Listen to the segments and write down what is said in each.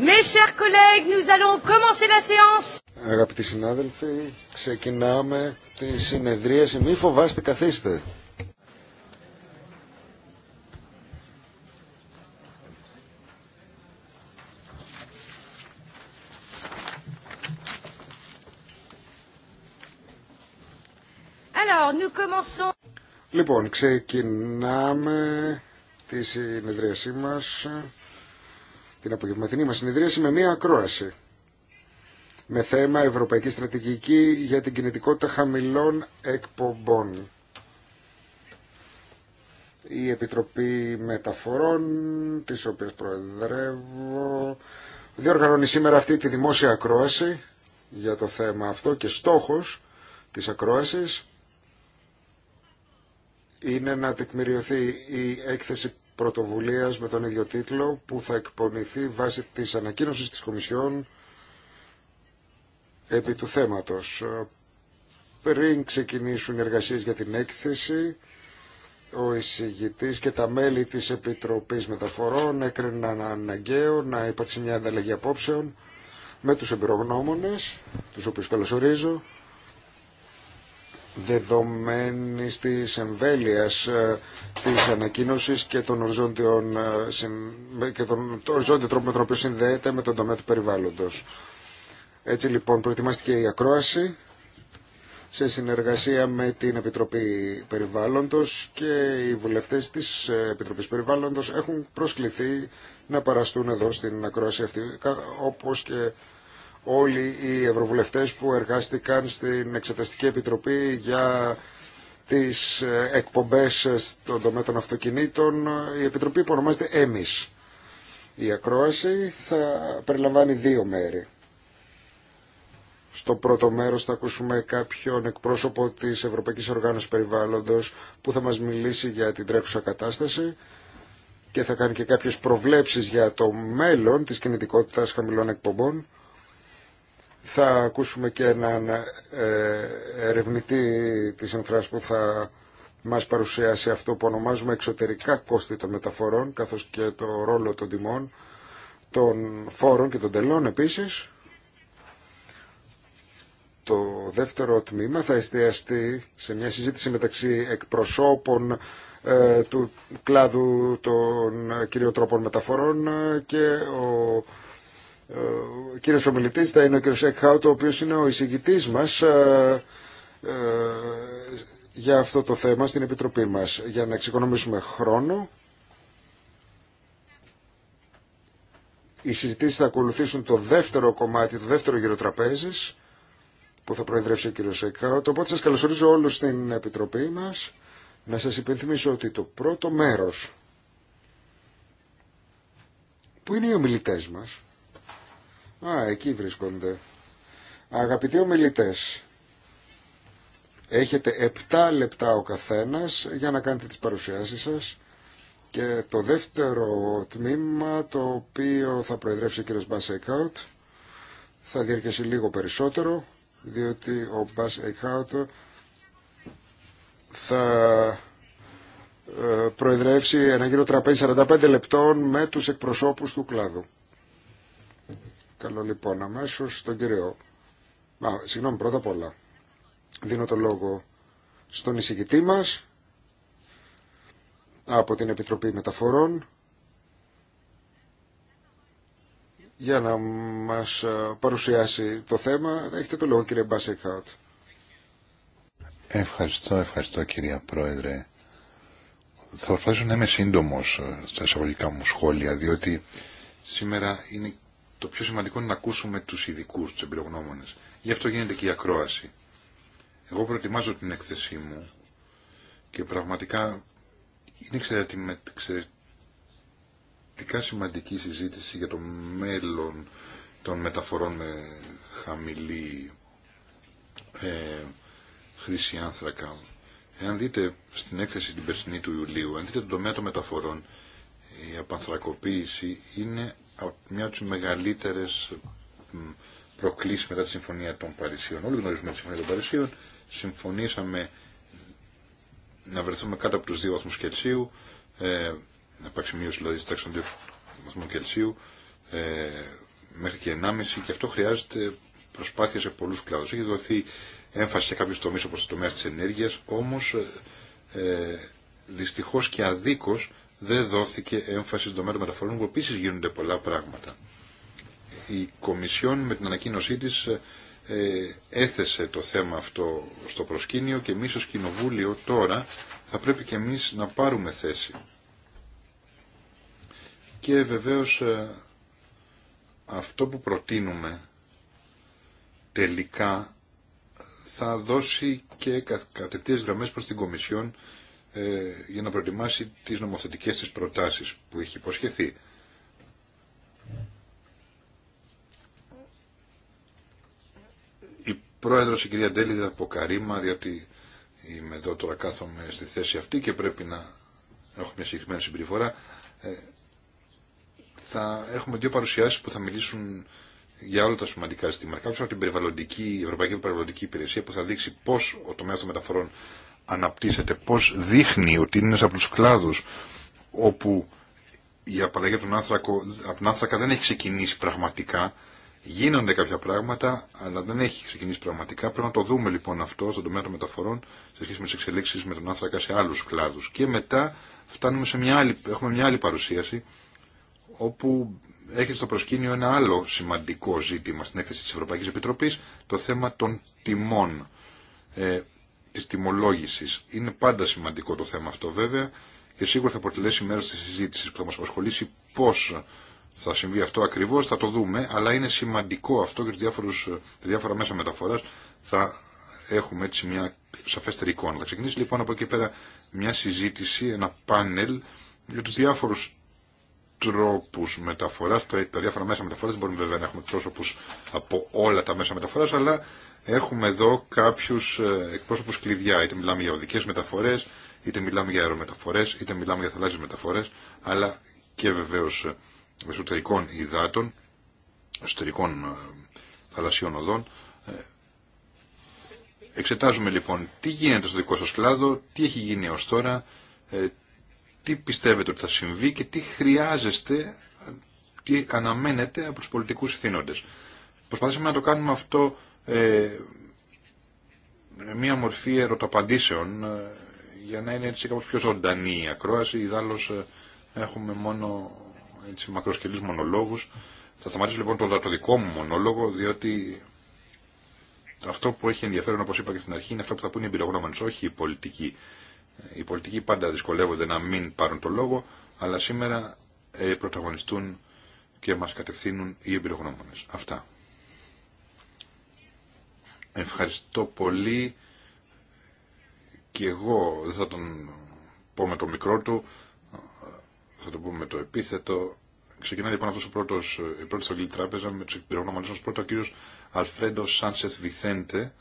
Mes chers collègues, nous allons commencer la séance. Αγαπητοί συνάδελφοι, ξεκινάμε τη συνεδρίαση. Μη φοβάστε, καθίστε. Alors, nous commençons... Λοιπόν, ξεκινάμε τη συνεδρίασή μας την απογευματινή μας συνεδρίαση με μία ακρόαση με θέμα Ευρωπαϊκή Στρατηγική για την κινητικότητα χαμηλών εκπομπών. Η Επιτροπή Μεταφορών, της οποίας προεδρεύω, διοργανώνει σήμερα αυτή τη δημόσια ακρόαση για το θέμα αυτό και στόχος της ακρόασης είναι να τεκμηριωθεί η έκθεση πρωτοβουλίας με τον ίδιο τίτλο που θα εκπονηθεί βάσει της ανακοίνωση της Κομισιόν επί του θέματος. Πριν ξεκινήσουν οι εργασίες για την έκθεση, ο εισήγητή και τα μέλη της Επιτροπής Μεταφορών έκριναν αναγκαίο να υπάρξει μια ανταλλαγή απόψεων με τους εμπειρογνώμονες, τους οποίους καλωσορίζω, δεδομένης της εμβέλεια ε, της ανακοίνωση και των οριζόντιων ε, και τον οριζόντιο τρόπο με τον οποίο συνδέεται με τον τομέα του περιβάλλοντος. Έτσι λοιπόν προετοιμάστηκε η ακρόαση σε συνεργασία με την Επιτροπή Περιβάλλοντος και οι βουλευτές της ε, Επιτροπής Περιβάλλοντος έχουν προσκληθεί να παραστούν εδώ στην ακρόαση αυτή όπως και όλοι οι ευρωβουλευτές που εργάστηκαν στην Εξεταστική Επιτροπή για τις ε, εκπομπές στον τομέα των αυτοκινήτων, η Επιτροπή που ονομάζεται ΕΜΙΣ. Η ακρόαση θα περιλαμβάνει δύο μέρη. Στο πρώτο μέρος θα ακούσουμε κάποιον εκπρόσωπο της Ευρωπαϊκής Οργάνωσης Περιβάλλοντος που θα μας μιλήσει για την τρέχουσα κατάσταση και θα κάνει και κάποιες προβλέψεις για το μέλλον της κινητικότητας χαμηλών εκπομπών. Θα ακούσουμε και έναν ε, ερευνητή της ΕΜΦΡΑΣ που θα μας παρουσιάσει αυτό που ονομάζουμε εξωτερικά κόστη των μεταφορών, καθώς και το ρόλο των τιμών, των φόρων και των τελών επίσης. Το δεύτερο τμήμα θα εστιαστεί σε μια συζήτηση μεταξύ εκπροσώπων ε, του κλάδου των κυριοτρόπων μεταφορών ε, και ο ο κύριος ομιλητής θα είναι ο κύριος Εκχάουτ, ο οποίος είναι ο εισηγητής μας ε, ε, για αυτό το θέμα στην Επιτροπή μας, για να εξοικονομήσουμε χρόνο. Οι συζητήσει θα ακολουθήσουν το δεύτερο κομμάτι, το δεύτερο γύρο τραπέζης, που θα προεδρεύσει ο κύριος Εκχάουτ. Οπότε σας καλωσορίζω όλους στην Επιτροπή μας. Να σας υπενθυμίσω ότι το πρώτο μέρος που είναι οι ομιλητές μας, Α, εκεί βρίσκονται. Αγαπητοί ομιλητές, έχετε 7 λεπτά ο καθένας για να κάνετε τις παρουσιάσεις σας και το δεύτερο τμήμα το οποίο θα προεδρεύσει ο κ. Μπάς θα διαρκέσει λίγο περισσότερο διότι ο Μπάς Εκάουτ θα ε, προεδρεύσει ένα γύρο τραπέζι 45 λεπτών με τους εκπροσώπους του κλάδου. Καλό λοιπόν αμέσω τον κύριο. συγγνώμη, πρώτα απ' όλα. Δίνω το λόγο στον εισηγητή μα από την Επιτροπή Μεταφορών για να μας ε, παρουσιάσει το θέμα. Έχετε το λόγο κύριε Μπάσεκχαουτ. Ευχαριστώ, ευχαριστώ κυρία Πρόεδρε. Θα προσπαθήσω να είμαι σύντομος ε, στα εισαγωγικά μου σχόλια, διότι σήμερα είναι το πιο σημαντικό είναι να ακούσουμε τους ειδικού, τους εμπειρογνώμονε. Γι' αυτό γίνεται και η ακρόαση. Εγώ προετοιμάζω την έκθεσή μου και πραγματικά είναι εξαιρετικά σημαντική συζήτηση για το μέλλον των μεταφορών με χαμηλή ε, χρήση άνθρακα. Εάν δείτε στην έκθεση την περσινή του Ιουλίου, αν δείτε τον τομέα των μεταφορών, η απανθρακοποίηση είναι μια από τι μεγαλύτερε προκλήσει μετά τη Συμφωνία των Παρισίων. Όλοι γνωρίζουμε τη Συμφωνία των Παρισίων. Συμφωνήσαμε να βρεθούμε κάτω από του δύο βαθμού Κελσίου, ε, να υπάρξει μείωση δηλαδή τάξη των δύο βαθμών Κελσίου, ε, μέχρι και 1,5 και αυτό χρειάζεται προσπάθεια σε πολλού κλάδου Έχει δοθεί έμφαση σε κάποιου τομεί όπω το τομέα τη ενέργεια, όμω ε, ε, δυστυχώς και αδίκως δεν δόθηκε έμφαση στον τομέα των μεταφορών που επίσης γίνονται πολλά πράγματα. Η Κομισιόν με την ανακοίνωσή τη ε, έθεσε το θέμα αυτό στο προσκήνιο και εμεί ως Κοινοβούλιο τώρα θα πρέπει και εμείς να πάρουμε θέση. Και βεβαίως ε, αυτό που προτείνουμε τελικά θα δώσει και κατευθείας γραμμές προς την Κομισιόν ε, για να προετοιμάσει τις νομοθετικές της προτάσεις που έχει υποσχεθεί. Η πρόεδρος η κυρία Ντέλη από Καρύμα, διότι είμαι εδώ τώρα κάθομαι στη θέση αυτή και πρέπει να έχω μια συγκεκριμένη συμπεριφορά. Ε, θα έχουμε δύο παρουσιάσεις που θα μιλήσουν για όλα τα σημαντικά ζητήματα. Κάποιο από την περιβαλλοντική, Ευρωπαϊκή Περιβαλλοντική Υπηρεσία που θα δείξει πώς ο τομέας των μεταφορών αναπτύσσεται, πώς δείχνει ότι είναι ένας από τους κλάδους όπου η απαλλαγή από τον, άνθρακο, από τον άνθρακα δεν έχει ξεκινήσει πραγματικά. Γίνονται κάποια πράγματα, αλλά δεν έχει ξεκινήσει πραγματικά. Πρέπει να το δούμε λοιπόν αυτό στον τομέα των μεταφορών σε σχέση με τι εξελίξει με τον άνθρακα σε άλλου κλάδου. Και μετά φτάνουμε σε μια άλλη, έχουμε μια άλλη παρουσίαση, όπου έχει στο προσκήνιο ένα άλλο σημαντικό ζήτημα στην έκθεση τη Ευρωπαϊκή Επιτροπή, το θέμα των τιμών. Ε, της τιμολόγησης. Είναι πάντα σημαντικό το θέμα αυτό βέβαια και σίγουρα θα αποτελέσει μέρος της συζήτησης που θα μας απασχολήσει πώς θα συμβεί αυτό ακριβώς, θα το δούμε, αλλά είναι σημαντικό αυτό και διάφορους, διάφορα μέσα μεταφοράς θα έχουμε έτσι μια σαφέστερη εικόνα. Θα ξεκινήσει λοιπόν από εκεί πέρα μια συζήτηση, ένα πάνελ για τους διάφορους Τρόπου μεταφορά τα, τα διάφορα μέσα μεταφορά, δεν μπορούμε βέβαια να έχουμε πρόσωπου από όλα τα μέσα μεταφορά, αλλά έχουμε εδώ κάποιου ε, εκπρόσωπους κλειδιά, είτε μιλάμε για οδικέ μεταφορέ, είτε μιλάμε για αερομεταφορέ, είτε μιλάμε για θαλάσσιε μεταφορέ, αλλά και βεβαίω ε, εσωτερικών υδάτων, εσωτερικών ε, θαλασσιών οδών. Εξετάζουμε λοιπόν τι γίνεται στο δικό σα κλάδο, τι έχει γίνει ως τώρα, τι πιστεύετε ότι θα συμβεί και τι χρειάζεστε τι αναμένετε από τους πολιτικούς ηθήνοντες. Προσπαθήσαμε να το κάνουμε αυτό ε, μία μορφή ερωταπαντήσεων ε, για να είναι έτσι κάπως πιο ζωντανή η ακρόαση. Ιδάλλως ε, έχουμε μόνο έτσι, μακροσκελείς μονολόγους. Θα σταματήσω λοιπόν το, το δικό μου μονόλογο διότι αυτό που έχει ενδιαφέρον όπως είπα και στην αρχή είναι αυτό που θα πούνε οι εμπειρογνώμενες, όχι οι πολιτικοί. Οι πολιτικοί πάντα δυσκολεύονται να μην πάρουν το λόγο, αλλά σήμερα ε, πρωταγωνιστούν και μας κατευθύνουν οι εμπειρογνώμονες. Αυτά. Ευχαριστώ πολύ και εγώ δεν θα τον πω με το μικρό του, θα τον πω με το επίθετο. Ξεκινάει λοιπόν αυτός ο πρώτος, η πρώτη στρογγυλή τράπεζα με τους εμπειρογνώμονες ως πρώτα ο κύριος Αλφρέντο Σάνσεθ Βιθέντε,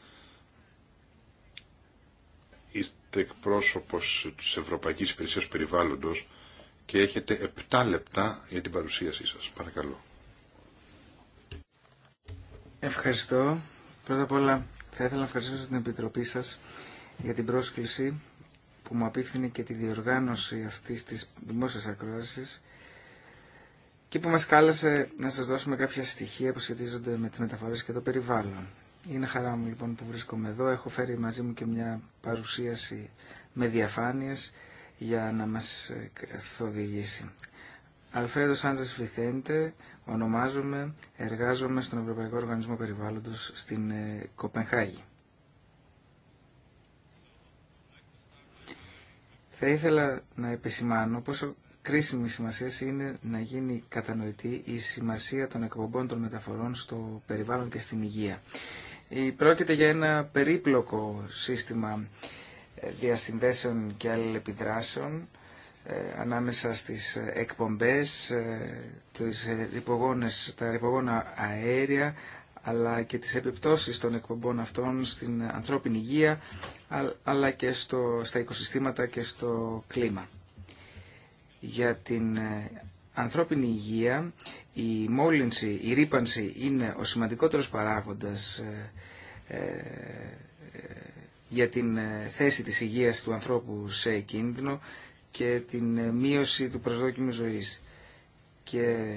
είστε εκπρόσωπος της Ευρωπαϊκής Υπηρεσίας Περιβάλλοντος και έχετε 7 λεπτά για την παρουσίασή σας. Παρακαλώ. Ευχαριστώ. Πρώτα απ' όλα θα ήθελα να ευχαριστήσω την Επιτροπή σας για την πρόσκληση που μου απίφθινε και τη διοργάνωση αυτής της δημόσιας ακρόασης και που μας κάλεσε να σας δώσουμε κάποια στοιχεία που σχετίζονται με τις μεταφορές και το περιβάλλον. Είναι χαρά μου λοιπόν που βρίσκομαι εδώ. Έχω φέρει μαζί μου και μια παρουσίαση με διαφάνειες για να μας ε, οδηγήσει. Αλφρέδο Σάντζες Φιθέντε, ονομάζομαι, εργάζομαι στον Ευρωπαϊκό Οργανισμό Περιβάλλοντος στην ε, Κοπενχάγη. Θα ήθελα να επισημάνω πόσο κρίσιμη σημασία είναι να γίνει κατανοητή η σημασία των εκπομπών των μεταφορών στο περιβάλλον και στην υγεία. Πρόκειται για ένα περίπλοκο σύστημα ε, διασυνδέσεων και αλληλεπιδράσεων ε, ανάμεσα στις εκπομπές, ε, τις τα ρηπογόνα αέρια, αλλά και τις επιπτώσεις των εκπομπών αυτών στην ανθρώπινη υγεία, αλλά και στο, στα οικοσυστήματα και στο κλίμα. Για την ανθρώπινη υγεία η μόλυνση, η ρήπανση είναι ο σημαντικότερος παράγοντας ε, ε, για την ε, θέση της υγείας του ανθρώπου σε κίνδυνο και την μείωση του προσδόκιμου ζωής. Και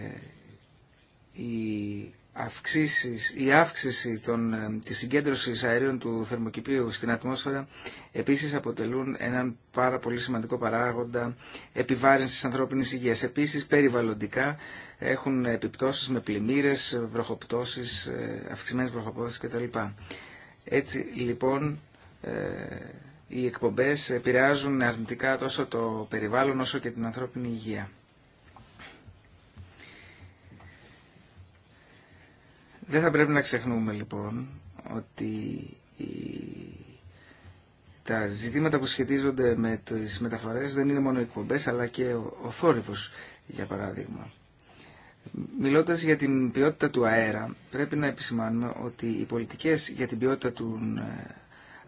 η αυξήσεις, η αύξηση των, ε, της συγκέντρωσης αερίων του θερμοκηπίου στην ατμόσφαιρα επίσης αποτελούν έναν πάρα πολύ σημαντικό παράγοντα επιβάρυνσης ανθρώπινης υγείας. Επίσης περιβαλλοντικά έχουν επιπτώσεις με πλημμύρες, βροχοπτώσεις, ε, αυξημένες βροχοπτώσεις κτλ. Έτσι λοιπόν ε, οι εκπομπές επηρεάζουν αρνητικά τόσο το περιβάλλον όσο και την ανθρώπινη υγεία. Δεν θα πρέπει να ξεχνούμε λοιπόν ότι τα ζητήματα που σχετίζονται με τις μεταφορές δεν είναι μόνο εκπομπές αλλά και ο θόρυβος για παράδειγμα. Μιλώντας για την ποιότητα του αέρα, πρέπει να επισημάνουμε ότι οι πολιτικές για την ποιότητα του ε,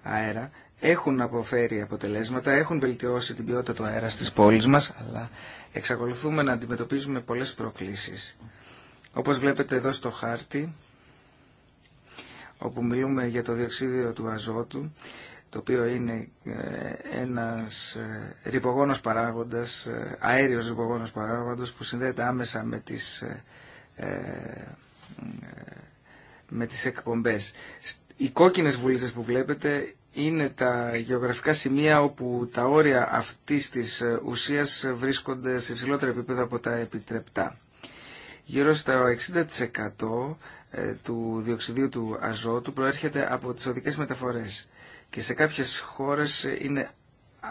αέρα έχουν αποφέρει αποτελέσματα, έχουν βελτιώσει την ποιότητα του αέρα στις πόλεις μας, αλλά εξακολουθούμε να αντιμετωπίζουμε πολλές προκλήσεις. Όπως βλέπετε εδώ στο χάρτη, όπου μιλούμε για το διοξίδιο του αζότου, το οποίο είναι ε, ένας ε, ρηπογόνος παράγοντας, ε, αέριος ρηπογόνος παράγοντας που συνδέεται άμεσα με τις, με τις εκπομπές. Οι κόκκινες βουλίτσες που βλέπετε είναι τα γεωγραφικά σημεία όπου τα όρια αυτής της ουσίας βρίσκονται σε υψηλότερο επίπεδο από τα επιτρεπτά. Γύρω στα 60% ε, του διοξιδίου του αζότου προέρχεται από τις οδικές μεταφορές και σε κάποιες χώρες είναι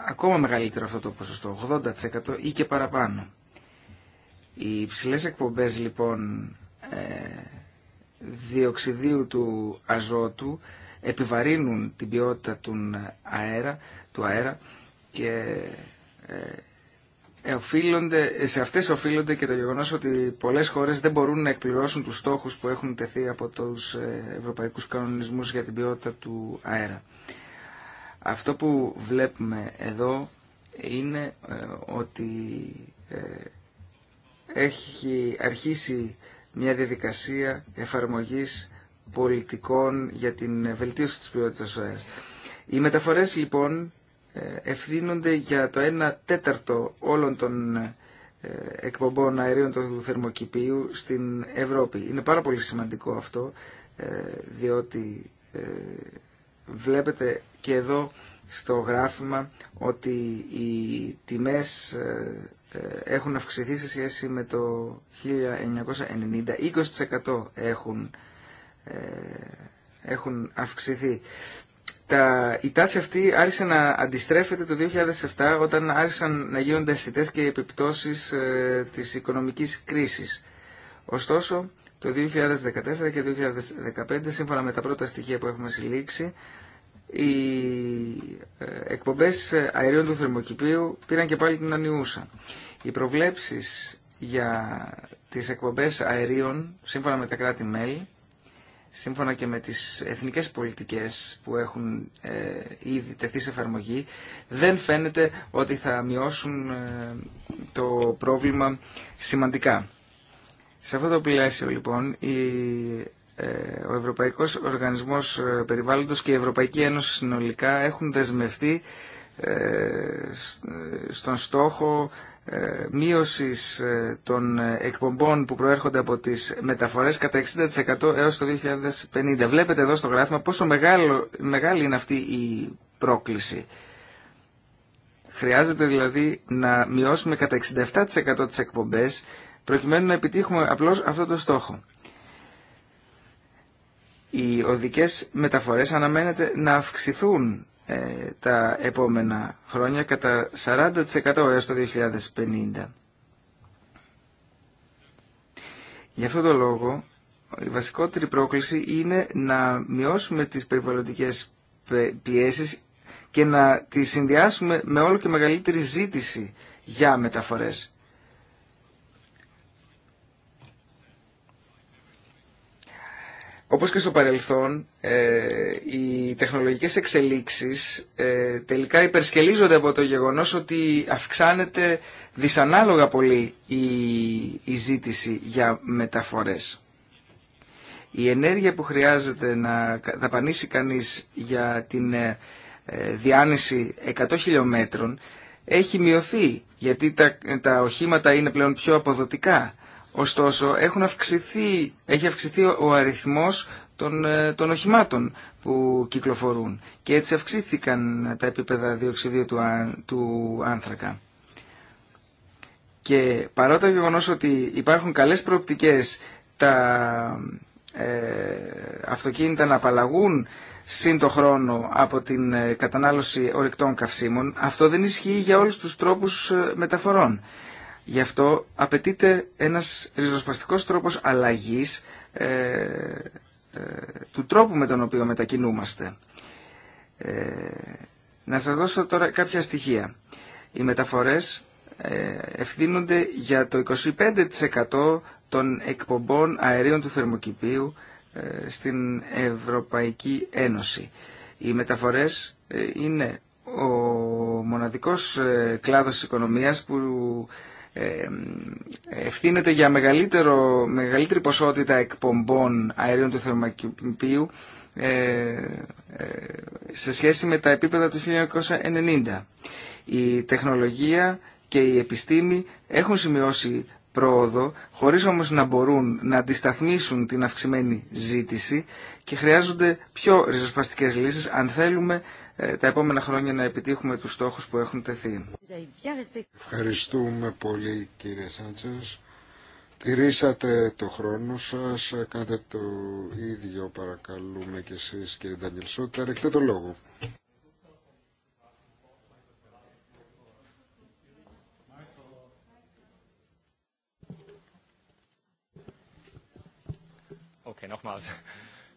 ακόμα μεγαλύτερο αυτό το ποσοστό, 80% ή και παραπάνω. Οι υψηλέ εκπομπές λοιπόν ε, διοξιδίου του αζότου επιβαρύνουν την ποιότητα του αέρα, του αέρα και ε, οφείλονται, σε αυτές οφείλονται και το γεγονός ότι πολλές χώρες δεν μπορούν να εκπληρώσουν τους στόχους που έχουν τεθεί από τους ε, ευρωπαϊκούς κανονισμούς για την ποιότητα του αέρα. Αυτό που βλέπουμε εδώ είναι ε, ότι ε, έχει αρχίσει μια διαδικασία εφαρμογής πολιτικών για την βελτίωση της ποιότητας του αέρα. Οι μεταφορές λοιπόν ε, ευθύνονται για το 1 τέταρτο όλων των ε, εκπομπών αερίων του θερμοκηπίου στην Ευρώπη. Είναι πάρα πολύ σημαντικό αυτό, ε, διότι βλέπετε και εδώ στο γράφημα ότι οι τιμές έχουν αυξηθεί σε σχέση με το 1990. 20% έχουν, έχουν αυξηθεί τα, η τάση αυτή άρχισε να αντιστρέφεται το 2007 όταν άρχισαν να γίνονται αισθητέ και οι επιπτώσεις ε, της οικονομικής κρίσης. Ωστόσο, το 2014 και το 2015, σύμφωνα με τα πρώτα στοιχεία που έχουμε συλλήξει, οι ε, εκπομπές αερίων του θερμοκηπίου πήραν και πάλι την ανιούσα. Οι προβλέψεις για τις εκπομπές αερίων, σύμφωνα με τα κράτη-μέλη, σύμφωνα και με τις εθνικές πολιτικές που έχουν ε, ήδη τεθεί σε εφαρμογή, δεν φαίνεται ότι θα μειώσουν ε, το πρόβλημα σημαντικά. Σε αυτό το πλαίσιο, λοιπόν, ε, ο Ευρωπαϊκός Οργανισμός Περιβάλλοντος και η Ευρωπαϊκή Ένωση συνολικά έχουν δεσμευτεί στον στόχο ε, μείωσης ε, των ε, εκπομπών που προέρχονται από τις μεταφορές κατά 60% έως το 2050. Βλέπετε εδώ στο γράφημα πόσο μεγάλο, μεγάλη είναι αυτή η πρόκληση. Χρειάζεται δηλαδή να μειώσουμε κατά 67% τις εκπομπές προκειμένου να επιτύχουμε απλώς αυτό το στόχο. Οι οδικές μεταφορές αναμένεται να αυξηθούν ε, τα επόμενα χρόνια κατά 40% έως το 2050. Γι' αυτό το λόγο η βασικότερη πρόκληση είναι να μειώσουμε τις περιβαλλοντικές πιέσεις και να τις συνδυάσουμε με όλο και μεγαλύτερη ζήτηση για μεταφορές. Όπως και στο παρελθόν, ε, οι τεχνολογικές εξελίξεις ε, τελικά υπερσκελίζονται από το γεγονός ότι αυξάνεται δυσανάλογα πολύ η ζήτηση για μεταφορές. Η ενέργεια που χρειάζεται να δαπανίσει κανείς για την ε, διάνυση 100 χιλιόμετρων έχει μειωθεί γιατί τα, τα οχήματα είναι πλέον πιο αποδοτικά Ωστόσο, έχουν αυξηθεί, έχει αυξηθεί ο αριθμός των, ε, των οχημάτων που κυκλοφορούν και έτσι αυξήθηκαν τα επίπεδα διοξιδίου του, του άνθρακα. Και παρά το γεγονός ότι υπάρχουν καλές προοπτικές τα ε, αυτοκίνητα να απαλλαγούν σύν το χρόνο από την ε, κατανάλωση ορυκτών καυσίμων, αυτό δεν ισχύει για όλους τους τρόπους ε, μεταφορών. Γι' αυτό απαιτείται ένας ριζοσπαστικός τρόπος αλλαγής ε, ε, του τρόπου με τον οποίο μετακινούμαστε. Ε, να σας δώσω τώρα κάποια στοιχεία. Οι μεταφορές ευθύνονται για το 25% των εκπομπών αερίων του θερμοκηπίου στην Ευρωπαϊκή Ένωση. Οι μεταφορές είναι ο μοναδικός κλάδος της οικονομίας που ευθύνεται για μεγαλύτερο, μεγαλύτερη ποσότητα εκπομπών αερίων του θερμοκηπίου ε, ε, σε σχέση με τα επίπεδα του 1990. Η τεχνολογία και η επιστήμη έχουν σημειώσει πρόοδο, χωρίς όμως να μπορούν να αντισταθμίσουν την αυξημένη ζήτηση και χρειάζονται πιο ριζοσπαστικές λύσεις αν θέλουμε ε, τα επόμενα χρόνια να επιτύχουμε τους στόχους που έχουν τεθεί. Ευχαριστούμε πολύ κύριε Σάντσες. Τηρήσατε το χρόνο σας, κάντε το ίδιο παρακαλούμε και εσείς κύριε Ντανιλ Σότερ, το λόγο.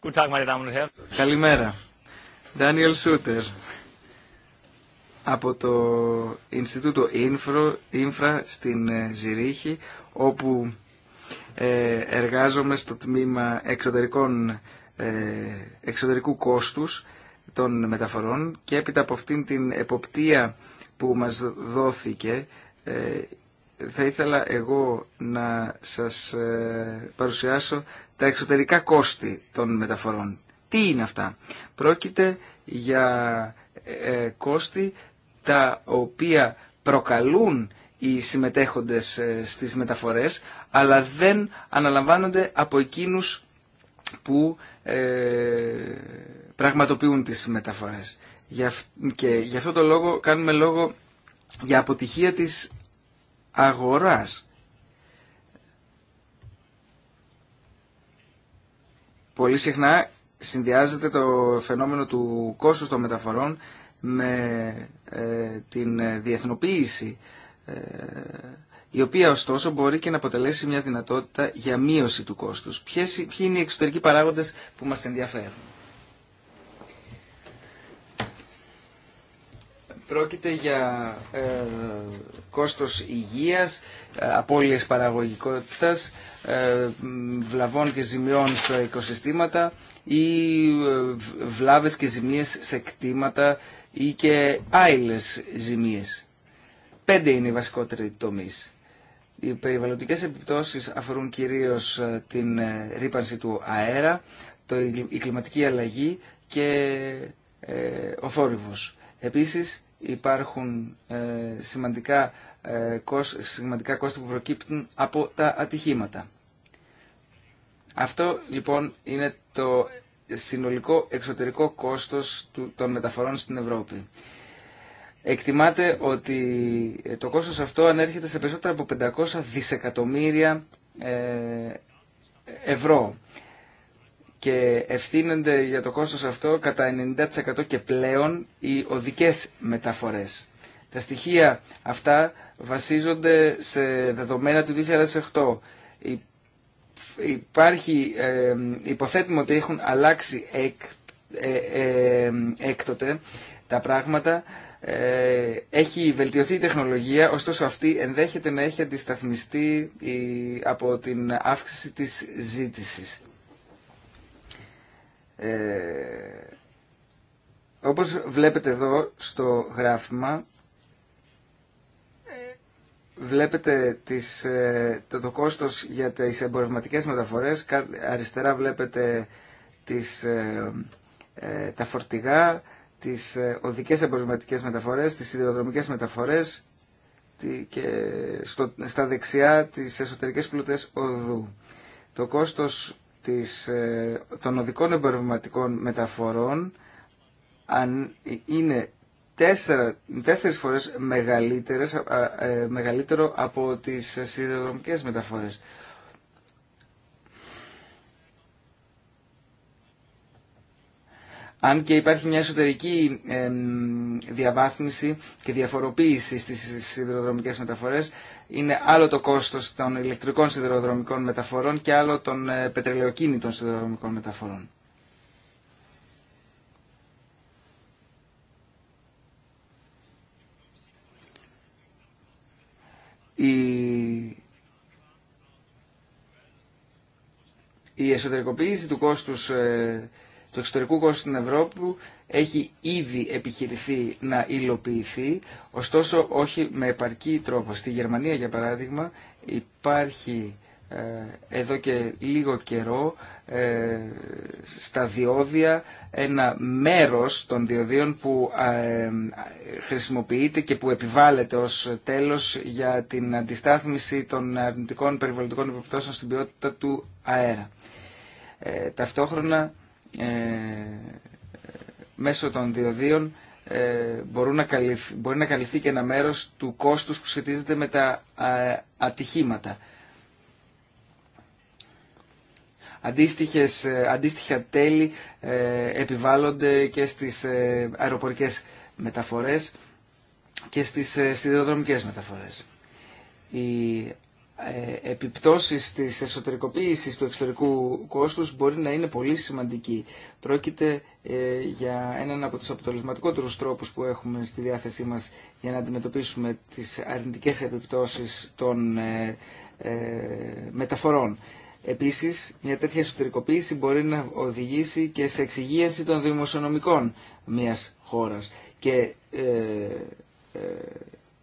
Okay, Καλημέρα. Daniel Σούτερ από το Ινστιτούτο Ίνφρα στην Ζηρίχη ε, όπου ε, εργάζομαι στο τμήμα εξωτερικών, ε, εξωτερικού κόστους των μεταφορών και έπειτα από αυτήν την εποπτεία που μας δόθηκε θα ήθελα εγώ να σας παρουσιάσω τα εξωτερικά κόστη των μεταφορών. Τι είναι αυτά. Πρόκειται για ε, κόστη τα οποία προκαλούν οι συμμετέχοντες ε, στις μεταφορές αλλά δεν αναλαμβάνονται από εκείνους που ε, πραγματοποιούν τις μεταφορές. Και γι' αυτό το λόγο κάνουμε λόγο για αποτυχία της αγοράς. Πολύ συχνά συνδυάζεται το φαινόμενο του κόστους των μεταφορών με ε, την ε, διεθνοποίηση ε, η οποία ωστόσο μπορεί και να αποτελέσει μια δυνατότητα για μείωση του κόστους. Ποιες, ποιοι είναι οι εξωτερικοί παράγοντες που μας ενδιαφέρουν. Πρόκειται για ε, κόστος υγείας, απώλειες παραγωγικότητας, βλαβών και ζημιών στα οικοσυστήματα, ή ε, βλάβες και ζημίες σε κτήματα ή και άειλες ζημίες. Πέντε είναι οι βασικότεροι τομείς. Οι περιβαλλοντικές επιπτώσεις αφορούν κυρίως ε, την ε, ρήπανση του αέρα, η κλιματική αλλαγή και ο θόρυβος. Επίσης υπάρχουν σημαντικά, σημαντικά κόστη που προκύπτουν από τα ατυχήματα. Αυτό λοιπόν είναι το συνολικό εξωτερικό κόστος των μεταφορών στην Ευρώπη. Εκτιμάται ότι ε, το κόστος αυτό ανέρχεται σε περισσότερα από 500 δισεκατομμύρια ε, ευρώ και ευθύνονται για το κόστος αυτό κατά 90% και πλέον οι οδικές μεταφορές. Τα στοιχεία αυτά βασίζονται σε δεδομένα του 2008 υπάρχει, ε, υποθέτουμε ότι έχουν αλλάξει ε, ε, έκτοτε τα πράγματα, ε, έχει βελτιωθεί η τεχνολογία, ωστόσο αυτή ενδέχεται να έχει αντισταθμιστεί από την αύξηση της ζήτησης. Ε, όπως βλέπετε εδώ στο γράφημα, βλέπετε τις, ε, το, το κόστος για τις εμπορευματικές μεταφορές, αριστερά βλέπετε τις, ε, ε, τα φορτηγά, τις οδικές εμπορευματικές μεταφορές, τις σιδηροδρομικές μεταφορές και στο, στα δεξιά τις εσωτερικές πλούτες οδού. Το κόστος της, των οδικών εμπορευματικών μεταφορών αν είναι τέσσερα, τέσσερις φορές μεγαλύτερες, ε, μεγαλύτερο από τις σιδηροδρομικές μεταφορές. Αν και υπάρχει μια εσωτερική διαβάθμιση και διαφοροποίηση στις σιδηροδρομικές μεταφορές, είναι άλλο το κόστος των ηλεκτρικών σιδηροδρομικών μεταφορών και άλλο των ε, πετρελαιοκίνητων σιδηροδρομικών μεταφορών. η, εσωτερικοποίηση του κόστους ε, του εξωτερικού κόστου στην Ευρώπη έχει ήδη επιχειρηθεί να υλοποιηθεί, ωστόσο όχι με επαρκή τρόπο. Στη Γερμανία, για παράδειγμα, υπάρχει ε, εδώ και λίγο καιρό ε, στα διόδια ένα μέρος των διοδίων που ε, χρησιμοποιείται και που επιβάλλεται ως τέλος για την αντιστάθμιση των αρνητικών περιβαλλοντικών υποπτώσεων στην ποιότητα του αέρα. Ταυτόχρονα μέσω των διοδίων μπορεί να, μπορεί να καλυφθεί και ένα μέρος του κόστους που σχετίζεται με τα ατυχήματα. Αντίστοιχες, ε, αντίστοιχα τέλη ε, επιβάλλονται και στις ε, αεροπορικές μεταφορές και στις σιδηροδρομικές μεταφορές. Οι επιπτώσεις της εσωτερικοποίησης του εξωτερικού κόστους μπορεί να είναι πολύ σημαντική. Πρόκειται για έναν από τους αποτελεσματικότερους τρόπους που έχουμε στη διάθεσή μας για να αντιμετωπίσουμε τις αρνητικές επιπτώσεις των μεταφορών. Επίσης, μια τέτοια εσωτερικοποίηση μπορεί να οδηγήσει και σε εξυγίαση των δημοσιονομικών μιας χώρας. Και ε, ε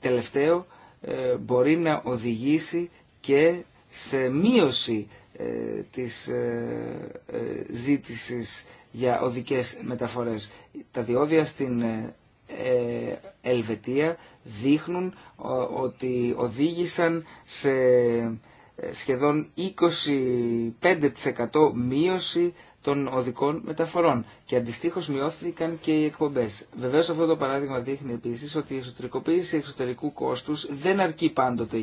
τελευταίο, ε, μπορεί να οδηγήσει και σε μείωση ε, της ζήτησης για οδικές μεταφορές. Τα διόδια στην Ελβετία δείχνουν ότι οδήγησαν σε σχεδόν 25% μείωση των οδικών μεταφορών και αντιστοίχω μειώθηκαν και οι εκπομπέ. Βεβαίω αυτό το παράδειγμα δείχνει επίση ότι η εσωτερικοποίηση εξωτερικού κόστου δεν αρκεί πάντοτε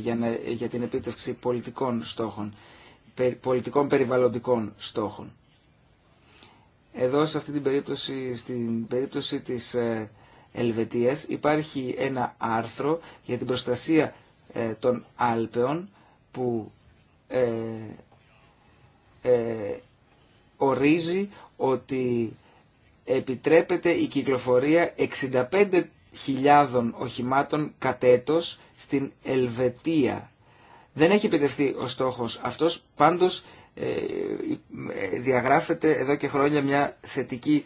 για, την επίτευξη πολιτικών στόχων, πολιτικών περιβαλλοντικών στόχων. Εδώ σε αυτή την περίπτωση, στην περίπτωση της ε, Ελβετίας υπάρχει ένα άρθρο για την προστασία ε, των Άλπαιων που ε, ε, ορίζει ότι επιτρέπεται η κυκλοφορία 65.000 οχημάτων κατ' στην Ελβετία. Δεν έχει επιτευχθεί ο στόχος αυτός, πάντως ε, διαγράφεται εδώ και χρόνια μια θετική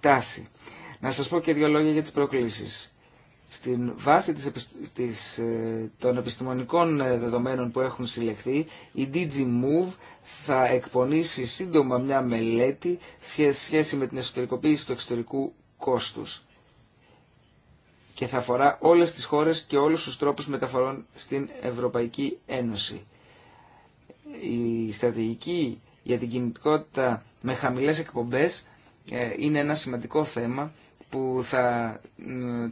τάση. Να σας πω και δύο λόγια για τις προκλήσεις. Στην βάση της, της, ε, των επιστημονικών ε, δεδομένων που έχουν συλλεχθεί, η DG Move θα εκπονήσει σύντομα μια μελέτη σχέση με την εσωτερικοποίηση του εξωτερικού κόστους και θα αφορά όλες τις χώρες και όλους τους τρόπους μεταφορών στην Ευρωπαϊκή Ένωση. Η στρατηγική για την κινητικότητα με χαμηλές εκπομπές ε, είναι ένα σημαντικό θέμα που θα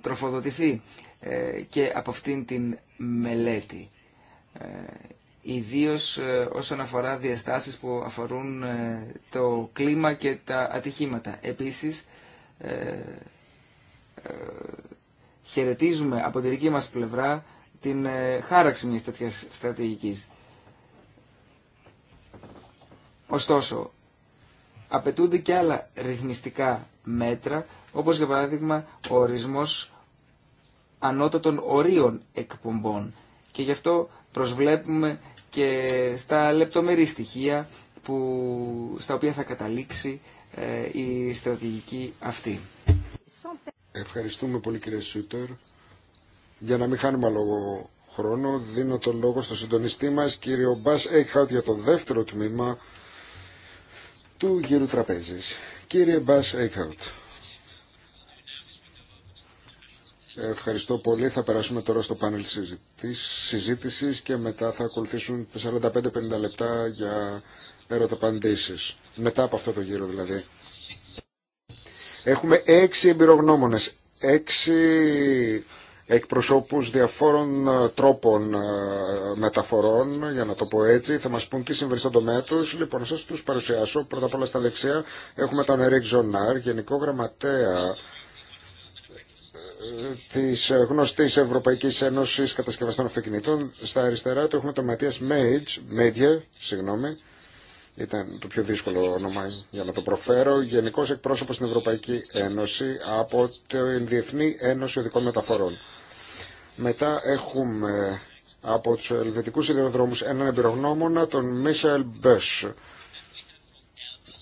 τροφοδοτηθεί ε, και από αυτήν την μελέτη. Ε, ιδίως ε, όσον αφορά διαστάσεις που αφορούν το κλίμα και τα ατυχήματα. Επίσης, χαιρετίζουμε από τη δική μας πλευρά την χάραξη μιας τέτοιας στρατηγικής. Ωστόσο, απαιτούνται και άλλα ρυθμιστικά μέτρα, όπως για παράδειγμα ο ορισμός ανώτατων ορίων εκπομπών. Και γι' αυτό προσβλέπουμε και στα λεπτομερή στοιχεία που, στα οποία θα καταλήξει ε, η στρατηγική αυτή. Ευχαριστούμε πολύ κύριε Σούτερ. Για να μην χάνουμε λόγο χρόνο, δίνω τον λόγο στο συντονιστή μας κύριο Μπάς Έικχαουτ για το δεύτερο τμήμα του γύρου τραπέζης. Κύριε Μπάς Έικαουτ. Ευχαριστώ πολύ. Θα περάσουμε τώρα στο πάνελ συζήτησης και μετά θα ακολουθήσουν 45-50 λεπτά για ερωταπαντήσεις. Μετά από αυτό το γύρο δηλαδή. Έχουμε έξι εμπειρογνώμονες, έξι εκπροσώπους διαφόρων ε, τρόπων ε, μεταφορών, για να το πω έτσι. Θα μας πούν τι συμβαίνει στον τομέα τους. Λοιπόν, να σας τους παρουσιάσω. Πρώτα απ' όλα στα δεξιά έχουμε τον Ερικ Ζωνάρ, Γενικό Γραμματέα ε, της γνωστής Ευρωπαϊκής Ένωσης Κατασκευαστών Αυτοκινήτων. Στα αριστερά του έχουμε τον Ματίας Μέιτζ, Μέιτζε, συγγνώμη, ήταν το πιο δύσκολο όνομα για να το προφέρω, Γενικό Εκπρόσωπο στην Ευρωπαϊκή Ένωση από την Διεθνή Ένωση Οδικών Μεταφορών. Μετά έχουμε από τους ελβετικούς σιδηροδρόμους έναν εμπειρογνώμονα, τον Μίχαλ Μπέσ.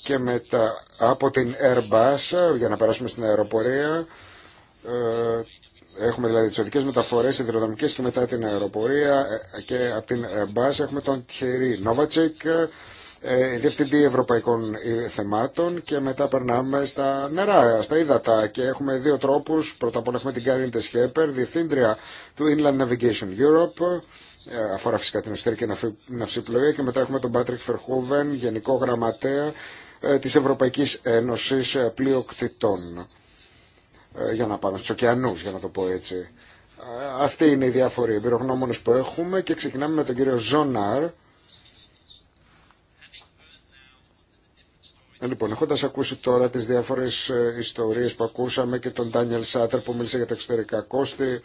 Και μετά από την Airbus, για να περάσουμε στην αεροπορία, ε, έχουμε δηλαδή τις οδικές μεταφορέ σιδηροδρομικές και μετά την αεροπορία ε, και από την Airbus έχουμε τον Τιερή Νόβατσικ, ε, Διευθυντή Ευρωπαϊκών ε, Θεμάτων και μετά περνάμε στα νερά, στα ύδατα και έχουμε δύο τρόπους. Πρώτα απ' όλα έχουμε την Κάριν Τεσχέπερ, Διευθύντρια του Inland Navigation Europe, ε, αφορά φυσικά την εσωτερική ναυσιπλοεία και μετά έχουμε τον Πάτρικ Φερχούβεν, Γενικό Γραμματέα της Ευρωπαϊκής Ένωσης Πλοίοκτητών για να πάμε στους ωκεανούς, για να το πω έτσι. Αυτή είναι η διάφοροι εμπειρογνώμονες που έχουμε και ξεκινάμε με τον κύριο Ζωνάρ, Ε, λοιπόν, έχοντα ακούσει τώρα τι διάφορε ιστορίε που ακούσαμε και τον Ντάνιελ Σάτερ που μίλησε για τα εξωτερικά κόστη,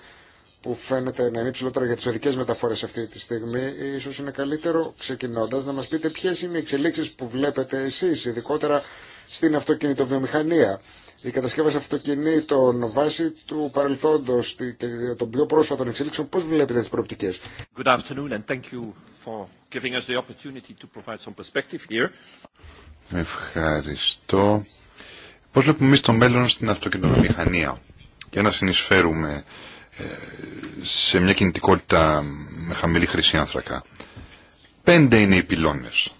που φαίνεται να είναι υψηλότερα για τι οδικέ μεταφορέ αυτή τη στιγμή, ίσω είναι καλύτερο ξεκινώντα να μα πείτε ποιε είναι οι εξελίξει που βλέπετε εσεί, ειδικότερα στην αυτοκινητοβιομηχανία. Η κατασκευή αυτοκινήτων βάσει του παρελθόντο και των πιο πρόσφατων εξελίξεων, πώ βλέπετε τι προοπτικέ. Ευχαριστώ. Πώς βλέπουμε εμείς το μέλλον στην αυτοκινητομηχανία για να συνεισφέρουμε ε, σε μια κινητικότητα με χαμηλή χρυσή άνθρακα. Πέντε είναι οι πυλώνες.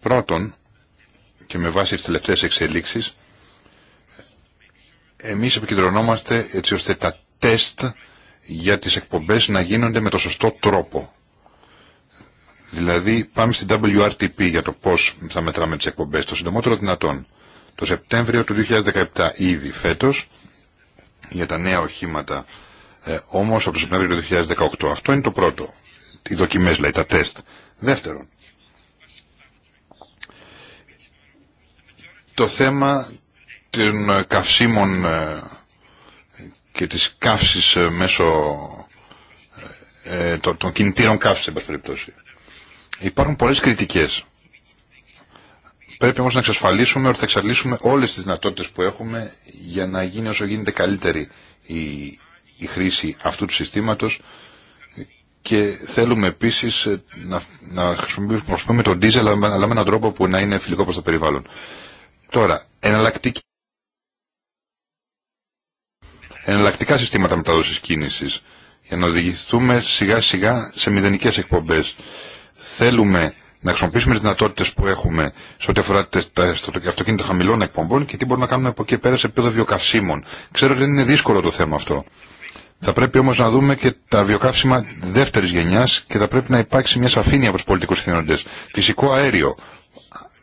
Πρώτον, και με βάση τις τελευταίες εξελίξεις, εμείς επικεντρωνόμαστε έτσι ώστε τα τεστ για τις εκπομπές να γίνονται με το σωστό τρόπο. Δηλαδή πάμε στην WRTP για το πώς θα μετράμε τις εκπομπές, το συντομότερο δυνατόν. Το Σεπτέμβριο του 2017 ήδη φέτος για τα νέα οχήματα, ε, όμως από το Σεπτέμβριο του 2018. Αυτό είναι το πρώτο. Οι δοκιμές λέει τα τεστ. Δεύτερον, το θέμα των καυσίμων ε, και της καύσης ε, μέσω ε, των, κινητήρων καύσης, εν περιπτώσει. Υπάρχουν πολλές κριτικές. Πρέπει όμως να εξασφαλίσουμε ότι θα εξαλίσουμε όλες τις δυνατότητες που έχουμε για να γίνει όσο γίνεται καλύτερη η, η χρήση αυτού του συστήματος και θέλουμε επίσης να, να χρησιμοποιούμε τον ντίζελ αλλά με έναν τρόπο που να είναι φιλικό προς το περιβάλλον. Τώρα, εναλλακτικά συστήματα μετάδοσης κίνησης για να οδηγηθούμε σιγά σιγά σε μηδενικές εκπομπές θέλουμε να χρησιμοποιήσουμε τι δυνατότητε που έχουμε σε ό,τι αφορά τα αυτοκίνητα χαμηλών εκπομπών και τι μπορούμε να κάνουμε από εκεί πέρα σε επίπεδο βιοκαυσίμων. Ξέρω ότι δεν είναι δύσκολο το θέμα αυτό. Θα πρέπει όμω να δούμε και τα βιοκαύσιμα δεύτερη γενιά και θα πρέπει να υπάρξει μια σαφήνεια από του πολιτικού θύνοντε. Φυσικό αέριο.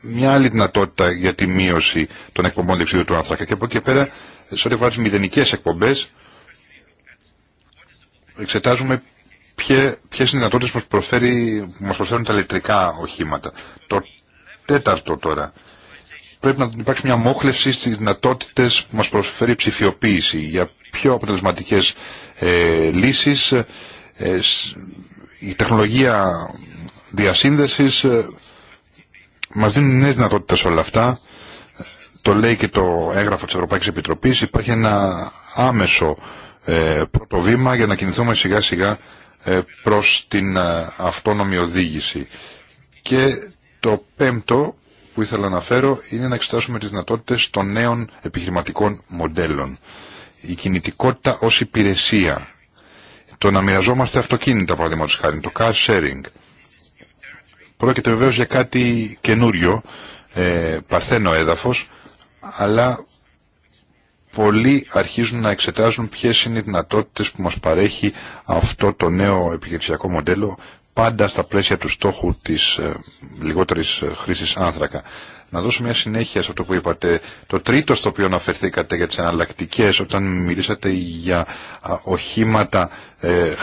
Μια άλλη δυνατότητα για τη μείωση των εκπομπών διεξιδίου του άνθρακα. Και από εκεί πέρα, σε ό,τι αφορά τι μηδενικέ εκπομπέ, εξετάζουμε ποιε, ποιες είναι οι δυνατότητες που μας, προσφέρουν τα ηλεκτρικά οχήματα. Το τέταρτο τώρα. Πρέπει να υπάρξει μια μόχλευση στις δυνατότητες που μας προσφέρει η ψηφιοποίηση για πιο αποτελεσματικές ε, λύσεις. Ε, η τεχνολογία διασύνδεσης ε, μας δίνει νέες δυνατότητες όλα αυτά. Το λέει και το έγγραφο της Ευρωπαϊκής Επιτροπής. Υπάρχει ένα άμεσο ε, πρώτο βήμα για να κινηθούμε σιγά σιγά ε, προς την ε, αυτόνομη οδήγηση. Και το πέμπτο που ήθελα να φέρω είναι να εξετάσουμε τις δυνατότητες των νέων επιχειρηματικών μοντέλων. Η κινητικότητα ως υπηρεσία. Το να μοιραζόμαστε αυτοκίνητα, παραδείγματο χάρη, το car sharing. Πρόκειται βεβαίω για κάτι καινούριο, ε, παθαίνω έδαφος, αλλά πολλοί αρχίζουν να εξετάζουν ποιες είναι οι δυνατότητες που μας παρέχει αυτό το νέο επιχειρησιακό μοντέλο πάντα στα πλαίσια του στόχου της ε, λιγότερης ε, χρήσης άνθρακα. Να δώσω μια συνέχεια σε αυτό που είπατε. Το τρίτο στο οποίο αναφερθήκατε για τις εναλλακτικέ όταν μιλήσατε για οχήματα ε,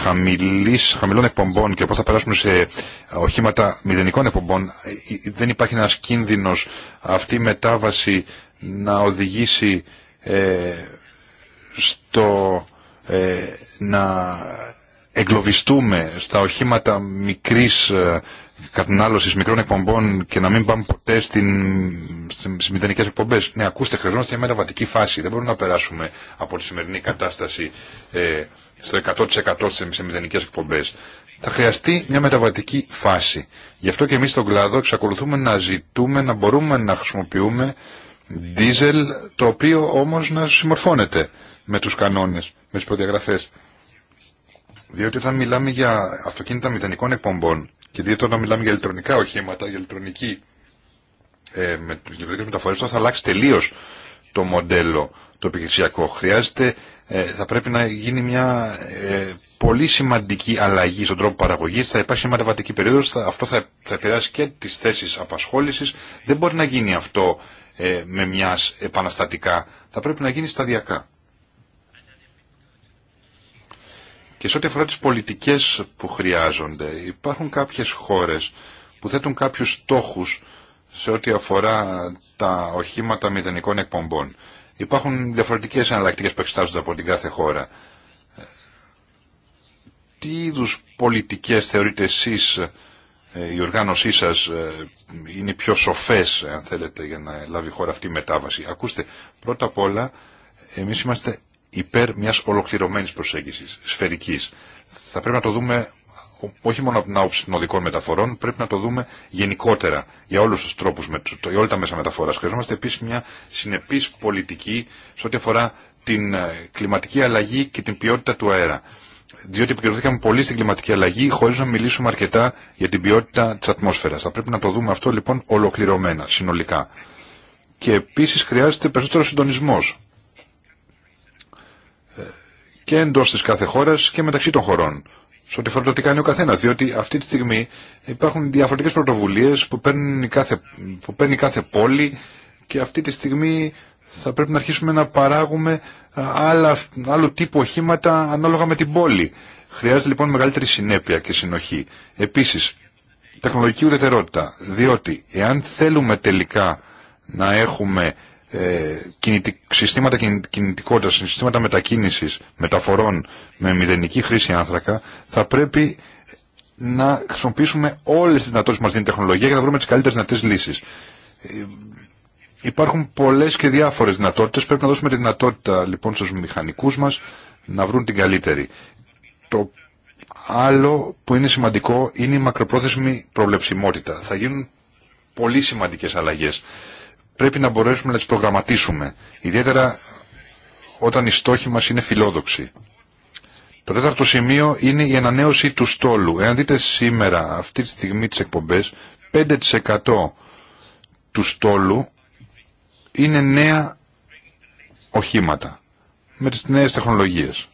χαμηλών εκπομπών και πώς θα περάσουμε σε οχήματα μηδενικών εκπομπών, ε, δεν υπάρχει ένας κίνδυνος αυτή η μετάβαση να οδηγήσει ε, στο ε, να εγκλωβιστούμε στα οχήματα μικρής ε, κατανάλωσης μικρών εκπομπών και να μην πάμε ποτέ στην, στις μηδενικές εκπομπές. Ναι, ακούστε, χρειαζόμαστε μια μεταβατική φάση. Δεν μπορούμε να περάσουμε από τη σημερινή κατάσταση στο 100% σε μηδενικές εκπομπές. Θα χρειαστεί μια μεταβατική φάση. Γι' αυτό και εμείς στον κλάδο εξακολουθούμε να ζητούμε, να μπορούμε να χρησιμοποιούμε δίζελ το οποίο όμως να συμμορφώνεται με τους κανόνες, με τις προδιαγραφές. Διότι όταν μιλάμε για αυτοκίνητα μηδενικών εκπομπών και διότι όταν μιλάμε για ηλεκτρονικά οχήματα, για ηλεκτρονική ε, με μεταφορές, θα αλλάξει τελείω το μοντέλο το επιχειρησιακό. Χρειάζεται, ε, θα πρέπει να γίνει μια ε, πολύ σημαντική αλλαγή στον τρόπο παραγωγής, θα υπάρχει μια μεταβατική περίοδος, αυτό θα, θα επηρεάσει και τις θέσεις απασχόλησης. Δεν μπορεί να γίνει αυτό ε, με μιας επαναστατικά. Θα πρέπει να γίνει σταδιακά. Και σε ό,τι αφορά τις πολιτικές που χρειάζονται, υπάρχουν κάποιες χώρες που θέτουν κάποιους στόχους σε ό,τι αφορά τα οχήματα μηδενικών εκπομπών. Υπάρχουν διαφορετικές εναλλακτικές που εξετάζονται από την κάθε χώρα. Ε, τι είδου πολιτικές θεωρείτε εσείς ε, η οργάνωσή σας ε, είναι πιο σοφές, αν θέλετε, για να λάβει η χώρα αυτή η μετάβαση. Ακούστε, πρώτα απ' όλα, εμείς είμαστε υπέρ μιας ολοκληρωμένης προσέγγισης, σφαιρικής. Θα πρέπει να το δούμε όχι μόνο από την άποψη των οδικών μεταφορών, πρέπει να το δούμε γενικότερα για όλου του τρόπου, για όλα τα μέσα μεταφορά. Χρειαζόμαστε επίση μια συνεπή πολιτική σε ό,τι αφορά την ε, κλιματική αλλαγή και την ποιότητα του αέρα διότι επικεντρωθήκαμε πολύ στην κλιματική αλλαγή χωρίς να μιλήσουμε αρκετά για την ποιότητα της ατμόσφαιρας. Θα πρέπει να το δούμε αυτό λοιπόν ολοκληρωμένα, συνολικά. Και επίσης χρειάζεται περισσότερο συντονισμός ε, και εντός της κάθε χώρας και μεταξύ των χωρών. Σε ό,τι φορά το ο καθένας, Διότι αυτή τη στιγμή υπάρχουν διαφορετικέ πρωτοβουλίε κάθε, που παίρνει κάθε πόλη και αυτή τη στιγμή θα πρέπει να αρχίσουμε να παράγουμε άλλα, άλλου τύπου οχήματα ανάλογα με την πόλη. Χρειάζεται λοιπόν μεγαλύτερη συνέπεια και συνοχή. Επίσης, τεχνολογική ουδετερότητα, διότι εάν θέλουμε τελικά να έχουμε ε, συστήματα κινητικότητας, συστήματα μετακίνησης, μεταφορών με μηδενική χρήση άνθρακα, θα πρέπει να χρησιμοποιήσουμε όλες τις δυνατότητες που μας δίνει η τεχνολογία και να βρούμε τις καλύτερες δυνατές λύσεις. Ε, Υπάρχουν πολλέ και διάφορε δυνατότητε. Πρέπει να δώσουμε τη δυνατότητα λοιπόν στου μηχανικού μας να βρουν την καλύτερη. Το άλλο που είναι σημαντικό είναι η μακροπρόθεσμη προβλεψιμότητα. Θα γίνουν πολύ σημαντικέ αλλαγέ. Πρέπει να μπορέσουμε να τι προγραμματίσουμε. Ιδιαίτερα όταν οι στόχοι μα είναι φιλόδοξοι. Το τέταρτο σημείο είναι η ανανέωση του στόλου. Εάν δείτε σήμερα αυτή τη στιγμή τι εκπομπέ, 5% του στόλου είναι νέα οχήματα με τις νέες τεχνολογίες.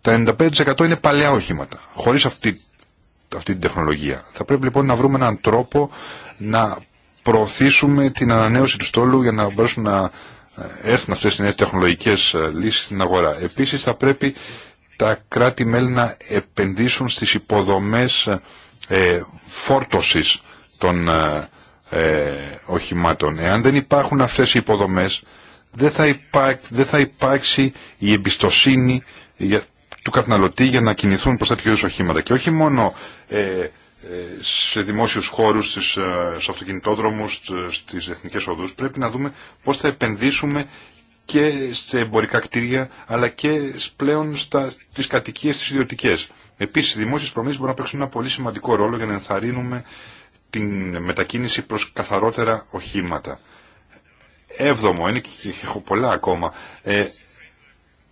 Τα 95% είναι παλιά οχήματα, χωρίς αυτή, αυτή την τεχνολογία. Θα πρέπει λοιπόν να βρούμε έναν τρόπο να προωθήσουμε την ανανέωση του στόλου για να μπορέσουν να ε, έρθουν αυτές οι νέες τεχνολογικές ε, λύσεις στην αγορά. Επίσης θα πρέπει τα κράτη-μέλη να επενδύσουν στις υποδομές ε, ε φόρτωσης των ε, οχημάτων. Εάν δεν υπάρχουν αυτές οι υποδομές, δεν θα, υπάρξει, δεν θα υπάρξει η εμπιστοσύνη για, του καταναλωτή για να κινηθούν προς τέτοιου οχήματα. Και όχι μόνο ε, ε, σε δημόσιους χώρους, στις, ε, στους αυτοκινητόδρομους, στις εθνικές οδούς, πρέπει να δούμε πώς θα επενδύσουμε και σε εμπορικά κτίρια, αλλά και πλέον στα, στις κατοικίες στις ιδιωτικές. Επίσης, οι δημόσιες προμήθειες μπορούν να παίξουν ένα πολύ σημαντικό ρόλο για να ενθαρρύνουμε την μετακίνηση προς καθαρότερα οχήματα. Έβδομο, είναι και έχω πολλά ακόμα. Ε,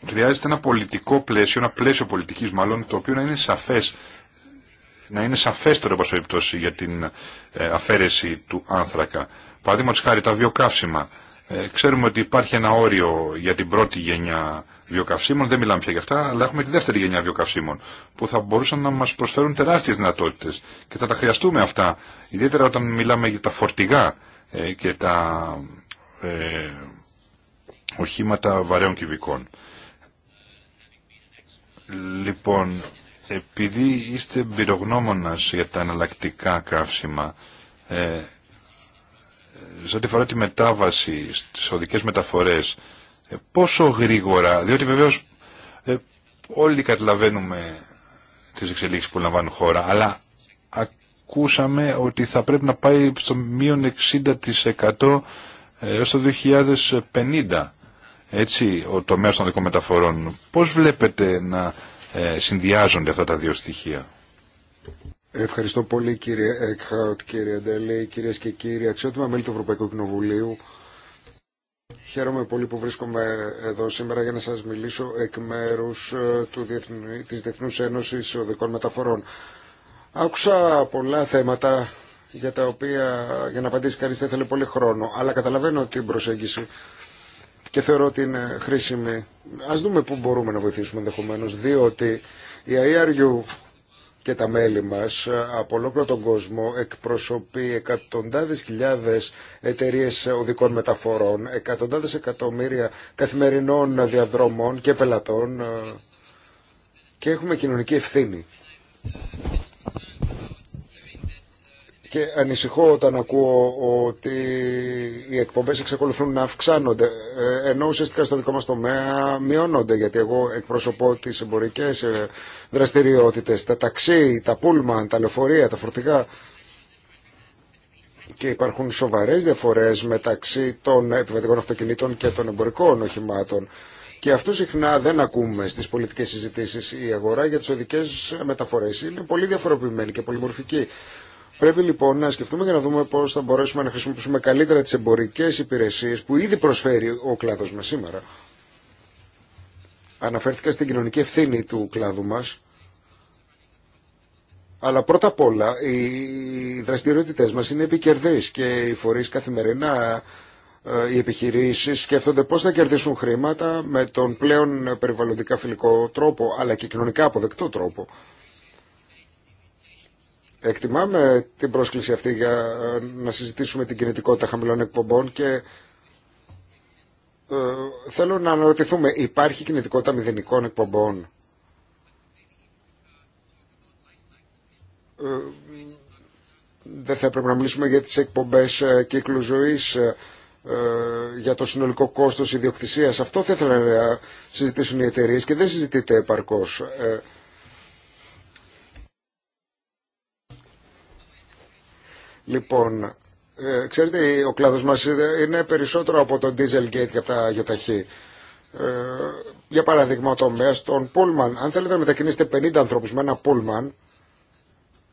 χρειάζεται ένα πολιτικό πλαίσιο, ένα πλαίσιο πολιτικής μάλλον, το οποίο να είναι σαφές, να είναι σαφέστερο προς περιπτώσει για την ε, αφαίρεση του άνθρακα. Παραδείγματος χάρη τα βιοκαύσιμα. Ε, ξέρουμε ότι υπάρχει ένα όριο για την πρώτη γενιά βιοκαυσίμων, δεν μιλάμε πια για αυτά, αλλά έχουμε τη δεύτερη γενιά βιοκαυσίμων που θα μπορούσαν να μας προσφέρουν τεράστιες δυνατότητες και θα τα χρειαστούμε αυτά ιδιαίτερα όταν μιλάμε για τα φορτηγά ε, και τα ε, οχήματα βαρέων κυβικών. Λοιπόν, επειδή είστε εμπειρογνώμονας για τα εναλλακτικά καύσιμα, ε, σε ό,τι φορά τη μετάβαση στις οδικές μεταφορές, ε, πόσο γρήγορα, διότι βεβαίως ε, όλοι καταλαβαίνουμε τις εξελίξεις που λαμβάνουν χώρα, αλλά ακούσαμε ότι θα πρέπει να πάει στο μείον 60% ε, έως το 2050. Έτσι, ο τομέας των δικών μεταφορών. Πώς βλέπετε να ε, συνδυάζονται αυτά τα δύο στοιχεία. Ευχαριστώ πολύ κύριε Εκχάουτ, κύριε Ντελή, κυρίες και κύριοι, αξιότιμα μέλη του Ευρωπαϊκού Κοινοβουλίου. Χαίρομαι πολύ που βρίσκομαι εδώ σήμερα για να σας μιλήσω εκ μέρους ε, του Διεθνου, της Διεθνούς Ένωσης Οδικών Μεταφορών. Άκουσα πολλά θέματα για τα οποία για να απαντήσει κανείς δεν ήθελε πολύ χρόνο, αλλά καταλαβαίνω την προσέγγιση και θεωρώ ότι είναι χρήσιμη. Ας δούμε πού μπορούμε να βοηθήσουμε ενδεχομένω, διότι η IRU και τα μέλη μας από ολόκληρο τον κόσμο εκπροσωπεί εκατοντάδες χιλιάδες εταιρείες οδικών μεταφορών, εκατοντάδες εκατομμύρια καθημερινών διαδρομών και πελατών ε, και έχουμε κοινωνική ευθύνη και ανησυχώ όταν ακούω ότι οι εκπομπές εξακολουθούν να αυξάνονται ε, ενώ ουσιαστικά στο δικό μας τομέα μειώνονται γιατί εγώ εκπροσωπώ τις εμπορικέ ε, δραστηριότητες τα ταξί, τα πούλμαν, τα λεωφορεία, τα φορτηγά και υπάρχουν σοβαρές διαφορές μεταξύ των επιβατικών αυτοκινήτων και των εμπορικών οχημάτων. Και αυτό συχνά δεν ακούμε στις πολιτικές συζητήσεις η αγορά για τις οδικές μεταφορές. Είναι πολύ διαφοροποιημένη και πολυμορφική. Πρέπει λοιπόν να σκεφτούμε για να δούμε πώ θα μπορέσουμε να χρησιμοποιήσουμε καλύτερα τι εμπορικέ υπηρεσίε που ήδη προσφέρει ο κλάδο μα σήμερα. Αναφέρθηκα στην κοινωνική ευθύνη του κλάδου μα. Αλλά πρώτα απ' όλα οι δραστηριότητες μας είναι επικερδείς και οι φορείς καθημερινά ε, οι επιχειρήσεις σκέφτονται πώς θα κερδίσουν χρήματα με τον πλέον περιβαλλοντικά φιλικό τρόπο αλλά και κοινωνικά αποδεκτό τρόπο. Εκτιμάμε την πρόσκληση αυτή για ε, να συζητήσουμε την κινητικότητα χαμηλών εκπομπών και ε, θέλω να αναρωτηθούμε, υπάρχει κινητικότητα μηδενικών εκπομπών. Ε, δεν θα έπρεπε να μιλήσουμε για τις εκπομπές ε, κύκλου ζωής, ε, ε, για το συνολικό κόστος ιδιοκτησίας. Αυτό θα ήθελα να συζητήσουν οι εταιρείε και δεν συζητείται επαρκώς. Λοιπόν, ε, ξέρετε, ο κλάδος μας είναι περισσότερο από το Dieselgate και από τα γιοταχή. Ε, για παράδειγμα, το τομέας των Πούλμαν. Αν θέλετε να μετακινήσετε 50 ανθρώπου με ένα Πούλμαν,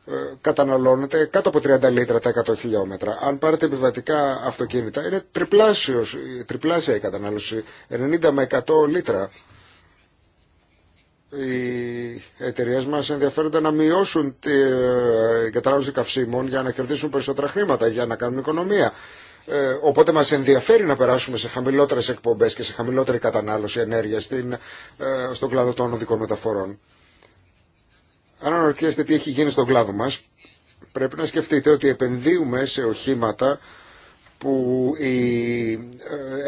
ε, καταναλώνετε κάτω από 30 λίτρα τα 100 χιλιόμετρα. Αν πάρετε επιβατικά αυτοκίνητα, είναι τριπλάσιος, τριπλάσια η κατανάλωση, 90 με 100 λίτρα οι εταιρείε μα ενδιαφέρονται να μειώσουν την ε, κατανάλωση καυσίμων για να κερδίσουν περισσότερα χρήματα, για να κάνουν οικονομία. Ε, οπότε μας ενδιαφέρει να περάσουμε σε χαμηλότερες εκπομπές και σε χαμηλότερη κατανάλωση ενέργειας ε, στον κλάδο των οδικών μεταφορών. Αν αναρωτιέστε τι έχει γίνει στον κλάδο μας, πρέπει να σκεφτείτε ότι επενδύουμε σε οχήματα που οι ε,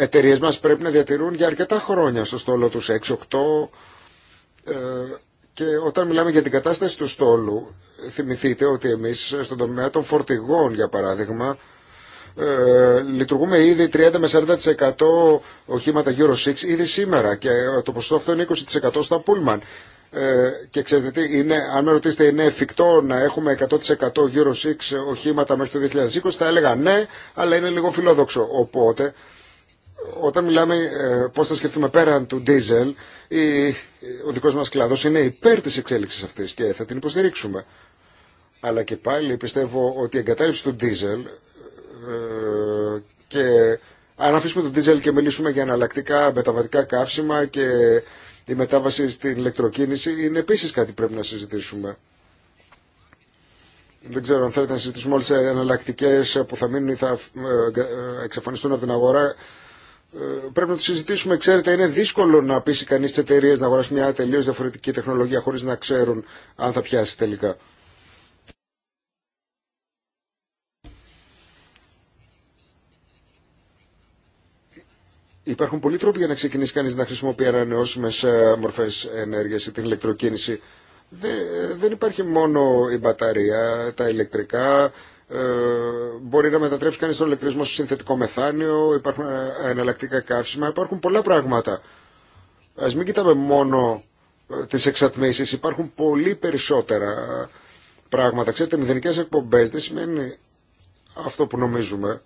εταιρείε μας πρέπει να διατηρούν για αρκετά χρόνια στο στόλο τους 6, 8, ε, και όταν μιλάμε για την κατάσταση του στόλου, θυμηθείτε ότι εμείς στον τομέα των φορτηγών, για παράδειγμα, ε, λειτουργούμε ήδη 30 με 40% οχήματα Euro 6 ήδη σήμερα και το ποσοστό αυτό είναι 20% στα Pullman. Ε, και ξέρετε τι, είναι, αν με ρωτήσετε είναι εφικτό να έχουμε 100% Euro 6 οχήματα μέχρι το 2020 θα έλεγα ναι, αλλά είναι λίγο φιλόδοξο. Οπότε όταν μιλάμε ε, πώς θα σκεφτούμε πέραν του ντίζελ, ο δικός μας κλάδος είναι υπέρ της εξέλιξης αυτής και θα την υποστηρίξουμε. Αλλά και πάλι πιστεύω ότι η εγκατάλειψη του ντίζελ και αν αφήσουμε τον ντίζελ και μιλήσουμε για αναλλακτικά μεταβατικά καύσιμα και η μετάβαση στην ηλεκτροκίνηση είναι επίσης κάτι που πρέπει να συζητήσουμε. Δεν ξέρω αν θέλετε να συζητήσουμε όλες τις εναλλακτικέ που θα μείνουν ή θα ε, ε, εξαφανιστούν από την αγορά ε, πρέπει να το συζητήσουμε. Ξέρετε, είναι δύσκολο να πείσει κανεί τι εταιρείε να αγοράσει μια τελείω διαφορετική τεχνολογία χωρί να ξέρουν αν θα πιάσει τελικά. Υπάρχουν πολλοί τρόποι για να ξεκινήσει κανεί να χρησιμοποιεί ανανεώσιμε ε, μορφέ ενέργεια ή την ηλεκτροκίνηση. Ε, δεν υπάρχει μόνο η μπαταρία, τα ηλεκτρικά, ε, μπορεί να μετατρέψει κάνει τον ηλεκτρισμό σε συνθετικό μεθάνιο, υπάρχουν ε, εναλλακτικά καύσιμα, υπάρχουν πολλά πράγματα. Ας μην κοιτάμε μόνο ε, τις εξατμίσεις, υπάρχουν πολύ περισσότερα πράγματα. Ξέρετε, μηδενικέ εκπομπές δεν σημαίνει αυτό που νομίζουμε,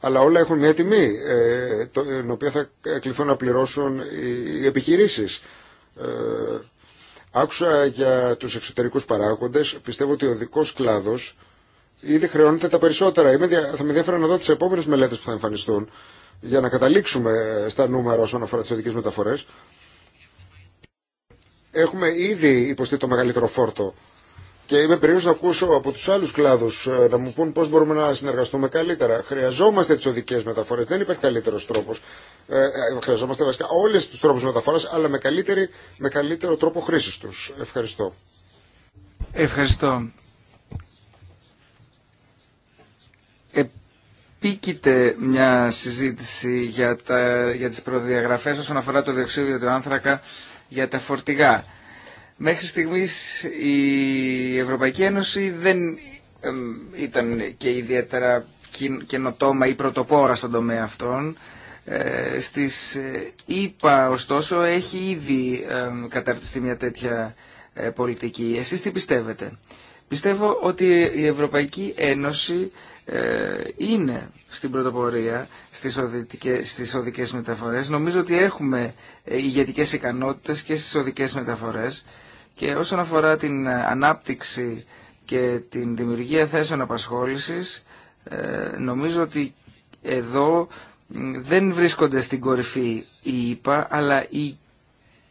αλλά όλα έχουν μια τιμή, ε, το, την οποία θα κληθούν να πληρώσουν οι, οι επιχειρήσεις. Ε, άκουσα για του εξωτερικού παράγοντε, πιστεύω ότι ο δικός κλάδος ήδη χρεώνεται τα περισσότερα. Είμαι, θα με ενδιαφέρον να δω τι επόμενε μελέτε που θα εμφανιστούν για να καταλήξουμε στα νούμερα όσον αφορά τι οδικέ μεταφορέ. Έχουμε ήδη υποστεί το μεγαλύτερο φόρτο και είμαι περίεργο να ακούσω από του άλλου κλάδου ε, να μου πούν πώ μπορούμε να συνεργαστούμε καλύτερα. Χρειαζόμαστε τι οδικέ μεταφορέ. Δεν υπάρχει καλύτερο τρόπο. Ε, ε, χρειαζόμαστε βασικά όλε τι τρόπου μεταφορά, αλλά με, καλύτερη, με καλύτερο τρόπο χρήση του. Ευχαριστώ. Ευχαριστώ. επίκειται μια συζήτηση για, τα, για τις προδιαγραφές όσον αφορά το διοξίδιο του άνθρακα για τα φορτηγά. Μέχρι στιγμής η Ευρωπαϊκή Ένωση δεν ήταν και ιδιαίτερα καινοτόμα ή πρωτοπόρα στον τομέα αυτών. Ε, στις ε, ΗΠΑ, ωστόσο, έχει ήδη καταρτιστεί μια τέτοια ε, πολιτική. Εσείς τι πιστεύετε. Πιστεύω ότι η Ευρωπαϊκή Ένωση ε, είναι στην πρωτοπορία στις οδικές, στις οδικές μεταφορές. Νομίζω ότι έχουμε ε, ηγετικές ικανότητες και στις οδικές μεταφορές και όσον αφορά την ε, ανάπτυξη και την δημιουργία θέσεων απασχόλησης νομίζω ότι εδώ δεν βρίσκονται στην κορυφή η ΙΠΑ αλλά η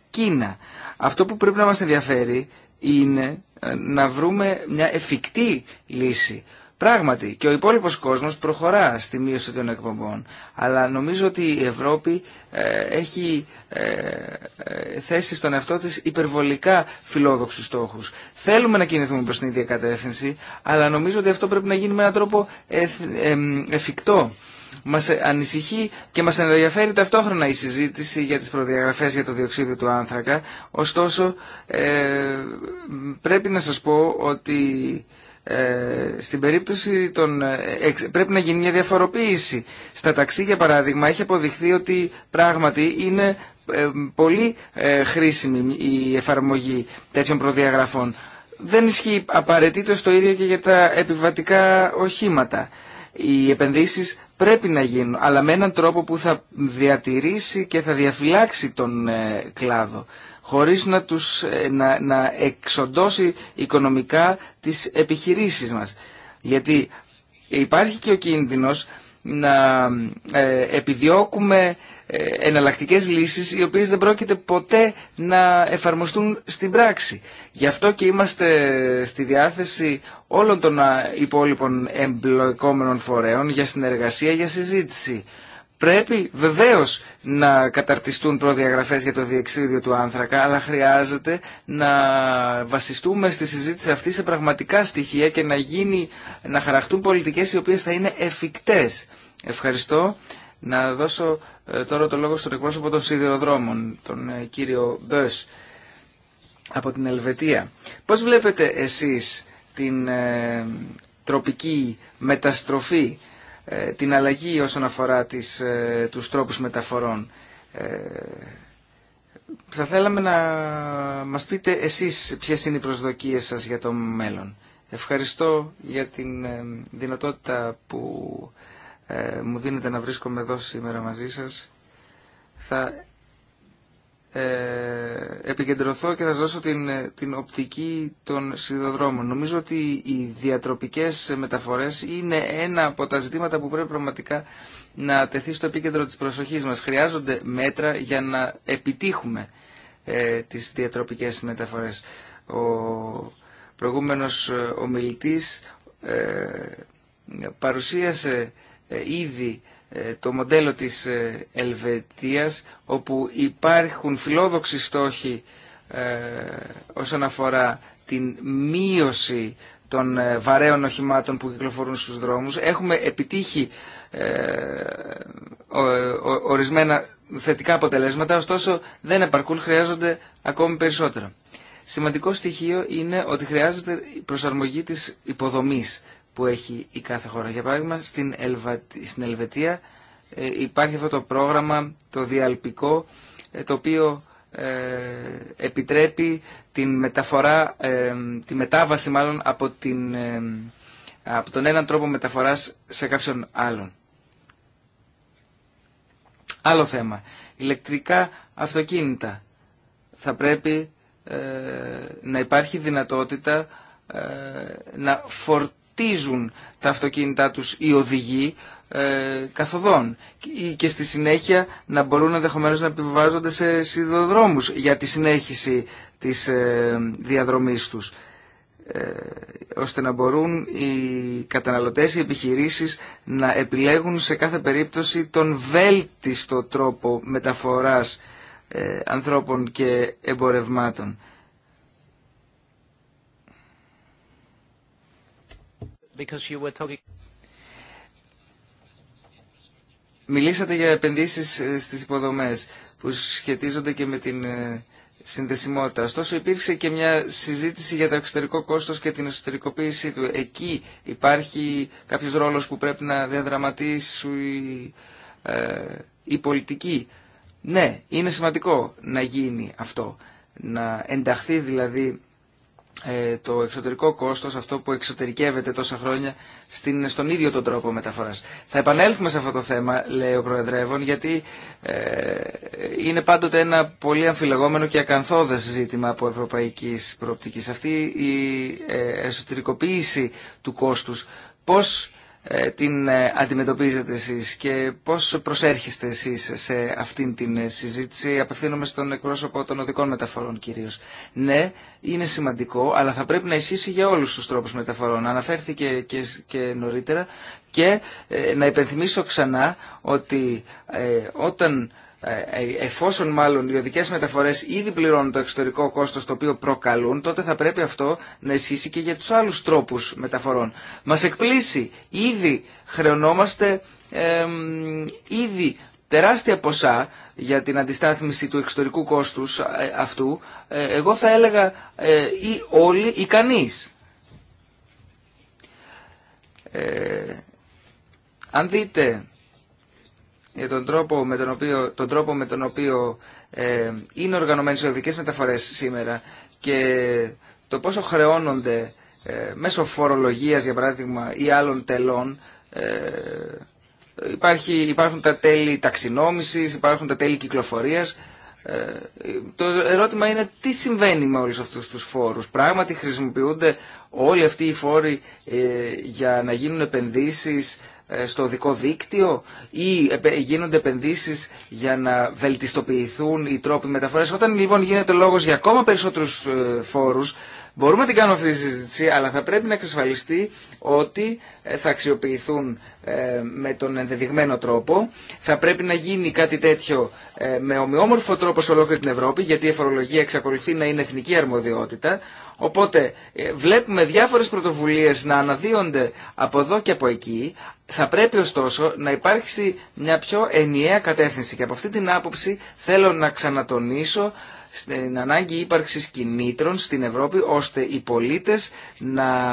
Κίνα. Αυτό που πρέπει να μας ενδιαφέρει είναι να βρούμε μια εφικτή λύση Πράγματι, και ο υπόλοιπο κόσμο προχωρά στη μείωση των εκπομπών. Αλλά νομίζω ότι η Ευρώπη ε, έχει ε, ε, θέσει στον εαυτό τη υπερβολικά φιλόδοξου στόχου. Θέλουμε να κινηθούμε προ την ίδια κατεύθυνση, αλλά νομίζω ότι αυτό πρέπει να γίνει με έναν τρόπο εφικτό. Μα ανησυχεί και μα ενδιαφέρει ταυτόχρονα η συζήτηση για τι προδιαγραφέ για το διοξίδιο του άνθρακα. Ωστόσο, πρέπει να σα πω ότι ε, στην περίπτωση των, ε, πρέπει να γίνει μια διαφοροποίηση. Στα ταξί, για παράδειγμα, έχει αποδειχθεί ότι πράγματι είναι ε, πολύ χρήσιμη η εφαρμογή τέτοιων προδιαγραφών. Δεν ισχύει απαραίτητο το ίδιο και για τα επιβατικά οχήματα. Οι επενδύσεις πρέπει να γίνουν, αλλά με έναν τρόπο που θα διατηρήσει και θα διαφυλάξει τον κλάδο χωρίς να, τους, ε, να, να εξοντώσει οικονομικά τις επιχειρήσεις μας. Γιατί υπάρχει και ο κίνδυνος να ε, επιδιώκουμε ε, εναλλακτικές λύσεις οι οποίες δεν πρόκειται ποτέ να εφαρμοστούν στην πράξη. Γι' αυτό και είμαστε στη διάθεση όλων των υπόλοιπων εμπλοκόμενων φορέων για συνεργασία, για συζήτηση. Πρέπει βεβαίως να καταρτιστούν προδιαγραφέ για το διεξίδιο του άνθρακα, αλλά χρειάζεται να βασιστούμε στη συζήτηση αυτή σε πραγματικά στοιχεία και να, γίνει, να χαραχτούν πολιτικές οι οποίες θα είναι εφικτές. Ευχαριστώ. Να δώσω ε, τώρα το λόγο στον εκπρόσωπο των σιδηροδρόμων, τον ε, κύριο Μπες από την Ελβετία. Πώς βλέπετε εσείς την ε, τροπική μεταστροφή ε, την αλλαγή όσον αφορά τις, ε, τους τρόπους μεταφορών. Ε, θα θέλαμε να μας πείτε εσείς ποιες είναι οι προσδοκίες σας για το μέλλον. Ευχαριστώ για την δυνατότητα που μου δίνετε να βρίσκομαι εδώ σήμερα μαζί σας. Θα ε, επικεντρωθώ και θα σας δώσω την, την οπτική των σιδηροδρόμων. Νομίζω ότι οι διατροπικές μεταφορές είναι ένα από τα ζητήματα που πρέπει πραγματικά να τεθεί στο επίκεντρο της προσοχής μας. Χρειάζονται μέτρα για να επιτύχουμε ε, τις διατροπικές μεταφορές. Ο προηγούμενος ε, ομιλητής ε, παρουσίασε ήδη το μοντέλο της ε, Ελβετίας όπου υπάρχουν φιλόδοξοι στόχοι ε, όσον αφορά την μείωση των ε, βαρέων οχημάτων που κυκλοφορούν στους δρόμους. Έχουμε επιτύχει ορισμένα θετικά αποτελέσματα, ωστόσο δεν επαρκούν, χρειάζονται ακόμη περισσότερα. Σημαντικό στοιχείο είναι ότι χρειάζεται η προσαρμογή της υποδομής που έχει η κάθε χώρα. Για παράδειγμα, στην, Ελβετία ε, υπάρχει αυτό το πρόγραμμα, το διαλπικό, ε, το οποίο ε, επιτρέπει την μεταφορά, τη μετάβαση μάλλον από, την, τον έναν τρόπο μεταφοράς σε κάποιον άλλον. Άλλο θέμα. Ηλεκτρικά αυτοκίνητα. Θα πρέπει να υπάρχει δυνατότητα να φορτίσουμε τίζουν τα αυτοκίνητά τους οι οδηγοί ε, καθοδόν και στη συνέχεια να μπορούν ενδεχομένω να επιβάζονται σε σιδηροδρόμους για τη συνέχιση της ε, διαδρομής τους ε, ώστε να μπορούν οι καταναλωτές, οι επιχειρήσεις να επιλέγουν σε κάθε περίπτωση τον βέλτιστο τρόπο μεταφοράς ε, ανθρώπων και εμπορευμάτων. because you Μιλήσατε για επενδύσεις ε, στις υποδομές που σχετίζονται και με την ε, συνδεσιμότητα. Ωστόσο υπήρξε και μια συζήτηση για το εξωτερικό κόστος και την εσωτερικοποίησή του. Εκεί υπάρχει κάποιος ρόλος που πρέπει να διαδραματίσει η, ε, η πολιτική. Ναι, είναι σημαντικό να γίνει αυτό. Να ενταχθεί δηλαδή ε, το εξωτερικό κόστος, αυτό που εξωτερικεύεται τόσα χρόνια στην, στον ίδιο τον τρόπο μεταφοράς. Θα επανέλθουμε σε αυτό το θέμα, λέει ο Προεδρεύων, γιατί ε, είναι πάντοτε ένα πολύ αμφιλεγόμενο και ακαθόδε ζήτημα από ευρωπαϊκής προοπτικής. Αυτή η ε, εσωτερικοποίηση του κόστους, πώς ε, την ε, αντιμετωπίζετε εσείς και πώς προσέρχεστε εσείς σε αυτήν την ε, συζήτηση. Απευθύνομαι στον εκπρόσωπο των οδικών μεταφορών κυρίως. Ναι, είναι σημαντικό, αλλά θα πρέπει να ισχύσει για όλους τους τρόπους μεταφορών. Αναφέρθηκε και, και νωρίτερα και να υπενθυμίσω ξανά ότι όταν ε, ε, εφόσον μάλλον οι οδικές μεταφορές ήδη πληρώνουν το εξωτερικό κόστος το οποίο προκαλούν, τότε θα πρέπει αυτό να ισχύσει και για τους άλλους τρόπους μεταφορών. Μας εκπλήσει, ήδη χρεωνόμαστε ε, ήδη τεράστια ποσά για την αντιστάθμιση του εξωτερικού κόστους ε, αυτού, εγώ θα έλεγα ε, ή όλοι ή κανείς. Ε, αν δείτε για τον τρόπο με τον οποίο, τον τρόπο με τον οποίο ε, είναι οργανωμένες οι οδικές μεταφορές σήμερα και το πόσο χρεώνονται ε, μέσω φορολογία, για παράδειγμα ή άλλων τελών ε, υπάρχει, υπάρχουν τα τέλη ταξινόμησης, υπάρχουν τα τέλη κυκλοφορίας ε, το ερώτημα είναι τι συμβαίνει με όλους αυτούς τους φόρους. Πράγματι χρησιμοποιούνται όλοι αυτοί οι φόροι ε, για να γίνουν επενδύσεις ε, στο δικό δίκτυο ή γίνονται επενδύσεις για να βελτιστοποιηθούν οι τρόποι μεταφοράς. Όταν λοιπόν γίνεται λόγος για ακόμα περισσότερους ε, φόρους, μπορούμε να την κάνουμε αυτή τη συζήτηση, αλλά θα πρέπει να εξασφαλιστεί ότι ε, θα αξιοποιηθούν με τον ενδεδειγμένο τρόπο. Θα πρέπει να γίνει κάτι τέτοιο με ομοιόμορφο τρόπο σε ολόκληρη την Ευρώπη, γιατί η εφορολογία εξακολουθεί να είναι εθνική αρμοδιότητα, Οπότε ε, βλέπουμε διάφορες πρωτοβουλίες να αναδύονται από εδώ και από εκεί. Θα πρέπει ωστόσο να υπάρξει μια πιο ενιαία κατεύθυνση και από αυτή την άποψη θέλω να ξανατονίσω στην ανάγκη ύπαρξης κινήτρων στην Ευρώπη ώστε οι πολίτες να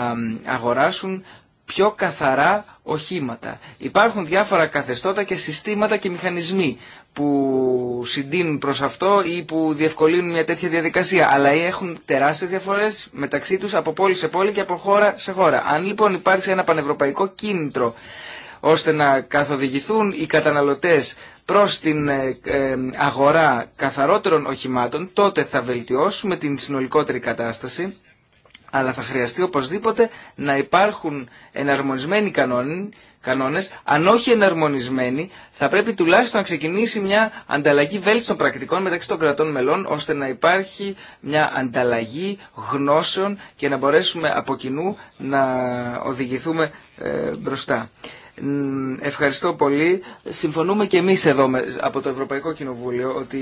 αγοράσουν πιο καθαρά οχήματα. Υπάρχουν διάφορα καθεστώτα και συστήματα και μηχανισμοί που συντείνουν προς αυτό ή που διευκολύνουν μια τέτοια διαδικασία. Αλλά έχουν τεράστιες διαφορές μεταξύ τους από πόλη σε πόλη και από χώρα σε χώρα. Αν λοιπόν υπάρξει ένα πανευρωπαϊκό κίνητρο ώστε να καθοδηγηθούν οι καταναλωτές προς την ε, ε, αγορά καθαρότερων οχημάτων, τότε θα βελτιώσουμε την συνολικότερη κατάσταση αλλά θα χρειαστεί οπωσδήποτε να υπάρχουν εναρμονισμένοι κανόνες, αν όχι εναρμονισμένοι, θα πρέπει τουλάχιστον να ξεκινήσει μια ανταλλαγή βέλτιστων πρακτικών μεταξύ των κρατών μελών, ώστε να υπάρχει μια ανταλλαγή γνώσεων και να μπορέσουμε από κοινού να οδηγηθούμε ε, μπροστά. Ευχαριστώ πολύ. Συμφωνούμε και εμείς εδώ από το Ευρωπαϊκό Κοινοβούλιο ότι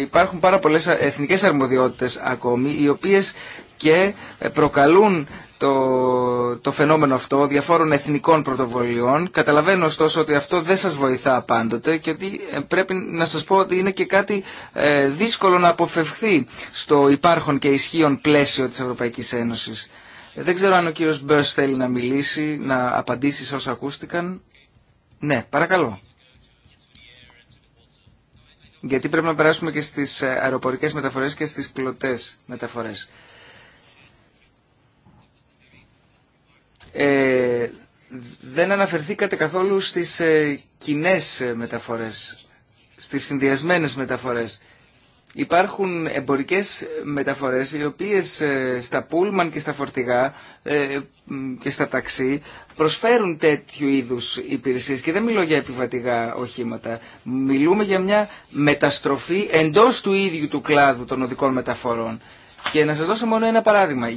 υπάρχουν πάρα πολλές εθνικές αρμοδιότητες ακόμη οι οποίες και ε, προκαλούν το, το φαινόμενο αυτό διαφόρων εθνικών πρωτοβολιών. Καταλαβαίνω ωστόσο ότι αυτό δεν σας βοηθά πάντοτε και ότι ε, πρέπει να σας πω ότι είναι και κάτι ε, δύσκολο να αποφευχθεί στο υπάρχον και ισχύον πλαίσιο της Ευρωπαϊκής Ένωσης. Δεν ξέρω αν ο κύριος Μπέρς θέλει να μιλήσει, να απαντήσει σε όσα ακούστηκαν. Ναι, παρακαλώ. Γιατί πρέπει να περάσουμε και στις αεροπορικές μεταφορές και στις πλωτές μεταφορές. Ε, δεν αναφερθήκατε καθόλου στις ε, κοινέ μεταφορές, στις συνδυασμένες μεταφορές. Υπάρχουν εμπορικές μεταφορές οι οποίες ε, στα πούλμαν και στα φορτηγά ε, και στα ταξί προσφέρουν τέτοιου είδους υπηρεσίες και δεν μιλώ για επιβατικά οχήματα. Μιλούμε για μια μεταστροφή εντός του ίδιου του κλάδου των οδικών μεταφορών. Και να σας δώσω μόνο ένα παράδειγμα.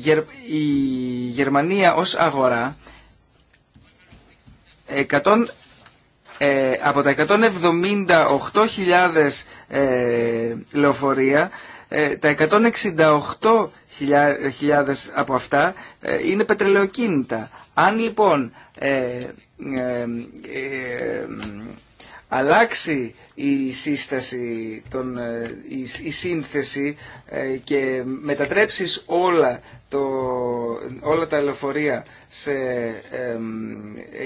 Η Γερμανία ως αγορά 100, ε, από τα 178.000 ε, λεωφορεία ε, τα 168.000 από αυτά ε, είναι πετρελαιοκίνητα. Αν λοιπόν ε, αλλάξει η σύσταση, τον, ε, η, σύνθεση ε, και μετατρέψεις όλα, το, όλα τα λεωφορεία σε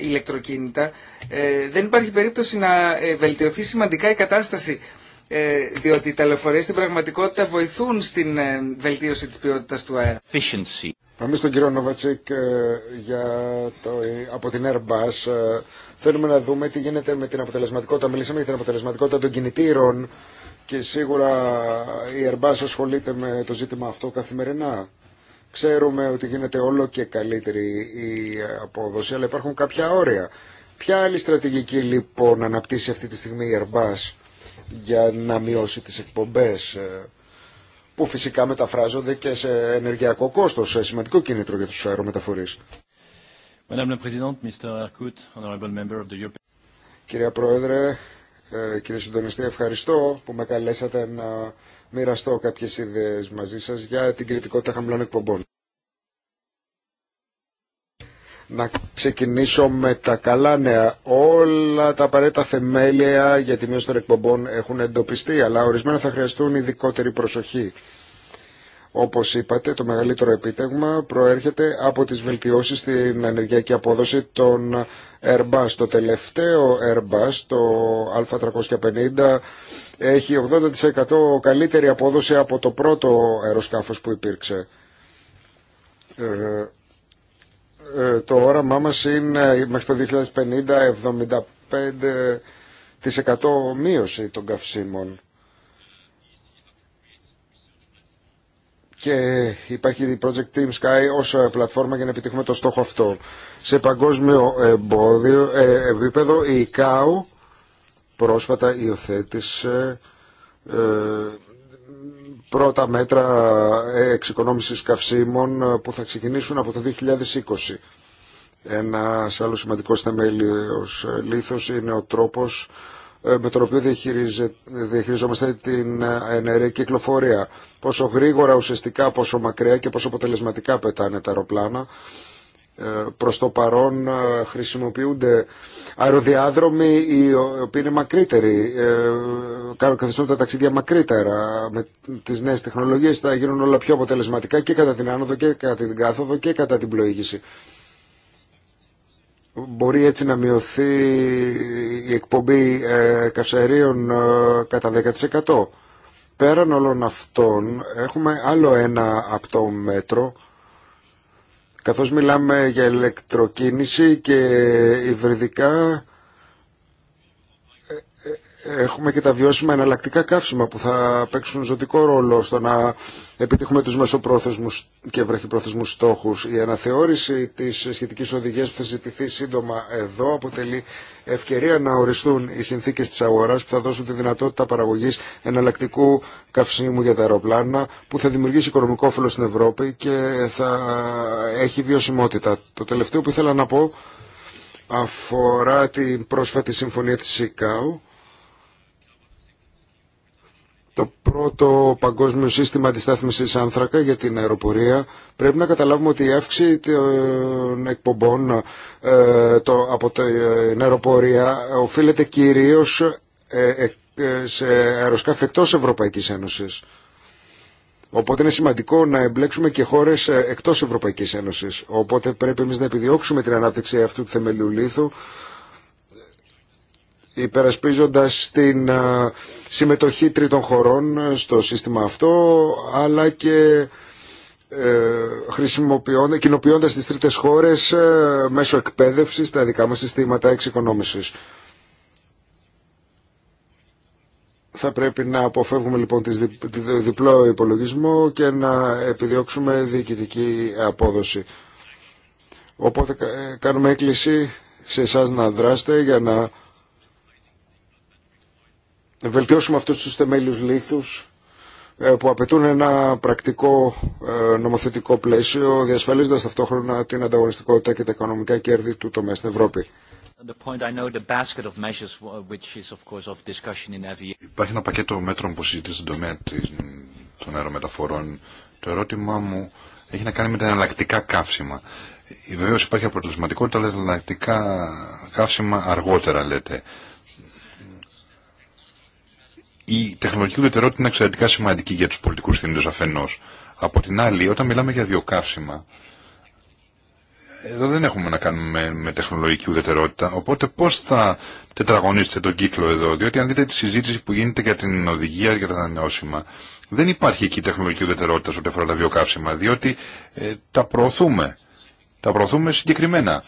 ηλεκτροκίνητα, ε, δεν υπάρχει περίπτωση να βελτιωθεί σημαντικά η κατάσταση διότι τα λεωφορεία στην πραγματικότητα βοηθούν στην βελτίωση της ποιότητας του αέρα. Πάμε στον κύριο Νοβατσίκ το, από την Airbus Θέλουμε να δούμε τι γίνεται με την αποτελεσματικότητα. Μιλήσαμε για την αποτελεσματικότητα των κινητήρων και σίγουρα η Airbus ασχολείται με το ζήτημα αυτό καθημερινά. Ξέρουμε ότι γίνεται όλο και καλύτερη η απόδοση, αλλά υπάρχουν κάποια όρια. Ποια άλλη στρατηγική λοιπόν αναπτύσσει αυτή τη στιγμή η Airbus για να μειώσει τις εκπομπές ε, που φυσικά μεταφράζονται και σε ενεργειακό κόστος, σε σημαντικό κίνητρο για τους αερομεταφορείς. Κυρία Πρόεδρε, ε, κύριε Συντονιστή, ευχαριστώ που με καλέσατε να μοιραστώ κάποιες ιδέες μαζί σας για την κριτικότητα χαμηλών εκπομπών. Να ξεκινήσω με τα καλά νέα. Όλα τα απαραίτητα θεμέλια για τη μείωση των εκπομπών έχουν εντοπιστεί, αλλά ορισμένα θα χρειαστούν ειδικότερη προσοχή. Όπως είπατε, το μεγαλύτερο επίτευγμα προέρχεται από τις βελτιώσεις στην ενεργειακή απόδοση των Airbus. Το τελευταίο Airbus, το Α350, έχει 80% καλύτερη απόδοση από το πρώτο αεροσκάφος που υπήρξε. Ε, ε, το όραμά μας είναι μέχρι το 2050 75% μείωση των καυσίμων. και υπάρχει η Project Team Sky ως ε, πλατφόρμα για να επιτύχουμε το στόχο αυτό. Σε παγκόσμιο εμπόδιο, ε, επίπεδο η ΚΑΟ πρόσφατα υιοθέτησε ε, πρώτα μέτρα εξοικονόμησης καυσίμων ε, που θα ξεκινήσουν από το 2020. Ένα άλλο σημαντικό θεμέλιο λήθος είναι ο τρόπος ε, με τον οποίο διαχειριζόμαστε την ε, ενέργεια κυκλοφορία. Πόσο γρήγορα ουσιαστικά, πόσο μακριά και πόσο αποτελεσματικά πετάνε τα αεροπλάνα. Ε, προς το παρόν χρησιμοποιούνται αεροδιάδρομοι οι οποίοι είναι μακρύτεροι, καθιστούν τα ταξίδια μακρύτερα. Με τις νέες τεχνολογίες θα γίνουν όλα πιο αποτελεσματικά και κατά την άνοδο και κατά την κάθοδο και κατά την πλοήγηση. Μπορεί έτσι να μειωθεί η εκπομπή ε, καυσαερίων ε, κατά 10%. Πέραν όλων αυτών έχουμε άλλο ένα το μέτρο καθώς μιλάμε για ηλεκτροκίνηση και υβριδικά Έχουμε και τα βιώσιμα εναλλακτικά καύσιμα που θα παίξουν ζωτικό ρόλο στο να επιτύχουμε τους μεσοπρόθεσμους και βραχυπρόθεσμους στόχους. Η αναθεώρηση της σχετικής οδηγίας που θα ζητηθεί σύντομα εδώ αποτελεί ευκαιρία να οριστούν οι συνθήκες της αγοράς που θα δώσουν τη δυνατότητα παραγωγής εναλλακτικού καυσίμου για τα αεροπλάνα που θα δημιουργήσει οικονομικό φύλλο στην Ευρώπη και θα έχει βιωσιμότητα. Το τελευταίο που ήθελα να πω αφορά την πρόσφατη συμφωνία της ΣΥΚΑΟ πρώτο παγκόσμιο σύστημα αντιστάθμιση άνθρακα για την αεροπορία, πρέπει να καταλάβουμε ότι η αύξηση των εκπομπών ε, το, από την αεροπορία οφείλεται κυρίως ε, ε, σε αεροσκάφη εκτό Ευρωπαϊκής Ένωση. Οπότε είναι σημαντικό να εμπλέξουμε και χώρε εκτό Ευρωπαϊκή Ένωση. Οπότε πρέπει εμεί να επιδιώξουμε την ανάπτυξη αυτού του θεμελιού υπερασπίζοντας την συμμετοχή τρίτων χωρών ε, στο σύστημα αυτό, αλλά και ε, χρησιμοποιώντας κοινοποιώντας τις τρίτες χώρες ε, μέσω εκπαίδευσης τα δικά μας συστήματα εξοικονόμησης. Θα πρέπει να αποφεύγουμε λοιπόν το διπλό υπολογισμό και να επιδιώξουμε διοικητική απόδοση. Οπότε κάνουμε έκκληση σε εσά να δράσετε για να βελτιώσουμε αυτούς τους θεμέλιους λήθους ε, που απαιτούν ένα πρακτικό ε, νομοθετικό πλαίσιο, διασφαλίζοντας ταυτόχρονα την ανταγωνιστικότητα και τα οικονομικά κέρδη του τομέα στην Ευρώπη. Uh, υπάρχει ένα πακέτο μέτρων που συζητεί στην τομέα των αερομεταφορών. Το ερώτημά μου έχει να κάνει με τα εναλλακτικά καύσιμα. Ε, Βεβαίω υπάρχει αποτελεσματικότητα, αλλά τα εναλλακτικά καύσιμα αργότερα λέτε η τεχνολογική ουδετερότητα είναι εξαιρετικά σημαντική για τους πολιτικούς θύμιτες αφενός. Από την άλλη, όταν μιλάμε για βιοκαύσιμα, εδώ δεν έχουμε να κάνουμε με τεχνολογική ουδετερότητα, οπότε πώς θα τετραγωνίσετε τον κύκλο εδώ, διότι αν δείτε τη συζήτηση που γίνεται για την οδηγία για τα ανανεώσιμα, δεν υπάρχει εκεί τεχνολογική ουδετερότητα σε ό,τι αφορά τα βιοκαύσιμα, διότι ε, τα προωθούμε, τα προωθούμε συγκεκριμένα.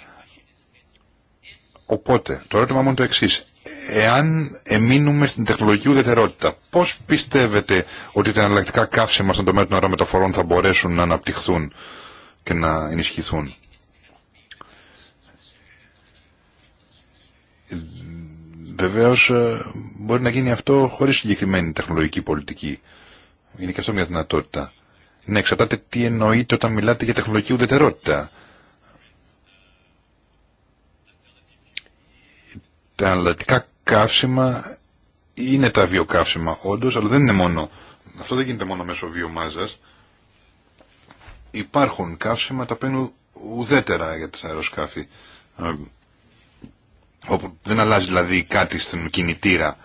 Οπότε, το ερώτημα μου είναι το εξή εάν εμείνουμε στην τεχνολογική ουδετερότητα, πώς πιστεύετε ότι τα εναλλακτικά καύσιμα στον τομέα των αερομεταφορών θα μπορέσουν να αναπτυχθούν και να ενισχυθούν. Βεβαίω ε, μπορεί να γίνει αυτό χωρίς συγκεκριμένη τεχνολογική πολιτική. Είναι και αυτό μια δυνατότητα. Ναι, εξαρτάται τι εννοείται όταν μιλάτε για τεχνολογική ουδετερότητα. τα αναλλατικά καύσιμα είναι τα βιοκαύσιμα όντως, αλλά δεν είναι μόνο. Αυτό δεν γίνεται μόνο μέσω βιομάζας. Υπάρχουν καύσιμα τα παίρνουν ουδέτερα για τις αεροσκάφη. Ε, όπου δεν αλλάζει δηλαδή κάτι στην κινητήρα.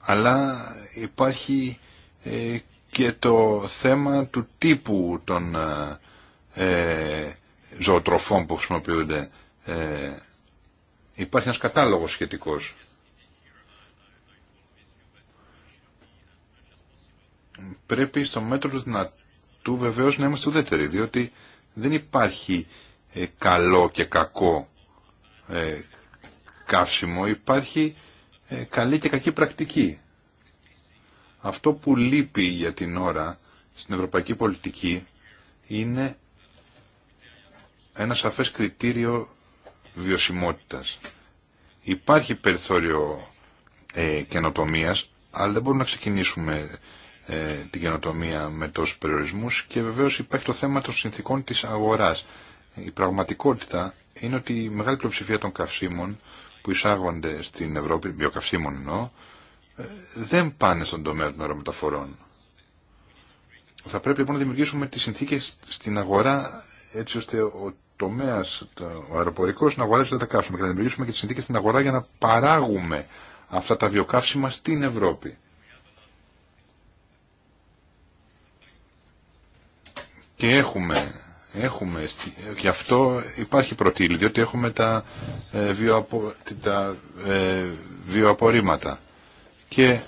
Αλλά υπάρχει ε, και το θέμα του τύπου των ε, ε ζωοτροφών που χρησιμοποιούνται. Υπάρχει ένας κατάλογος σχετικός. Πρέπει στο μέτρο του δυνατού βεβαίως να είμαστε ουδέτεροι, διότι δεν υπάρχει ε, καλό και κακό ε, καύσιμο, υπάρχει ε, καλή και κακή πρακτική. Αυτό που λείπει για την ώρα στην ευρωπαϊκή πολιτική είναι ένα σαφές κριτήριο βιωσιμότητας. Υπάρχει περιθώριο ε, καινοτομίας, αλλά δεν μπορούμε να ξεκινήσουμε ε, την καινοτομία με τόσους περιορισμούς και βεβαίως υπάρχει το θέμα των συνθήκων της αγοράς. Η πραγματικότητα είναι ότι η μεγάλη πλειοψηφία των καυσίμων που εισάγονται στην Ευρώπη, βιοκαυσίμων εννοώ, ε, δεν πάνε στον τομέα των αερομεταφορών. Θα πρέπει λοιπόν να δημιουργήσουμε τις συνθήκες στην αγορά έτσι ώστε ο τομέα, ο αεροπορικό, να αγοράζει τα καύσιμα και να δημιουργήσουμε και τι συνθήκε στην αγορά για να παράγουμε αυτά τα βιοκαύσιμα στην Ευρώπη. Και έχουμε, έχουμε γι' αυτό υπάρχει προτήλη, διότι έχουμε τα, ε, βιοαπο, τα ε, Και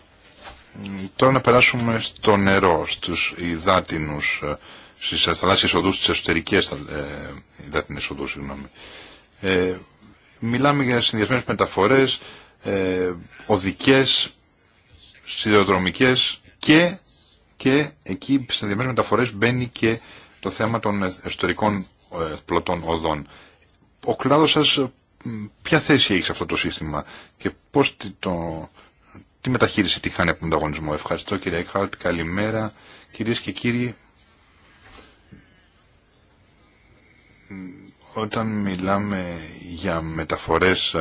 τώρα να περάσουμε στο νερό, στους υδάτινους ε, στις θαλάσσιες οδούς, τις εσωτερικές ε, οδούς, συγγνώμη. Ε, μιλάμε για συνδυασμένες μεταφορές, ε, οδικές, σιδηροδρομικές και, και εκεί στις συνδυασμένες μεταφορές μπαίνει και το θέμα των εσωτερικών ε, πλωτών οδών. Ο κλάδος σας ποια θέση έχει σε αυτό το σύστημα και πώς το, τι μεταχείριση τη από τον ανταγωνισμό. Ευχαριστώ κύριε Εκχάουτ, καλημέρα. κύριε και κύριοι, Όταν μιλάμε για μεταφορές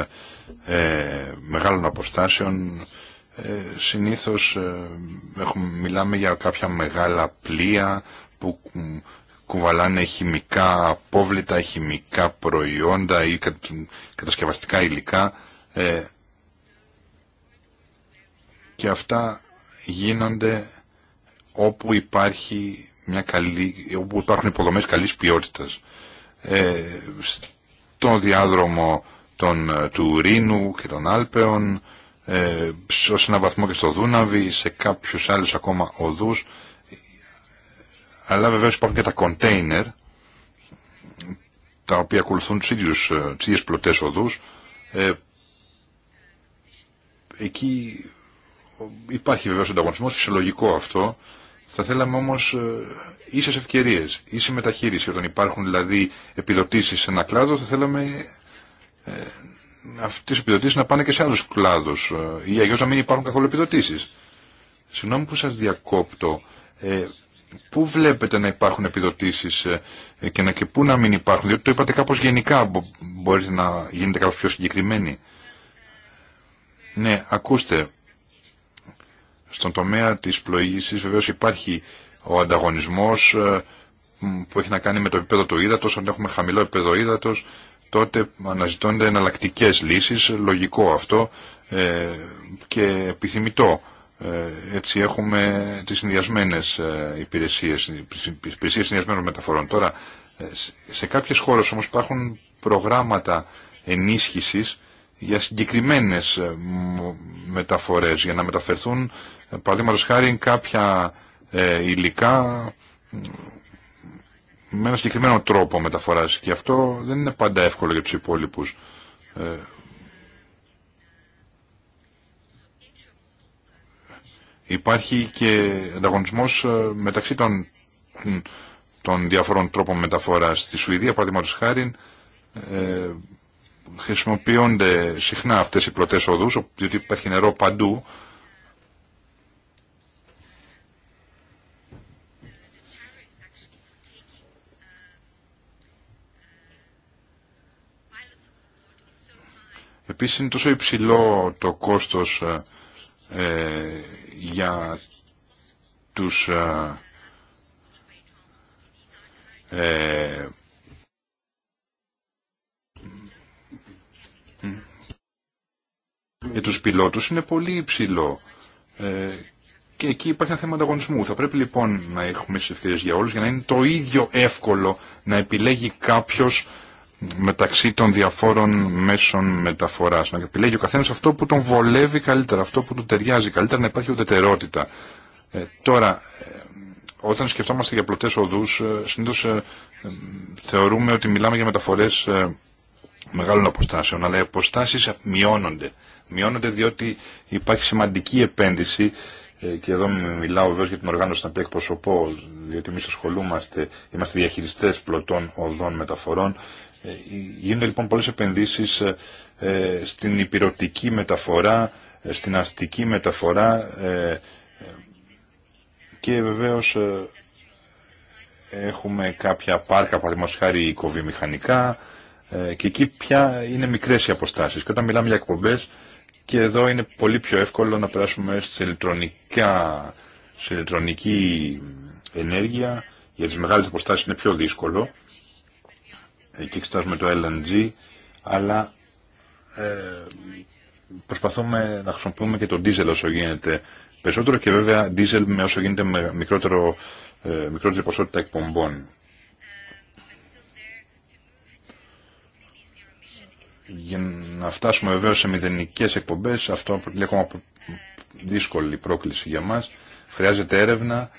ε, μεγάλων αποστάσεων, ε, συνήθως ε, έχουμε, μιλάμε για κάποια μεγάλα πλοία που κουβαλάνε χημικά απόβλητα, χημικά προϊόντα ή κατασκευαστικά υλικά ε, και αυτά γίνονται όπου, υπάρχει μια καλή, όπου υπάρχουν υποδομές καλής ποιότητας. Ε, στον διάδρομο των, ε, του Ρήνου και των Άλπεων, ε, ως ένα βαθμό και στο Δούναβι, σε κάποιους άλλους ακόμα οδούς. Αλλά βεβαίως υπάρχουν και τα κοντέινερ, τα οποία ακολουθούν τις ίδιες, ε, τις ίδιες πλωτές οδούς. εκεί υπάρχει βεβαίως ανταγωνισμός, φυσιολογικό αυτό. Θα θέλαμε όμως ίσε ευκαιρίες, ίση μεταχείριση. Όταν υπάρχουν δηλαδή επιδοτήσει σε ένα κλάδο θα θέλαμε ε, αυτές οι επιδοτήσεις να πάνε και σε άλλους κλάδους ε, ή αλλιώ να μην υπάρχουν καθόλου επιδοτήσει. Συγγνώμη που σας διακόπτω. Ε, πού βλέπετε να υπάρχουν επιδοτήσεις ε, και, να, και πού να μην υπάρχουν, διότι το είπατε κάπω γενικά, μπορείτε να γίνετε κάπω πιο συγκεκριμένοι. Ναι, ακούστε, στον τομέα της πλοήγησης βεβαίως υπάρχει ο ανταγωνισμός ε, που έχει να κάνει με το επίπεδο του ύδατος, αν έχουμε χαμηλό επίπεδο ύδατος, τότε αναζητώνται εναλλακτικέ λύσεις, λογικό αυτό ε, και επιθυμητό. Ε, έτσι έχουμε τις συνδυασμένες υπηρεσίες, υπηρεσίες συνδυασμένων μεταφορών. Τώρα, σε κάποιες χώρες όμως υπάρχουν προγράμματα ενίσχυσης για συγκεκριμένες μεταφορές, για να μεταφερθούν, παραδείγματος χάρη, κάποια ε, υλικά με ένα συγκεκριμένο τρόπο μεταφοράς και αυτό δεν είναι πάντα εύκολο για τους υπόλοιπους. Ε, υπάρχει και ανταγωνισμός ε, μεταξύ των, των διαφορών τρόπων μεταφοράς. Στη Σουηδία, παραδείγματος χάρη, ε, χρησιμοποιούνται συχνά αυτές οι πρωτές οδούς, διότι υπάρχει νερό παντού Επίσης είναι τόσο υψηλό το κόστος ε, ε για τους ε, ε, για τους πιλότους είναι πολύ υψηλό ε, και εκεί υπάρχει ένα θέμα ανταγωνισμού. Θα πρέπει λοιπόν να έχουμε τις ευκαιρίες για όλους για να είναι το ίδιο εύκολο να επιλέγει κάποιος μεταξύ των διαφόρων μέσων μεταφοράς. Να επιλέγει ο καθένας αυτό που τον βολεύει καλύτερα, αυτό που του ταιριάζει καλύτερα, να υπάρχει ουδετερότητα. Ε, τώρα, ε, όταν σκεφτόμαστε για πλωτές οδούς, ε, συνήθως ε, θεωρούμε ότι μιλάμε για μεταφορές μεγάλων αποστάσεων, αλλά οι αποστάσεις μειώνονται. Μειώνονται διότι υπάρχει σημαντική επένδυση και εδώ μιλάω βέβαια για την οργάνωση να οποία εκπροσωπώ, διότι εμεί ασχολούμαστε, είμαστε διαχειριστέ πλωτών οδών μεταφορών ε, ε, γίνονται λοιπόν πολλές επενδύσεις ε, στην υπηρετική μεταφορά, στην αστική μεταφορά και βεβαίως έχουμε κάποια πάρκα, παραδείγματος χάρη οικοβιομηχανικά και εκεί πια είναι μικρές οι αποστάσεις. Και όταν μιλάμε για εκπομπές και εδώ είναι πολύ πιο εύκολο να περάσουμε σε ηλεκτρονική ενέργεια, για τις μεγάλες αποστάσεις είναι πιο δύσκολο εκεί εξετάζουμε το LNG, αλλά ε, προσπαθούμε να χρησιμοποιούμε και το diesel όσο γίνεται περισσότερο και βέβαια diesel με όσο γίνεται με μικρότερο, ε, μικρότερη ποσότητα εκπομπών. Για να φτάσουμε βέβαια σε μηδενικές εκπομπές, αυτό είναι ακόμα δύσκολη πρόκληση για μας. Χρειάζεται έρευνα,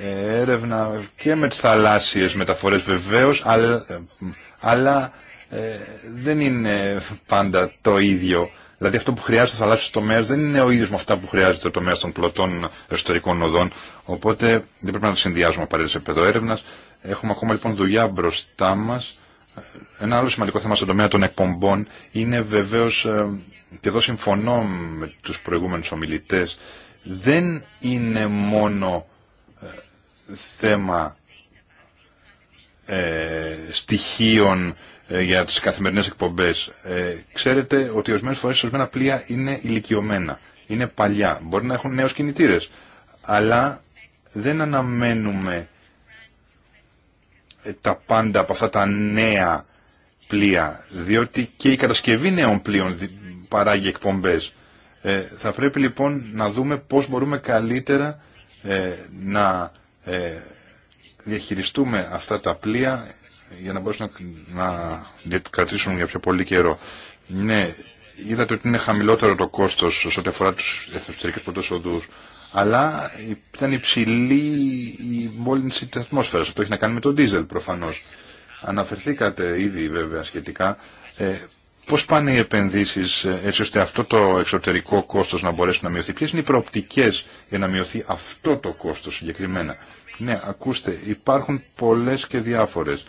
ε, έρευνα και με τις θαλάσσιες μεταφορές βεβαίως, αλλά αλλά ε, δεν είναι πάντα το ίδιο. Δηλαδή αυτό που χρειάζεται στους αλλάξεις τομέας δεν είναι ο ίδιος με αυτά που χρειάζεται το τομέα των πλωτών εσωτερικών οδών, οπότε δεν πρέπει να το συνδυάζουμε απαραίτητα σε έρευνα. Έχουμε ακόμα λοιπόν δουλειά μπροστά μας. Ένα άλλο σημαντικό θέμα στον τομέα των εκπομπών είναι βεβαίως, ε, και εδώ συμφωνώ με τους προηγούμενους ομιλητές, δεν είναι μόνο ε, θέμα ε, στοιχείων ε, για τις καθημερινές εκπομπές. Ε, ξέρετε ότι ορισμένε φορές ορισμένα πλοία είναι ηλικιωμένα, είναι παλιά, μπορεί να έχουν νέους κινητήρες, αλλά δεν αναμένουμε ε, τα πάντα από αυτά τα νέα πλοία, διότι και η κατασκευή νέων πλοίων παράγει εκπομπές. Ε, θα πρέπει λοιπόν να δούμε πώς μπορούμε καλύτερα ε, να ε, διαχειριστούμε αυτά τα πλοία για να μπορέσουν να, να κρατήσουν για πιο πολύ καιρό. Ναι, είδατε ότι είναι χαμηλότερο το κόστος σε αφορά τους εθνικούς πρώτες οδούς, αλλά ήταν υψηλή η μόλυνση της ατμόσφαιρας. Αυτό έχει να κάνει με τον δίζελ προφανώς. Αναφερθήκατε ήδη βέβαια σχετικά. Ε, πώς πάνε οι επενδύσεις ε, έτσι ώστε αυτό το εξωτερικό κόστος να μπορέσει να μειωθεί. Ποιες είναι οι προοπτικές για να μειωθεί αυτό το κόστος συγκεκριμένα. Ναι, ακούστε, υπάρχουν πολλές και διάφορες.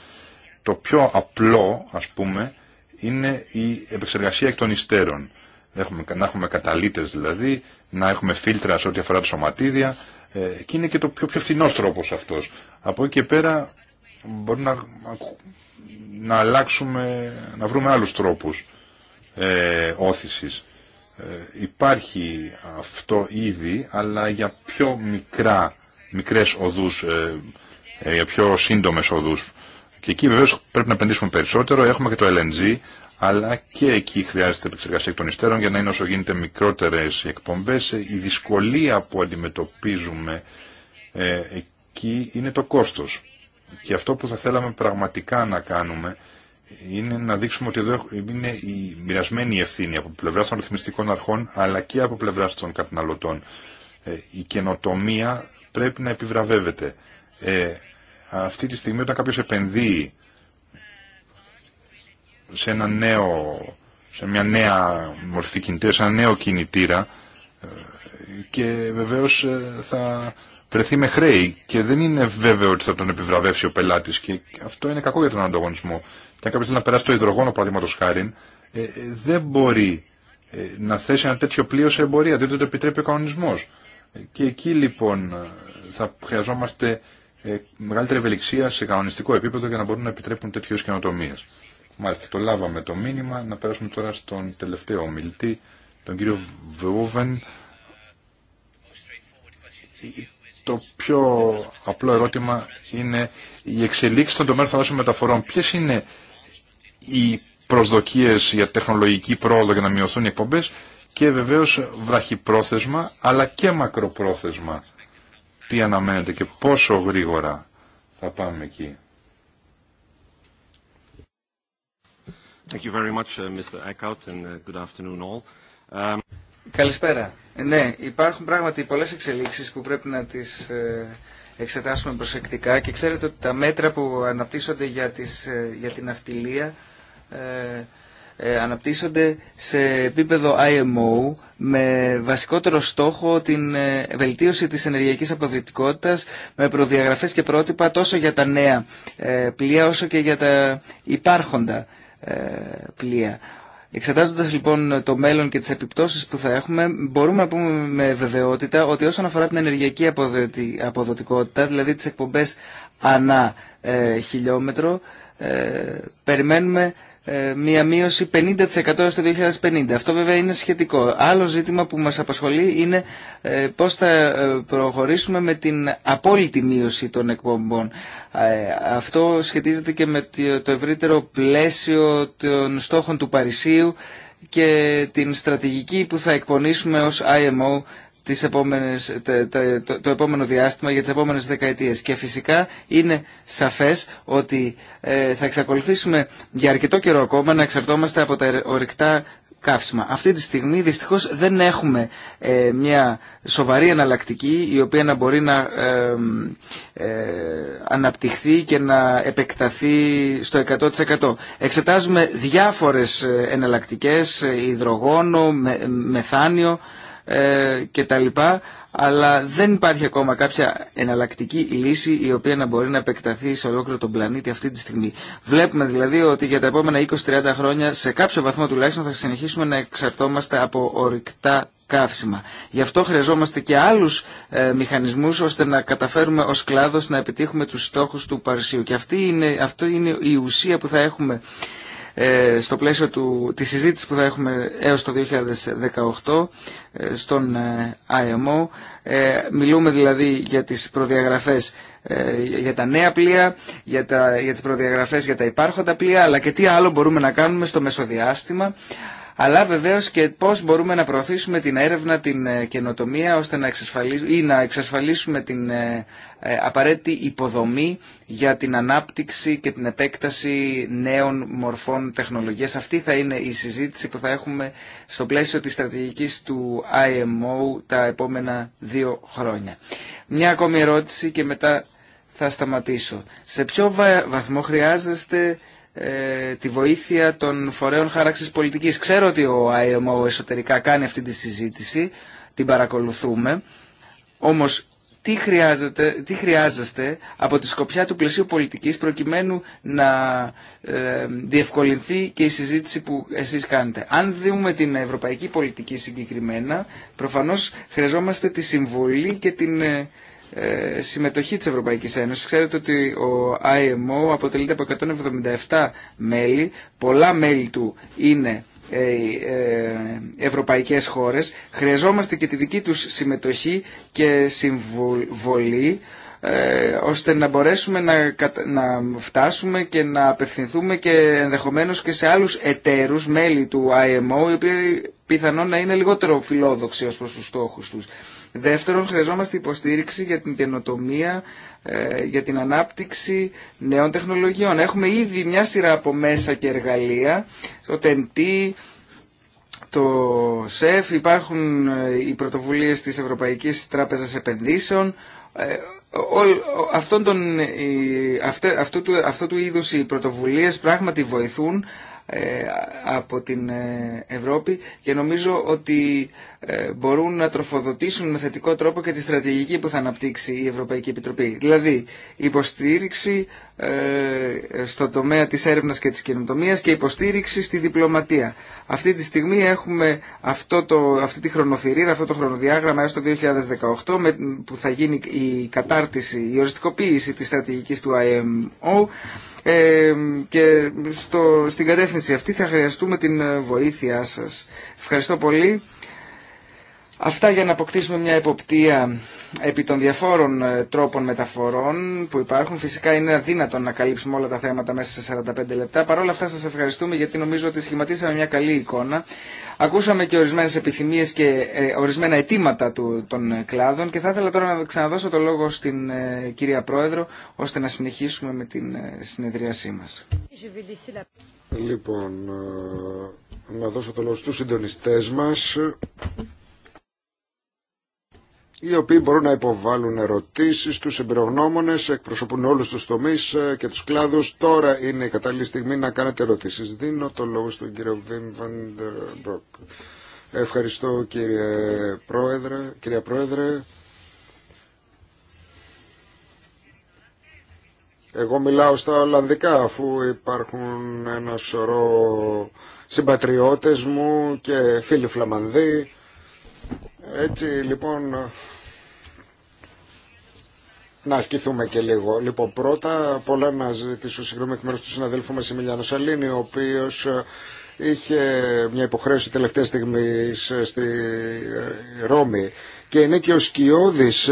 Το πιο απλό, ας πούμε, είναι η επεξεργασία εκ των υστέρων. Έχουμε, να έχουμε καταλύτες δηλαδή, να έχουμε φίλτρα σε ό,τι αφορά τα σωματίδια ε, και είναι και το πιο, πιο φθηνός τρόπος αυτός. Από εκεί και πέρα μπορεί να, να αλλάξουμε, να βρούμε άλλους τρόπους ε, όθησης. Ε, υπάρχει αυτό ήδη, αλλά για πιο μικρά, μικρές οδούς, ε, ε, για πιο σύντομες οδούς. Και εκεί βεβαίως πρέπει να επενδύσουμε περισσότερο. Έχουμε και το LNG, αλλά και εκεί χρειάζεται επεξεργασία εκ των υστέρων για να είναι όσο γίνεται μικρότερες εκπομπές. Ε, η δυσκολία που αντιμετωπίζουμε εκεί είναι το κόστος. Και αυτό που θα θέλαμε πραγματικά να κάνουμε είναι να δείξουμε ότι εδώ είναι η μοιρασμένη ευθύνη από πλευρά των ρυθμιστικών αρχών αλλά και από πλευρά των καταναλωτών. Ε, η καινοτομία πρέπει να επιβραβεύεται. Ε, αυτή τη στιγμή όταν κάποιος επενδύει σε ένα νέο σε μια νέα μορφή κινητήρα, σε ένα νέο κινητήρα ε, και βεβαίως θα βρεθεί με χρέη και δεν είναι βέβαιο ότι θα τον επιβραβεύσει ο πελάτης και αυτό είναι κακό για τον ανταγωνισμό. Και αν κάποιο θέλει να περάσει το υδρογόνο, παραδείγματο χάρη, ε, ε, δεν μπορεί ε, να θέσει ένα τέτοιο πλοίο σε εμπορία, διότι το επιτρέπει ο κανονισμό. Και εκεί λοιπόν θα χρειαζόμαστε ε, μεγαλύτερη ευελιξία σε κανονιστικό επίπεδο για να μπορούν να επιτρέπουν τέτοιου καινοτομίε. Μάλιστα, το λάβαμε το μήνυμα. Να περάσουμε τώρα στον τελευταίο ομιλητή, τον κύριο Βεούβεν. Το πιο απλό ερώτημα είναι η εξελίξη των τομέων θαλάσσιων μεταφορών. Ποιε είναι οι προσδοκίες για τεχνολογική πρόοδο για να μειωθούν οι εκπομπές και βεβαίως βραχυπρόθεσμα αλλά και μακροπρόθεσμα. Τι αναμένεται και πόσο γρήγορα θα πάμε εκεί. Καλησπέρα. Ναι, υπάρχουν πράγματι πολλές εξελίξεις που πρέπει να τις ε, εξετάσουμε προσεκτικά και ξέρετε ότι τα μέτρα που αναπτύσσονται για, τις, ε, για την αυτιλία ε, ε, αναπτύσσονται σε επίπεδο IMO με βασικότερο στόχο την ε, βελτίωση της ενεργειακής αποδοτικότητας με προδιαγραφές και πρότυπα τόσο για τα νέα πλοία όσο και για τα υπάρχοντα πλοία. Εξετάζοντας λοιπόν το μέλλον και τις επιπτώσεις που θα έχουμε, μπορούμε να πούμε με βεβαιότητα ότι όσον αφορά την ενεργειακή αποδοτικότητα, δηλαδή τις εκπομπές ανά χιλιόμετρο, περιμένουμε ε, μια μείωση 50% έως το 2050. Αυτό βέβαια είναι σχετικό. Άλλο ζήτημα που μας απασχολεί είναι ε, πώς θα ε, προχωρήσουμε με την απόλυτη μείωση των εκπομπών. Αυτό σχετίζεται και με το ευρύτερο πλαίσιο των στόχων του Παρισίου και την στρατηγική που θα εκπονήσουμε ως IMO τις επόμενες, το, επόμενο διάστημα, για τις επόμενες δεκαετίες. Και φυσικά είναι σαφές ότι ε, θα εξακολουθήσουμε για αρκετό καιρό ακόμα να εξαρτώμαστε από τα ορυκτά καύσιμα. Αυτή τη στιγμή δυστυχώς δεν έχουμε ε, μια σοβαρή εναλλακτική η οποία να μπορεί να ε, αναπτυχθεί και να επεκταθεί στο 100%. Εξετάζουμε διάφορες ε, εναλλακτικές, υδρογόνο, μεθάνιο ε, τα λοιπά Αλλά δεν υπάρχει ακόμα κάποια εναλλακτική λύση η οποία να μπορεί να επεκταθεί σε ολόκληρο τον πλανήτη αυτή τη στιγμή. Βλέπουμε δηλαδή ότι για τα επόμενα 20-30 χρόνια σε κάποιο βαθμό τουλάχιστον θα συνεχίσουμε να εξαρτώμαστε από ορυκτά καύσιμα. Γι' αυτό χρειαζόμαστε και άλλους ε, μηχανισμούς ώστε να καταφέρουμε ως κλάδος να επιτύχουμε τους στόχους του Παρσίου Και αυτή είναι, είναι η ουσία που θα έχουμε ε, στο πλαίσιο του, της συζήτησης που θα έχουμε έως το 2018 ε, στον IMO. Ε, μιλούμε δηλαδή για τις προδιαγραφές για τα νέα πλοία, για, τα, για τις προδιαγραφές για τα υπάρχοντα πλοία, αλλά και τι άλλο μπορούμε να κάνουμε στο μεσοδιάστημα αλλά βεβαίως και πώς μπορούμε να προωθήσουμε την έρευνα, την ε, καινοτομία ώστε να εξασφαλίσουμε, να εξασφαλίσουμε την ε, ε, απαραίτητη υποδομή για την ανάπτυξη και την επέκταση νέων μορφών τεχνολογίας. Αυτή θα είναι η συζήτηση που θα έχουμε στο πλαίσιο της στρατηγικής του IMO τα επόμενα δύο χρόνια. Μια ακόμη ερώτηση και μετά θα σταματήσω. Σε ποιο βαθμό χρειάζεστε ε, τη βοήθεια των φορέων χάραξης πολιτικής. Ξέρω ότι ο ΑΕΜΟ εσωτερικά κάνει αυτή τη συζήτηση, την παρακολουθούμε, όμως τι, χρειάζεται, τι χρειάζεστε από τη σκοπιά του πλαισίου πολιτικής προκειμένου να ε, διευκολυνθεί και η συζήτηση που εσείς κάνετε. Αν δούμε την ευρωπαϊκή πολιτική συγκεκριμένα, προφανώς χρειαζόμαστε τη συμβολή και την ε, ε, συμμετοχή της Ευρωπαϊκής Ένωσης. Ξέρετε ότι ο IMO αποτελείται από 177 μέλη. Πολλά μέλη του είναι ε, ε, ευρωπαϊκές χώρες. Χρειαζόμαστε και τη δική τους συμμετοχή και συμβολή ώστε να μπορέσουμε να, να φτάσουμε και να απευθυνθούμε και ενδεχομένως και σε άλλους εταίρους, μέλη του IMO, οι οποίοι πιθανόν να είναι λιγότερο φιλόδοξοι ως προς τους στόχους τους. Δεύτερον, χρειαζόμαστε υποστήριξη για την καινοτομία, ε, για την ανάπτυξη νέων τεχνολογιών. Έχουμε ήδη μια σειρά από μέσα και εργαλεία, το TNT, το ΣΕΦ, υπάρχουν ε, οι πρωτοβουλίες της Ευρωπαϊκής Τράπεζας Επενδύσεων, ε, αυτόν τον, αυτε, του, αυτού του είδους οι πρωτοβουλίες πράγματι βοηθούν από την Ευρώπη και νομίζω ότι ε, μπορούν να τροφοδοτήσουν με θετικό τρόπο και τη στρατηγική που θα αναπτύξει η Ευρωπαϊκή Επιτροπή. Δηλαδή, υποστήριξη ε, στο τομέα της έρευνας και της καινοτομίας και υποστήριξη στη διπλωματία. Αυτή τη στιγμή έχουμε αυτό το, αυτή τη χρονοθυρίδα, αυτό το χρονοδιάγραμμα έως το 2018 με, που θα γίνει η κατάρτιση, η οριστικοποίηση της στρατηγικής του IMO ε, και στο, στην κατεύθυνση αυτή θα χρειαστούμε την βοήθειά σας. Ευχαριστώ πολύ. Αυτά για να αποκτήσουμε μια εποπτεία επί των διαφόρων ε, τρόπων μεταφορών που υπάρχουν. Φυσικά είναι αδύνατο να καλύψουμε όλα τα θέματα μέσα σε 45 λεπτά. Παρ' όλα αυτά σας ευχαριστούμε γιατί νομίζω ότι σχηματίσαμε μια καλή εικόνα. Ακούσαμε και ορισμένες επιθυμίες και ε, ορισμένα αιτήματα των ε, κλάδων και θα ήθελα τώρα να ξαναδώσω το λόγο στην κυρία Πρόεδρο ώστε να συνεχίσουμε με την συνεδρίασή μας. Λοιπόν, να δώσω το λόγο στους συντονιστές μας οι οποίοι μπορούν να υποβάλουν ερωτήσεις στους εμπειρογνώμονες, εκπροσωπούν όλους τους τομείς ε, και τους κλάδους. Τώρα είναι η κατάλληλη στιγμή να κάνετε ερωτήσεις. Δίνω το λόγο στον κύριο Βιμ Βαντερμπροκ. Ευχαριστώ κύριε Πρόεδρε. Κυρία Πρόεδρε. Εγώ μιλάω στα Ολλανδικά αφού υπάρχουν ένα σωρό συμπατριώτες μου και φίλοι Φλαμανδοί. Έτσι λοιπόν να ασκηθούμε και λίγο. Λοιπόν, πρώτα πολλά να ζητήσω συγγνώμη εκ μέρου του συναδέλφου μα Εμιλιανό Σαλίνη, ο οποίο ε, είχε μια υποχρέωση τελευταία στιγμή ε, στη ε, Ρώμη και είναι και ο σκιώδης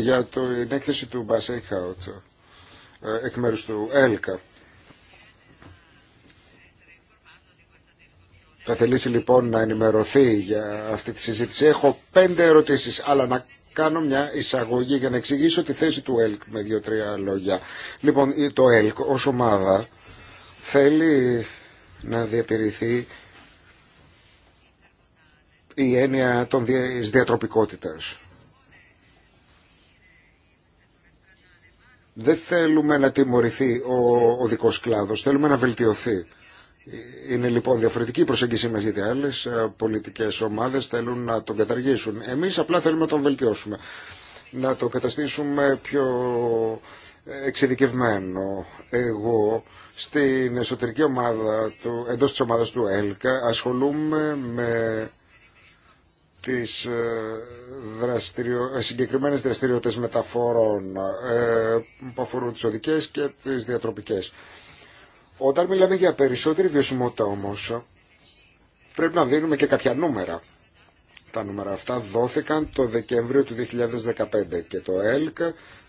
για την έκθεση του Μπας Eichhout εκ μέρους του ΕΛΚΑ. Θα θελήσει λοιπόν να ενημερωθεί για αυτή τη συζήτηση. Έχω πέντε ερωτήσεις, αλλά να κάνω μια εισαγωγή για να εξηγήσω τη θέση του ΕΛΚ με δύο-τρία λόγια. Λοιπόν, το ΕΛΚ ως ομάδα θέλει να διατηρηθεί η έννοια των διατροπικότητα. διατροπικότητας. Δεν θέλουμε να τιμωρηθεί ο, ο δικός κλάδος, θέλουμε να βελτιωθεί. Είναι λοιπόν διαφορετική η προσέγγιση μα γιατί άλλες ε, πολιτικές ομάδες θέλουν να τον καταργήσουν. Εμείς απλά θέλουμε να τον βελτιώσουμε, να το καταστήσουμε πιο ε, εξειδικευμένο. Εγώ στην εσωτερική ομάδα, του, εντός της ομάδας του ΕΛΚΑ, ασχολούμαι με τις ε, δραστηριο... συγκεκριμένες δραστηριότητες μεταφορών που αφορούν τις οδικές και τις διατροπικές. Όταν μιλάμε για περισσότερη βιωσιμότητα όμως, πρέπει να δίνουμε και κάποια νούμερα. Τα νούμερα αυτά δόθηκαν το Δεκέμβριο του 2015 και το ΕΛΚ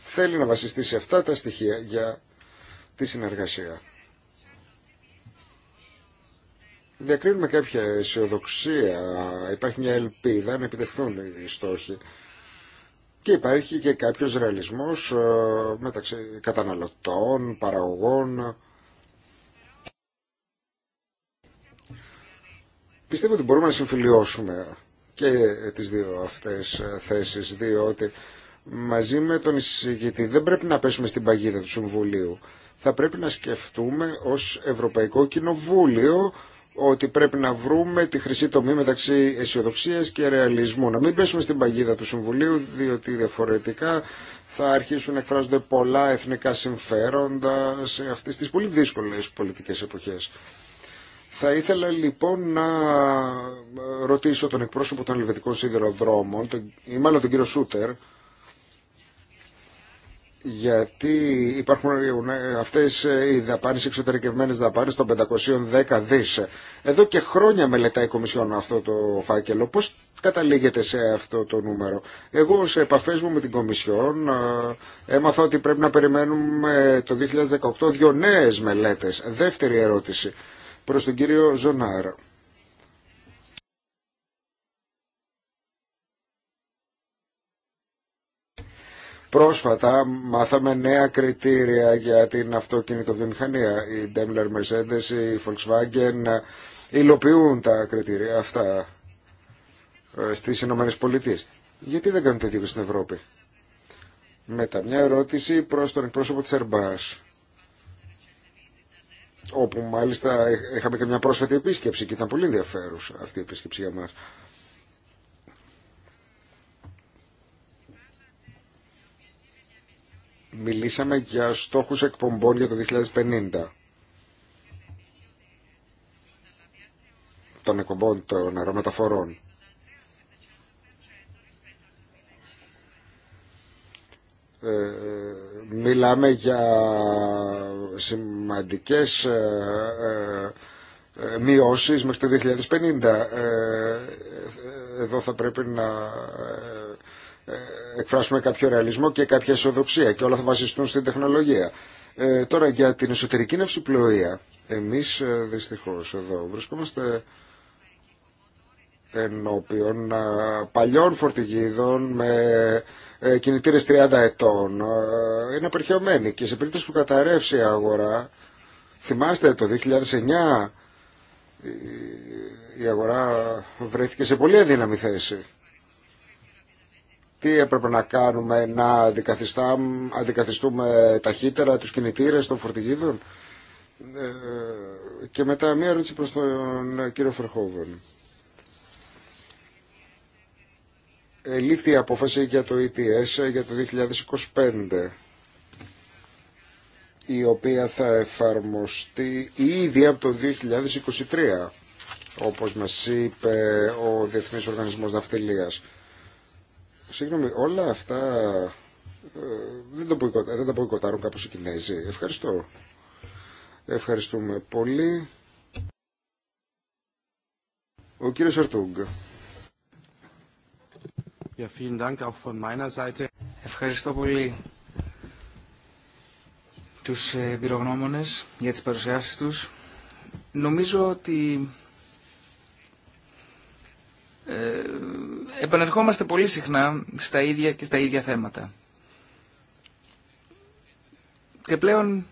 θέλει να βασιστεί σε αυτά τα στοιχεία για τη συνεργασία. Διακρίνουμε κάποια αισιοδοξία, υπάρχει μια ελπίδα να επιτευχθούν οι στόχοι και υπάρχει και κάποιος ρεαλισμός ε, μεταξύ καταναλωτών, παραγωγών Πιστεύω ότι μπορούμε να συμφιλειώσουμε και τις δύο αυτές ε, θέσεις, διότι μαζί με τον εισηγητή δεν πρέπει να πέσουμε στην παγίδα του Συμβουλίου. Θα πρέπει να σκεφτούμε ως Ευρωπαϊκό Κοινοβούλιο ότι πρέπει να βρούμε τη χρυσή τομή μεταξύ αισιοδοξία και ρεαλισμού. Να μην πέσουμε στην παγίδα του Συμβουλίου, διότι διαφορετικά θα αρχίσουν να εκφράζονται πολλά εθνικά συμφέροντα σε αυτές τις πολύ δύσκολες πολιτικές εποχές. Θα ήθελα λοιπόν να ρωτήσω τον εκπρόσωπο των Ελβετικών Σιδηροδρόμων, τον, ή μάλλον τον κύριο Σούτερ, γιατί υπάρχουν ναι, αυτές οι δαπάνες, οι εξωτερικευμένες δαπάνες των 510 δις. Εδώ και χρόνια μελετάει η Κομισιόν αυτό το φάκελο. Πώς καταλήγεται σε αυτό το νούμερο. Εγώ σε επαφές μου με την Κομισιόν ε, έμαθα ότι πρέπει να περιμένουμε το 2018 δύο νέες μελέτες. Δεύτερη ερώτηση προς τον κύριο Ζωνάρα. Πρόσφατα μάθαμε νέα κριτήρια για την αυτοκινητοβιομηχανία. Η Daimler Mercedes, η Volkswagen υλοποιούν τα κριτήρια αυτά ε, στις Ηνωμένε Πολιτείες. Γιατί δεν κάνουν το ίδιο στην Ευρώπη. Μετά μια ερώτηση προς τον εκπρόσωπο της Ερμπάς όπου μάλιστα είχαμε και μια πρόσφατη επίσκεψη και ήταν πολύ ενδιαφέρουσα αυτή η επίσκεψη για μας. Μιλήσαμε για στόχους εκπομπών για το 2050. των εκπομπών των αερομεταφορών. Ε, μιλάμε για σημαντικές ε, ε, ε, μειώσεις μέχρι το 2050. Εδώ θα πρέπει να εκφράσουμε κάποιο ρεαλισμό και κάποια αισιοδοξία και όλα θα βασιστούν στην τεχνολογία. Ε, τώρα για την εσωτερική ναυσιπλοεία. Εμείς δυστυχώς εδώ βρισκόμαστε ενώπιον παλιών φορτηγίδων με ε, κινητήρε 30 ετών είναι απερχαιωμένοι και σε περίπτωση που καταρρεύσει η αγορά θυμάστε το 2009 η αγορά βρέθηκε σε πολύ αδύναμη θέση τι έπρεπε να κάνουμε να αντικαθιστούμε ταχύτερα τους κινητήρες των φορτηγίδων ε, και μετά μία ερώτηση προς τον κύριο Φερχόβεν. λήφθη η απόφαση για το ETS ε, για το 2025 η οποία θα εφαρμοστεί ήδη από το 2023 όπως μας είπε ο Διεθνής Οργανισμός Ναυτιλίας. Συγγνώμη, όλα αυτά ε, δεν, το δεν τα ποικοτάρουν κάπως οι Κινέζοι. Ευχαριστώ. Ευχαριστούμε πολύ. Ο κύριος Αρτούγκ. Ευχαριστώ πολύ τους ε, πυρογνώμονες για τις παρουσιάσεις τους. Νομίζω ότι ε, επανερχόμαστε πολύ συχνά στα ίδια και στα ίδια θέματα. Και πλέον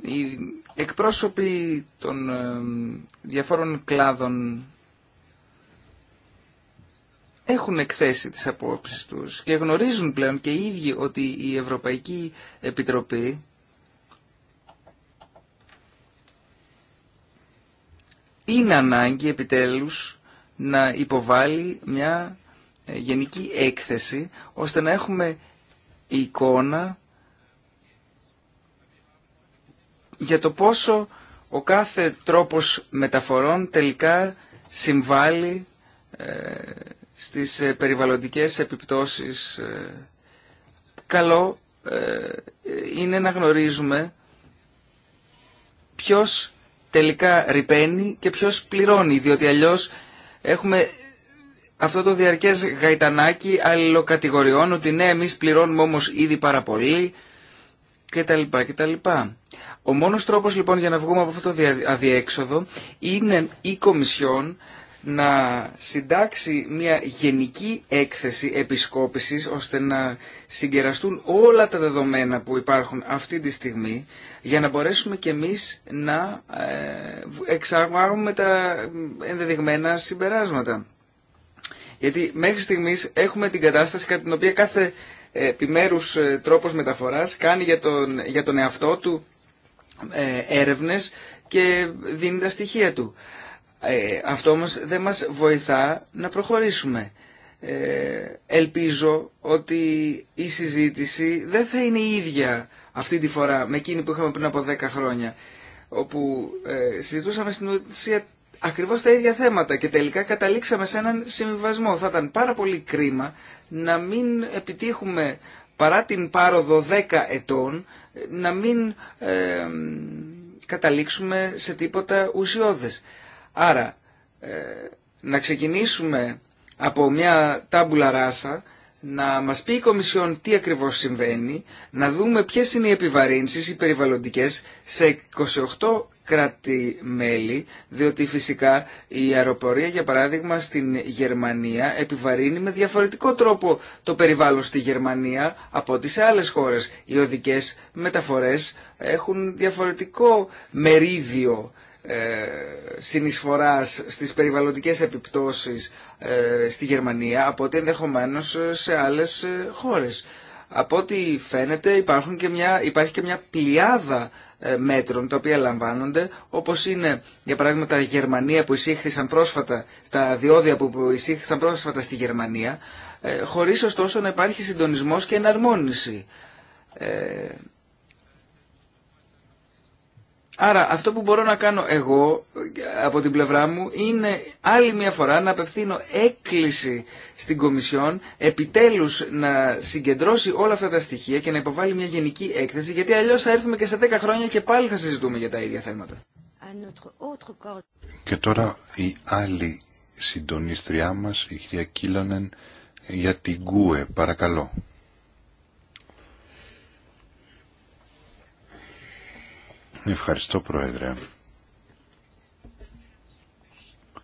οι εκπρόσωποι των ε, διαφόρων κλάδων έχουν εκθέσει τις απόψεις τους και γνωρίζουν πλέον και οι ίδιοι ότι η Ευρωπαϊκή Επιτροπή είναι ανάγκη επιτέλους να υποβάλει μια ε, γενική έκθεση ώστε να έχουμε εικόνα για το πόσο ο κάθε τρόπος μεταφορών τελικά συμβάλλει ε, στις ε, περιβαλλοντικές επιπτώσεις. Ε, καλό ε, είναι να γνωρίζουμε ποιος τελικά ρηπαίνει και ποιος πληρώνει, διότι αλλιώς έχουμε αυτό το διαρκές γαϊτανάκι αλληλοκατηγοριών ότι ναι εμείς πληρώνουμε όμως ήδη πάρα πολύ κτλ. κτλ. Ο μόνος τρόπος λοιπόν για να βγούμε από αυτό το αδιέξοδο είναι η Κομισιόν να συντάξει μια γενική έκθεση επισκόπησης ώστε να συγκεραστούν όλα τα δεδομένα που υπάρχουν αυτή τη στιγμή για να μπορέσουμε και εμείς να ε, εξαγάγουμε τα ενδεδειγμένα συμπεράσματα. Γιατί μέχρι στιγμής έχουμε την κατάσταση κατά την οποία κάθε επιμέρους ε, τρόπος μεταφοράς κάνει για τον, για τον εαυτό του ε, έρευνες και δίνει τα στοιχεία του. Ε, αυτό όμως δεν μας βοηθά να προχωρήσουμε. Ε, ελπίζω ότι η συζήτηση δεν θα είναι η ίδια αυτή τη φορά με εκείνη που είχαμε πριν από 10 χρόνια όπου ε, συζητούσαμε στην ουσία ακριβώς τα ίδια θέματα και τελικά καταλήξαμε σε έναν συμβιβασμό. Θα ήταν πάρα πολύ κρίμα να μην επιτύχουμε παρά την πάροδο 10 ετών να μην καταλήξουμε σε τίποτα ουσιώδες. Άρα, ε, να ξεκινήσουμε από μια τάμπουλα ράσα, να μας πει η Κομισιόν τι ακριβώς συμβαίνει, να δούμε ποιες είναι οι επιβαρύνσεις, οι περιβαλλοντικές, σε 28 κράτη-μέλη, διότι φυσικά η αεροπορία, για παράδειγμα, στην Γερμανία επιβαρύνει με διαφορετικό τρόπο το περιβάλλον στη Γερμανία από ό,τι σε άλλες χώρες. Οι οδικές μεταφορές έχουν διαφορετικό μερίδιο ε, συνεισφοράς στις περιβαλλοντικές επιπτώσεις ε, στη Γερμανία από ό,τι ενδεχομένω σε άλλες ε, χώρες. Από ό,τι φαίνεται υπάρχουν και μια, υπάρχει και μια πλειάδα μέτρων τα οποία λαμβάνονται όπως είναι για παράδειγμα τα Γερμανία που εισήχθησαν πρόσφατα τα διόδια που εισήχθησαν πρόσφατα στη Γερμανία χωρίς ωστόσο να υπάρχει συντονισμός και εναρμόνιση Άρα αυτό που μπορώ να κάνω εγώ από την πλευρά μου είναι άλλη μια φορά να απευθύνω έκκληση στην Κομισιόν επιτέλους να συγκεντρώσει όλα αυτά τα στοιχεία και να υποβάλει μια γενική έκθεση γιατί αλλιώς θα έρθουμε και σε 10 χρόνια και πάλι θα συζητούμε για τα ίδια θέματα. Και τώρα η άλλη συντονίστριά μας, η κυρία Κίλωνεν, για την ΚΟΕ. Παρακαλώ. Ευχαριστώ Πρόεδρε.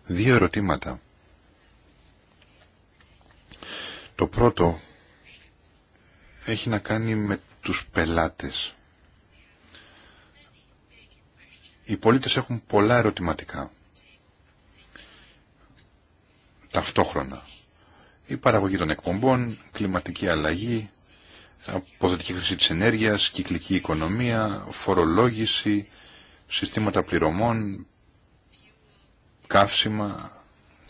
Δύο ερωτήματα. Το πρώτο έχει να κάνει με τους πελάτες. Οι πολίτες έχουν πολλά ερωτηματικά. Ταυτόχρονα. Η παραγωγή των εκπομπών, κλιματική αλλαγή, αποδοτική χρήση της ενέργειας, κυκλική οικονομία, φορολόγηση, συστήματα πληρωμών, καύσιμα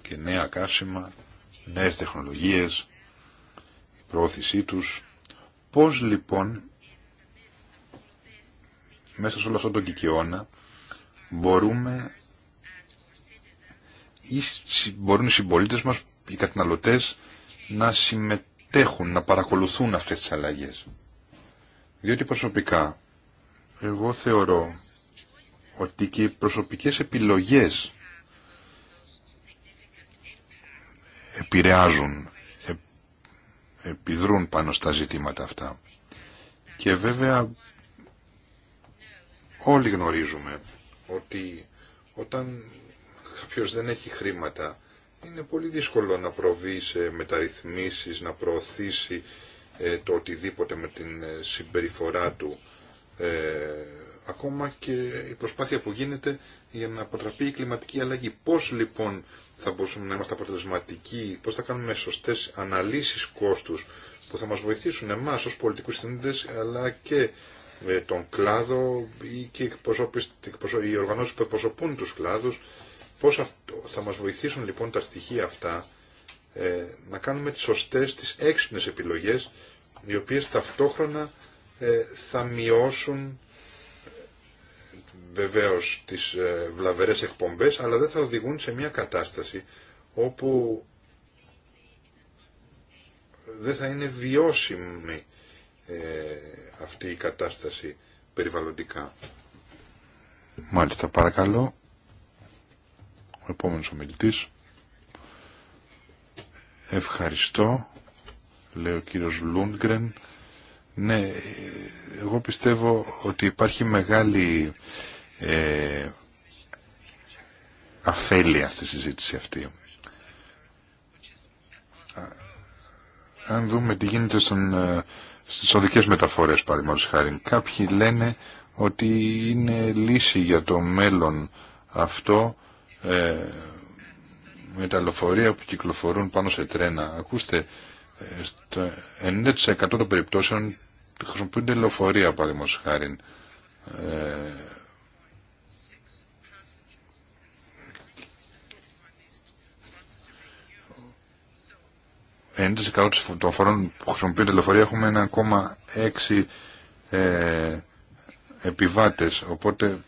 και νέα καύσιμα, νέες τεχνολογίες, η προώθησή τους. Πώς λοιπόν μέσα σε όλο αυτόν τον κικαιώνα μπορούμε ή μπορούν οι συμπολίτε μας, οι καταναλωτές να συμμετέχουν συμμετέχουν, να παρακολουθούν αυτές τις αλλαγές. Διότι προσωπικά, εγώ θεωρώ ότι και οι προσωπικές επιλογές επηρεάζουν, επιδρούν πάνω στα ζητήματα αυτά. Και βέβαια όλοι γνωρίζουμε ότι όταν κάποιος δεν έχει χρήματα είναι πολύ δύσκολο να προβεί σε μεταρρυθμίσεις, να προωθήσει ε, το οτιδήποτε με την ε, συμπεριφορά του. Ε, ακόμα και η προσπάθεια που γίνεται για να αποτραπεί η κλιματική αλλαγή. Πώς λοιπόν θα μπορούσαμε να είμαστε αποτελεσματικοί, πώς θα κάνουμε σωστές αναλύσεις κόστους που θα μας βοηθήσουν εμάς ως πολιτικούς συνήθες αλλά και τον κλάδο ή και οι οργανώσεις που εκπροσωπούν τους κλάδους Πώς θα μας βοηθήσουν λοιπόν τα στοιχεία αυτά ε, να κάνουμε τις σωστές, τις έξυπνες επιλογές οι οποίες ταυτόχρονα ε, θα μειώσουν ε, βεβαίως τις ε, βλαβερές εκπομπές αλλά δεν θα οδηγούν σε μια κατάσταση όπου δεν θα είναι βιώσιμη αυτή η κατάσταση περιβαλλοντικά. Μάλιστα, παρακαλώ. Ο επόμενος ομιλητής. Ευχαριστώ, λέει ο κύριος Λούντγκρεν. Ναι, εγώ πιστεύω ότι υπάρχει μεγάλη ε, αφέλεια στη συζήτηση αυτή. Αν δούμε τι γίνεται στον, ε, στις οδικές μεταφορές, παραδείγματος χάρη, κάποιοι λένε ότι είναι λύση για το μέλλον αυτό ε, με τα λεωφορεία που κυκλοφορούν πάνω σε τρένα. Ακούστε, ε, στο 90% των περιπτώσεων χρησιμοποιούνται λεωφορεία, παραδείγματο χάρη. Ε, των φορών που χρησιμοποιούνται λεωφορεία έχουμε 1,6 ε, επιβάτες. Οπότε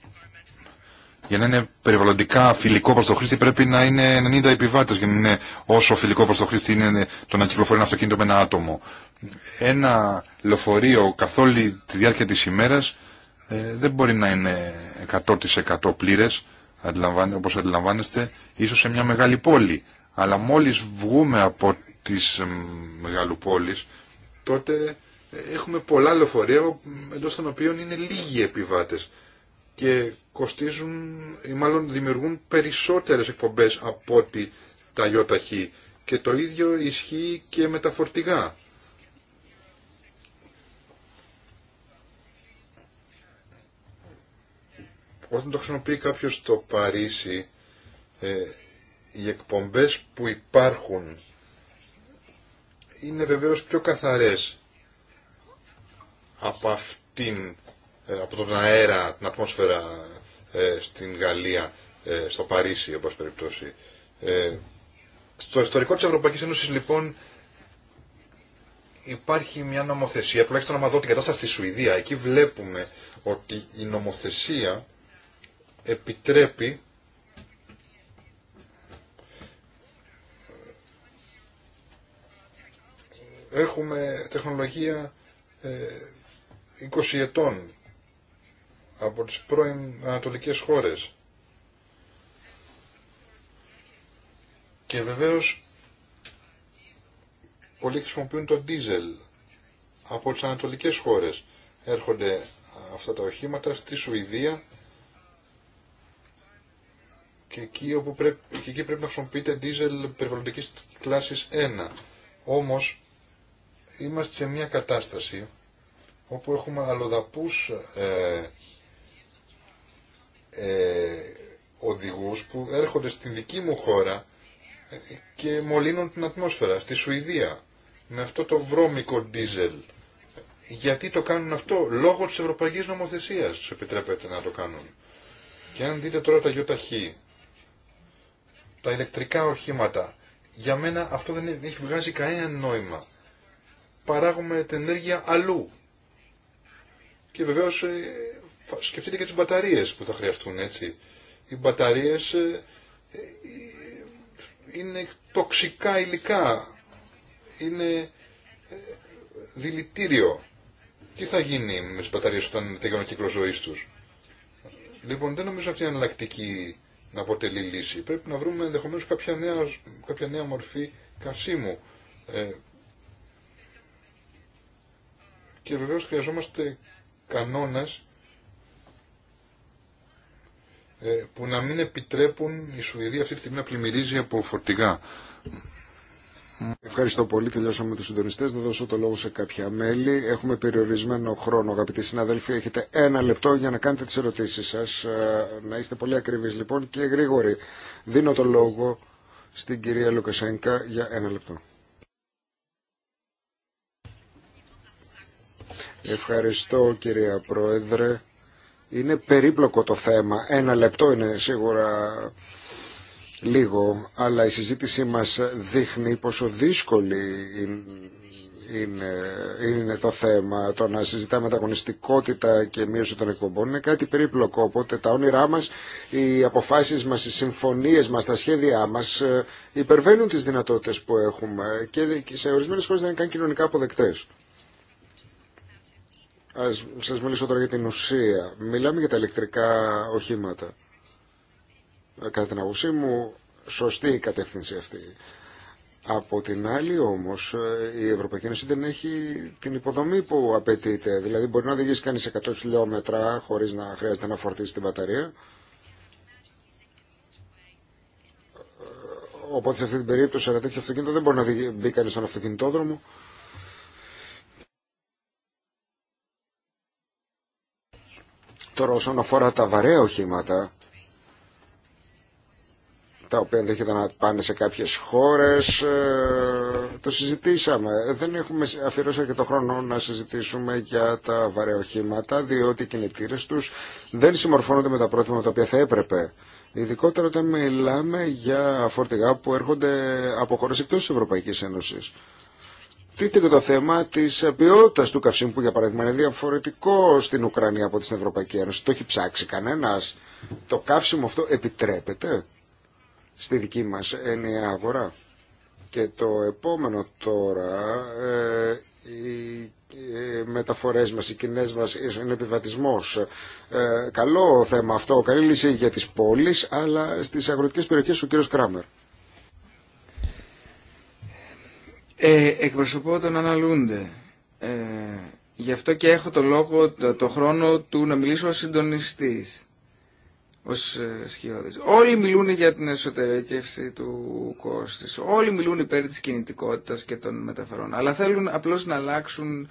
για να είναι περιβαλλοντικά φιλικό προ το χρήστη πρέπει να είναι 90 επιβάτε για να είναι όσο φιλικό προ το χρήστη είναι το να κυκλοφορεί ένα αυτοκίνητο με ένα άτομο. Ένα λεωφορείο καθ' όλη τη διάρκεια τη ημέρα ε, δεν μπορεί να είναι 100% πλήρε, όπω αντιλαμβάνεστε ίσως σε μια μεγάλη πόλη. Αλλά μόλι βγούμε από τι μεγάλου πόλει, τότε ε, έχουμε πολλά λεωφορεία ε, εντός των οποίων είναι λίγοι επιβάτε και κοστίζουν ή μάλλον δημιουργούν περισσότερες εκπομπές από ότι τα ΙΟΤΑΧΗ και το ίδιο ισχύει και με τα φορτηγά. Όταν το χρησιμοποιεί κάποιος στο Παρίσι, ε, οι εκπομπές που υπάρχουν είναι βεβαίως πιο καθαρές από αυτήν ε, από τον αέρα, την ατμόσφαιρα ε, στην Γαλλία, ε, στο Παρίσι, όπως περιπτώσει. Στο ιστορικό της Ευρωπαϊκής Ένωσης, λοιπόν, υπάρχει μια νομοθεσία, τουλάχιστον μας δω την κατάσταση στη Σουηδία, εκεί βλέπουμε ότι η νομοθεσία επιτρέπει έχουμε τεχνολογία 20 ετών από τις πρώην ανατολικές χώρες. Και βεβαίως πολλοί χρησιμοποιούν το ντίζελ από τις ανατολικές χώρες. Έρχονται αυτά τα οχήματα στη Σουηδία και εκεί, όπου πρέπει, εκεί πρέπει να χρησιμοποιείται ντίζελ περιβαλλοντικής κλάσης 1. Όμως είμαστε σε μια κατάσταση όπου έχουμε αλλοδαπούς ε, ε, οδηγούς που έρχονται στη δική μου χώρα ε, και μολύνουν την ατμόσφαιρα, στη Σουηδία, με αυτό το βρώμικο ντίζελ. Γιατί το κάνουν αυτό, λόγω της Ευρωπαϊκής Νομοθεσίας τους επιτρέπεται να το κάνουν. Και αν δείτε τώρα τα γιοταχή, τα ηλεκτρικά οχήματα, για μένα αυτό δεν έχει βγάζει κανένα νόημα. Παράγουμε την ενέργεια αλλού. Και βεβαίως ε, σκεφτείτε και τις μπαταρίες που θα χρειαστούν, έτσι. Οι μπαταρίες ε, ε, είναι τοξικά υλικά, είναι ε, δηλητήριο. Τι θα γίνει με τις μπαταρίες όταν τελειώνει ο κύκλος ζωής τους. Λοιπόν, δεν νομίζω αυτή η εναλλακτική να αποτελεί λύση. Πρέπει να βρούμε ενδεχομένω κάποια, νέα, κάποια νέα μορφή καυσίμου. και βεβαίως χρειαζόμαστε κανόνες ε, που να μην επιτρέπουν η Σουηδία αυτή τη στιγμή να πλημμυρίζει από φορτηγά. Ευχαριστώ πολύ. Τελειώσαμε του συντονιστέ. Να δώσω το λόγο σε κάποια μέλη. Έχουμε περιορισμένο χρόνο, αγαπητοί συναδέλφοι. Έχετε ένα λεπτό για να κάνετε τι ερωτήσει σα. Ε, να είστε πολύ ακριβεί λοιπόν και γρήγοροι. Δίνω το λόγο στην κυρία Λουκασένκα για ένα λεπτό. Ευχαριστώ κυρία Πρόεδρε. Είναι περίπλοκο το θέμα. Ένα λεπτό είναι σίγουρα λίγο, αλλά η συζήτησή μας δείχνει πόσο δύσκολη είναι, είναι το θέμα. Το να συζητάμε τα αγωνιστικότητα και μείωση των εκπομπών είναι κάτι περίπλοκο. Οπότε τα όνειρά μας, οι αποφάσεις μας, οι συμφωνίες μας, τα σχέδιά μας ε, υπερβαίνουν τις δυνατότητες που έχουμε και σε ορισμένες χώρες δεν είναι καν κοινωνικά αποδεκτές. Ας σας μιλήσω τώρα για την ουσία. Μιλάμε για τα ηλεκτρικά οχήματα. Κατά την άποψή μου, σωστή η κατεύθυνση αυτή. Από την άλλη όμως η Ευρωπαϊκή Ένωση δεν έχει την υποδομή που απαιτείται. Δηλαδή μπορεί να οδηγήσει κανείς 100 χιλιόμετρα χωρίς να χρειάζεται να φορτίσει την μπαταρία. Οπότε σε αυτή την περίπτωση ένα τέτοιο αυτοκίνητο δεν μπορεί να μπει κανείς στον αυτοκινητόδρομο. Τώρα όσον αφορά τα βαρέα οχήματα, τα οποία ενδέχεται να πάνε σε κάποιες χώρες, ε, το συζητήσαμε. Δεν έχουμε αφιερώσει αρκετό χρόνο να συζητήσουμε για τα βαρέα οχήματα, διότι οι κινητήρες τους δεν συμμορφώνονται με τα πρότυπα τα οποία θα έπρεπε. Ειδικότερα όταν μιλάμε για φορτηγά που έρχονται από χώρες εκτός της Ευρωπαϊκής Ένωσης τίθεται και το θέμα τη ποιότητα του καυσίμου που για παράδειγμα είναι διαφορετικό στην Ουκρανία από την Ευρωπαϊκή Ένωση. Το έχει ψάξει κανένα. Το καύσιμο αυτό επιτρέπεται στη δική μα έννοια αγορά. Και το επόμενο τώρα, ε, οι ε, μεταφορές μας, οι κοινέ μας είναι επιβατισμός. Ε, καλό θέμα αυτό, καλή λύση για τις πόλεις, αλλά στις αγροτικές περιοχές ο κύριος Κράμερ. Ε, εκπροσωπώ τον αναλούνται. Ε, γι' αυτό και έχω το λόγο, το, χρόνο του να μιλήσω ως συντονιστής. Ως ε, Όλοι μιλούν για την εσωτερικεύση του κόστης. Όλοι μιλούν υπέρ της κινητικότητας και των μεταφορών. Αλλά θέλουν απλώς να αλλάξουν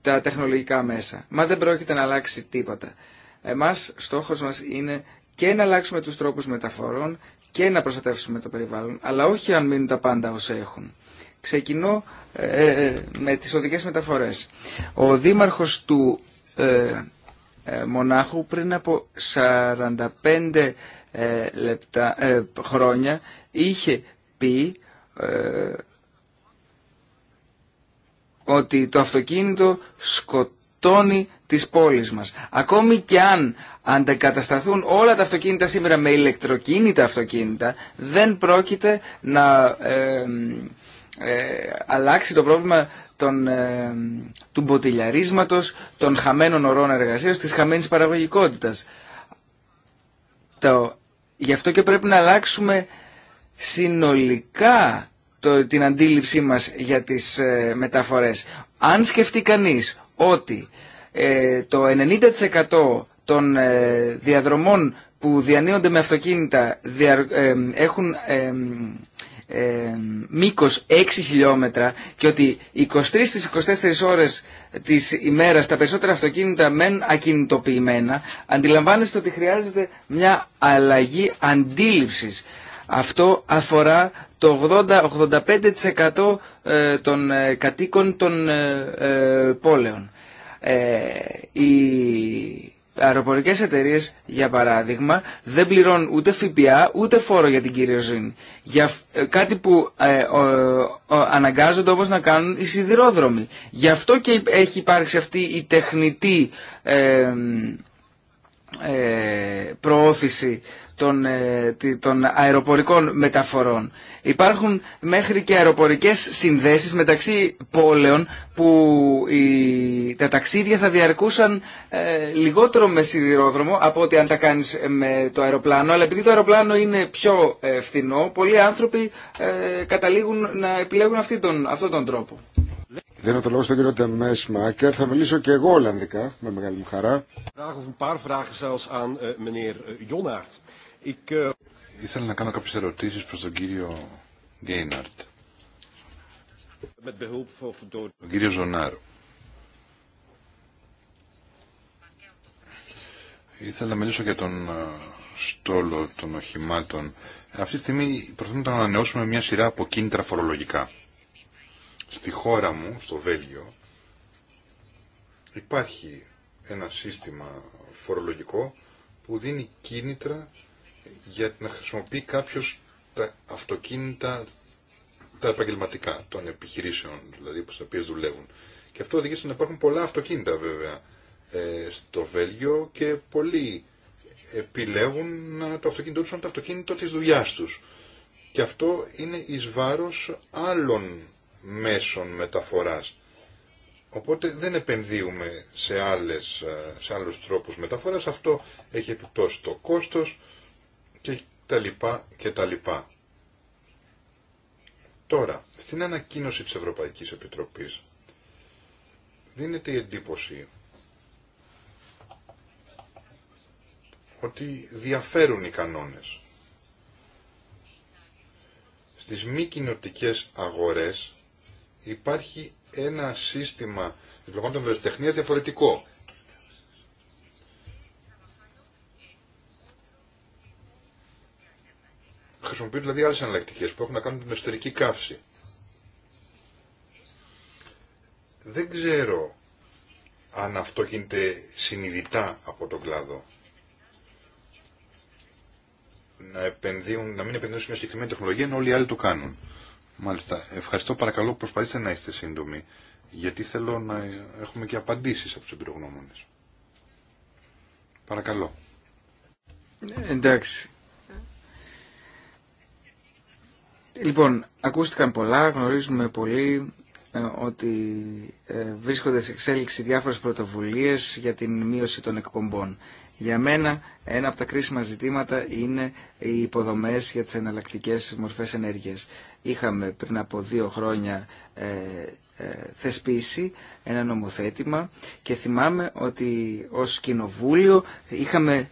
τα τεχνολογικά μέσα. Μα δεν πρόκειται να αλλάξει τίποτα. Εμάς, στόχος μας είναι και να αλλάξουμε τους τρόπους μεταφορών και να προστατεύσουμε το περιβάλλον, αλλά όχι αν μείνουν τα πάντα όσα έχουν. Ξεκινώ ε, με τις οδικές μεταφορές. Ο δήμαρχος του ε, ε, Μονάχου πριν από 45 λεπτά, χρόνια είχε πει ότι το αυτοκίνητο σκοτώνει τις πόλεις μας. Ακόμη και αν αντεκατασταθούν όλα τα αυτοκίνητα σήμερα με ηλεκτροκίνητα αυτοκίνητα, δεν πρόκειται να ε, αλλάξει το πρόβλημα των, ε, του μποτιλιαρίσματος, των χαμένων ορών εργασίας, της χαμένης παραγωγικότητας. Το, γι' αυτό και πρέπει να αλλάξουμε συνολικά το, την αντίληψή μας για τις ε, μεταφορές. Αν σκεφτεί κανείς ότι ε, το 90% των διαδρομών που διανύονται με αυτοκίνητα έχουν ε, μήκος 6 χιλιόμετρα και ότι 23 στις 24 ώρες της ημέρας τα περισσότερα αυτοκίνητα μένουν ακινητοποιημένα, αντιλαμβάνεστε ότι χρειάζεται μια αλλαγή αντίληψης. Αυτό αφορά το 80-85% ε, των ε, κατοίκων των ε, πόλεων. Η αεροπορικές εταιρείες, για παράδειγμα, δεν πληρώνουν ούτε ΦΠΑ, ούτε φόρο για την κυριοζήνη. Για ε, κάτι που ε, αναγκάζονται όμως να κάνουν οι σιδηρόδρομοι. Γι' αυτό και έχει υπάρξει αυτή η τεχνητή ε, προώθηση των, ε, των αεροπορικών μεταφορών. Υπάρχουν μέχρι και αεροπορικές συνδέσεις μεταξύ πόλεων που οι, τα ταξίδια θα διαρκούσαν ε, λιγότερο με σιδηρόδρομο από ότι αν τα κάνεις με το αεροπλάνο, αλλά επειδή το αεροπλάνο είναι πιο ε, φθηνό, πολλοί άνθρωποι ε, καταλήγουν να επιλέγουν αυτή τον, αυτόν τον τρόπο. Δεν το λόγο στον κύριο Τεμές Μάκερ. Θα μιλήσω και εγώ Ολλανδικά, με μεγάλη μου χαρά. Ήθελα να κάνω κάποιες ερωτήσεις προς τον κύριο Γκέιναρτ. Τον κύριο Ζωνάρο. Ήθελα να μιλήσω για τον στόλο των οχημάτων. Αυτή τη στιγμή προσπαθούμε να ανανεώσουμε μια σειρά από κίνητρα φορολογικά. Στη χώρα μου, στο Βέλγιο, υπάρχει ένα σύστημα φορολογικό που δίνει κίνητρα για να χρησιμοποιεί κάποιο τα αυτοκίνητα τα επαγγελματικά των επιχειρήσεων, δηλαδή που οποίε δουλεύουν. Και αυτό οδηγεί στο να υπάρχουν πολλά αυτοκίνητα βέβαια ε, στο Βέλγιο και πολλοί επιλέγουν να, το αυτοκίνητό του το αυτοκίνητο της δουλειά τους. Και αυτό είναι ει βάρο άλλων μέσων μεταφοράς. Οπότε δεν επενδύουμε σε, άλλες, ε, σε άλλους τρόπους μεταφοράς. Αυτό έχει επιπτώσει το κόστος, και τα και τα Τώρα, στην ανακοίνωση της Ευρωπαϊκής Επιτροπής δίνεται η εντύπωση ότι διαφέρουν οι κανόνες. Στις μη κοινωτικέ αγορές υπάρχει ένα σύστημα διπλωμάτων βεριστεχνίας διαφορετικό. χρησιμοποιούν δηλαδή άλλες εναλλακτικές που έχουν να κάνουν την εσωτερική καύση. Δεν ξέρω αν αυτό γίνεται συνειδητά από τον κλάδο. Να, επενδύουν, να μην επενδύουν σε μια συγκεκριμένη τεχνολογία ενώ όλοι οι άλλοι το κάνουν. Μάλιστα. Ευχαριστώ παρακαλώ που προσπαθήστε να είστε σύντομοι γιατί θέλω να έχουμε και απαντήσεις από τους εμπειρογνώμονες. Παρακαλώ. Ε, εντάξει, Λοιπόν, ακούστηκαν πολλά, γνωρίζουμε πολύ ε, ότι ε, βρίσκονται σε εξέλιξη διάφορες πρωτοβουλίες για την μείωση των εκπομπών. Για μένα ένα από τα κρίσιμα ζητήματα είναι οι υποδομές για τις εναλλακτικέ μορφές ενέργειας. Είχαμε πριν από δύο χρόνια ε, θεσπίσει ένα νομοθέτημα και θυμάμαι ότι ως κοινοβούλιο είχαμε,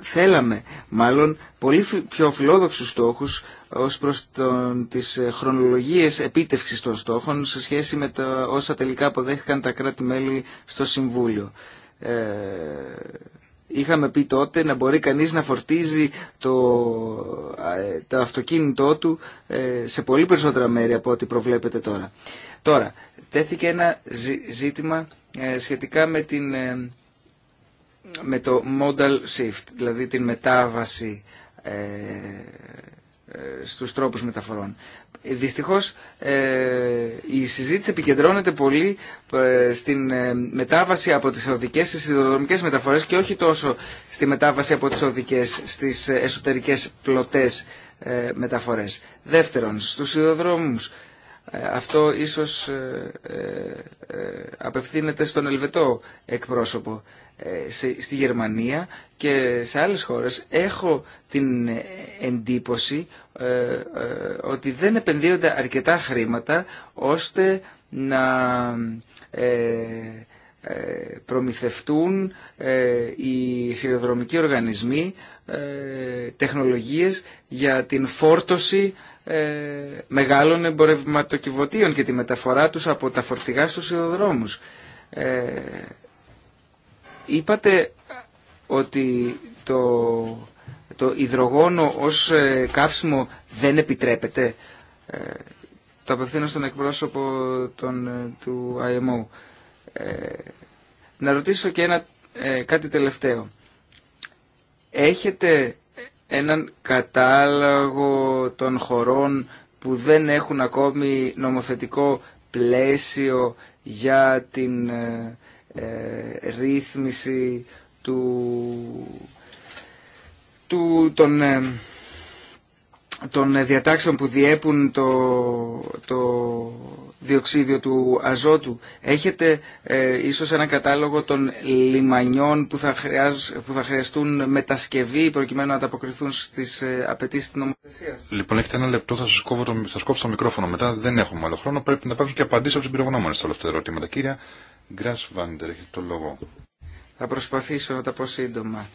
θέλαμε μάλλον πολύ πιο φιλόδοξους στόχους ως προς τον, τις ε, χρονολογίες επίτευξης των στόχων σε σχέση με τα όσα τελικά αποδέχθηκαν τα κράτη-μέλη στο Συμβούλιο. Ε, είχαμε πει τότε να μπορεί κανείς να φορτίζει το, ε, το αυτοκίνητό του ε, σε πολύ περισσότερα μέρη από ό,τι προβλέπετε τώρα. Τώρα, τέθηκε ένα ζήτημα σχετικά με, με το modal shift, δηλαδή την μετάβαση στους τρόπους μεταφορών. Δυστυχώς ε, η συζήτηση επικεντρώνεται πολύ ε, στην ε, μετάβαση από τις οδικές στις σιδηροδρομικές μεταφορές και όχι τόσο στη μετάβαση από τις οδικές στις εσωτερικές πλωτές μεταφορές. Δεύτερον, στους σιδηροδρόμους. Αυτό ίσως απευθύνεται στον Ελβετό εκπρόσωπο. Ε, στη Γερμανία και σε άλλες χώρες έχω την εντύπωση ε, ε, ότι δεν επενδύονται αρκετά χρήματα ώστε να προμηθευτούν οι σιδηροδρομικοί οργανισμοί τεχνολογίες για την φόρτωση μεγάλων εμπορευματοκιβωτίων και τη μεταφορά τους από τα φορτηγά στους σιδηροδρόμους. Είπατε ότι το, το υδρογόνο ως ε, καύσιμο δεν επιτρέπεται. Ε, το απευθύνω στον εκπρόσωπο ε, του IMO. Να ρωτήσω και ένα, κάτι τελευταίο. Έχετε έναν κατάλογο των χωρών που δεν έχουν ακόμη νομοθετικό πλαίσιο για την ε, ρύθμιση του, του, των, ε, των διατάξεων που διέπουν το, το διοξίδιο του αζότου. Έχετε ε, ίσως ένα κατάλογο των λιμανιών που θα, χρειάζ, που θα χρειαστούν μετασκευή προκειμένου να ανταποκριθούν στις ε, απαιτήσεις της νομοθεσίας. Λοιπόν, έχετε ένα λεπτό, θα σας, κόβω το, θα το μικρόφωνο μετά. Δεν έχουμε άλλο χρόνο. Πρέπει να υπάρξουν και απαντήσεις από τους πυρογνώμονες στα όλα αυτά τα ερωτήματα. Κύρια λόγο. Θα προσπαθήσω να τα πω σύντομα.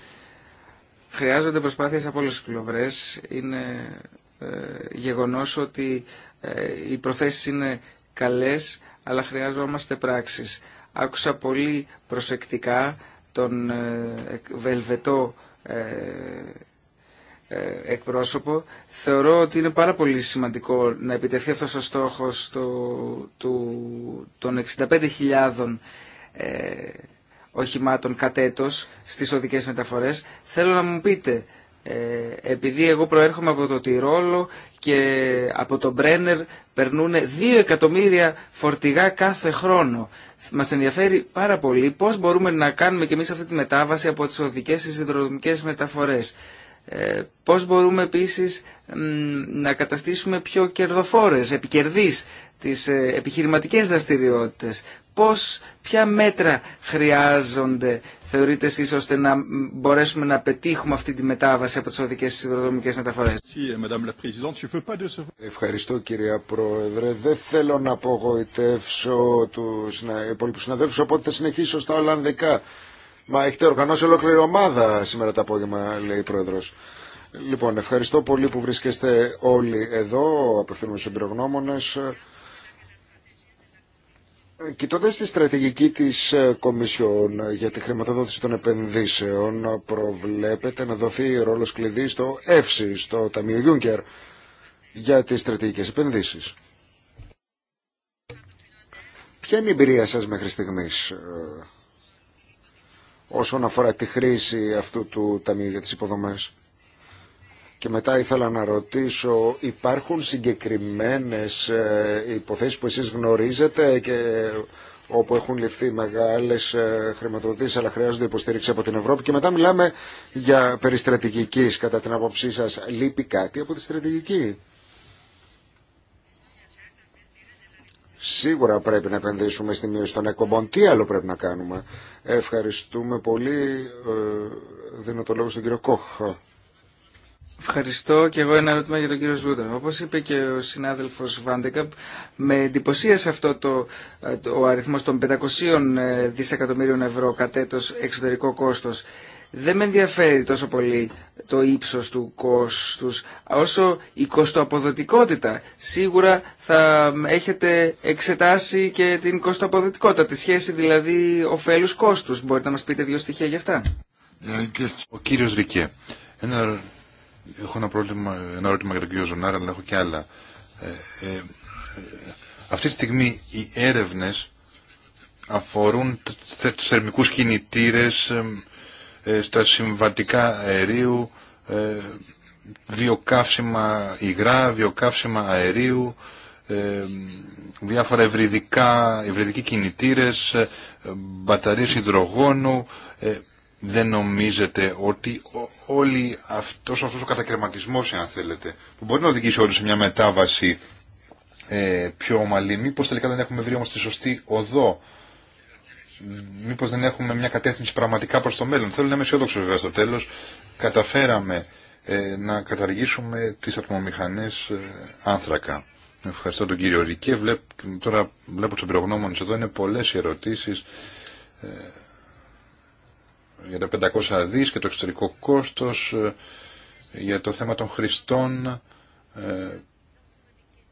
Χρειάζονται προσπάθειες από όλες τις πλευρές. Είναι ε, γεγονός ότι ε, οι προθέσεις είναι καλές, αλλά χρειάζομαστε πράξεις. Άκουσα πολύ προσεκτικά τον ε, βελβετό ε, ε, εκπρόσωπο, θεωρώ ότι είναι πάρα πολύ σημαντικό να επιτεθεί αυτός ο στόχος του, των 65.000 ε, οχημάτων κατ' έτος στις οδικές μεταφορές. Θέλω να μου πείτε, ε, επειδή εγώ προέρχομαι από το Τυρόλο και από το Μπρένερ περνούν 2 εκατομμύρια φορτηγά κάθε χρόνο. Μας ενδιαφέρει πάρα πολύ πώς μπορούμε να κάνουμε και εμείς αυτή τη μετάβαση από τις οδικές στις συνδρομικές μεταφορές. Ε, πώς μπορούμε επίσης να καταστήσουμε πιο κερδοφόρες, επικερδείς τις ε, επιχειρηματικές δραστηριότητες. Πώς, ποια μέτρα χρειάζονται, θεωρείτε εσείς, ώστε να μπορέσουμε να πετύχουμε αυτή τη μετάβαση από τις οδικές σιδηροδρομικές μεταφορές. Euh, Ευχαριστώ κυρία Πρόεδρε. Δεν θέλω να απογοητεύσω τους υπόλοιπους συναδέλφους, οπότε θα συνεχίσω στα Ολλανδικά. Μα έχετε οργανώσει ολόκληρη ομάδα σήμερα το απόγευμα, λέει η Πρόεδρο. Λοιπόν, ευχαριστώ πολύ που βρίσκεστε όλοι εδώ, απευθύνουμε στου εμπειρογνώμονε. Κοιτώντα τη στρατηγική τη ε, Κομισιόν για τη χρηματοδότηση των επενδύσεων, προβλέπεται να δοθεί ρόλο κλειδί στο ΕΦΣΙ, στο Ταμείο Γιούγκερ, για τι στρατηγικέ επενδύσει. Ποια είναι η εμπειρία σας μέχρι στιγμής ε, όσον αφορά τη χρήση αυτού του Ταμείου για τις υποδομές. Και μετά ήθελα να ρωτήσω, υπάρχουν συγκεκριμένες ε, υποθέσεις που εσείς γνωρίζετε και όπου έχουν ληφθεί μεγάλες ε, χρηματοδοτήσεις αλλά χρειάζονται υποστήριξη από την Ευρώπη και μετά μιλάμε για περιστρατηγικής κατά την άποψή σας λείπει κάτι από τη στρατηγική. Σίγουρα πρέπει να επενδύσουμε στη μείωση των εκπομπών. Τι άλλο πρέπει να κάνουμε. Ευχαριστούμε πολύ. Ε, δίνω το λόγο στον κύριο Κόχ. Ευχαριστώ και εγώ ένα ερώτημα για τον κύριο Ζούτα. Όπω είπε και ο συνάδελφο Βάντεκαπ, με εντυπωσίασε αυτό το, ε, ο αριθμό των 500 ε, δισεκατομμύριων ευρώ κατέτος εξωτερικό κόστο δεν με ενδιαφέρει τόσο πολύ το ύψος του κόστους, όσο η κοστοαποδοτικότητα. Σίγουρα θα έχετε εξετάσει και την κοστοαποδοτικότητα, τη σχέση δηλαδή ωφέλους κόστους. Μπορείτε να μας πείτε δύο στοιχεία για αυτά. Ο κύριος Ρικέ, ένα... έχω ένα, πρόβλημα, ένα ερώτημα για τον κύριο Ζωνάρα, αλλά έχω και άλλα. Ε, ε, ε, αυτή τη στιγμή οι έρευνες αφορούν τους θερμικούς κινητήρες, ε, στα συμβατικά αερίου, ε, βιοκαύσιμα υγρά, βιοκαύσιμα αερίου, ε, διάφορα ευρυδικά, ευρυδικοί κινητήρες, μπαταρίες υδρογόνου. Δεν νομίζετε ότι όλοι αυτός, αυτός ο κατακρεματισμός, αν θέλετε, που μπορεί να οδηγήσει όλους σε μια μετάβαση πιο ομαλή, μήπως τελικά δεν έχουμε βρει όμως τη σωστή οδό μήπως δεν έχουμε μια κατεύθυνση πραγματικά προς το μέλλον. Θέλω να είμαι αισιόδοξο βέβαια στο τέλος. Καταφέραμε ε, να καταργήσουμε τις ατμομηχανές ε, άνθρακα. Ευχαριστώ τον κύριο Ρικέ. τώρα βλέπω τους εμπειρογνώμονες εδώ. Είναι πολλές οι ερωτήσεις ε, για τα 500 δις και το εξωτερικό κόστος, ε, για το θέμα των χρηστών.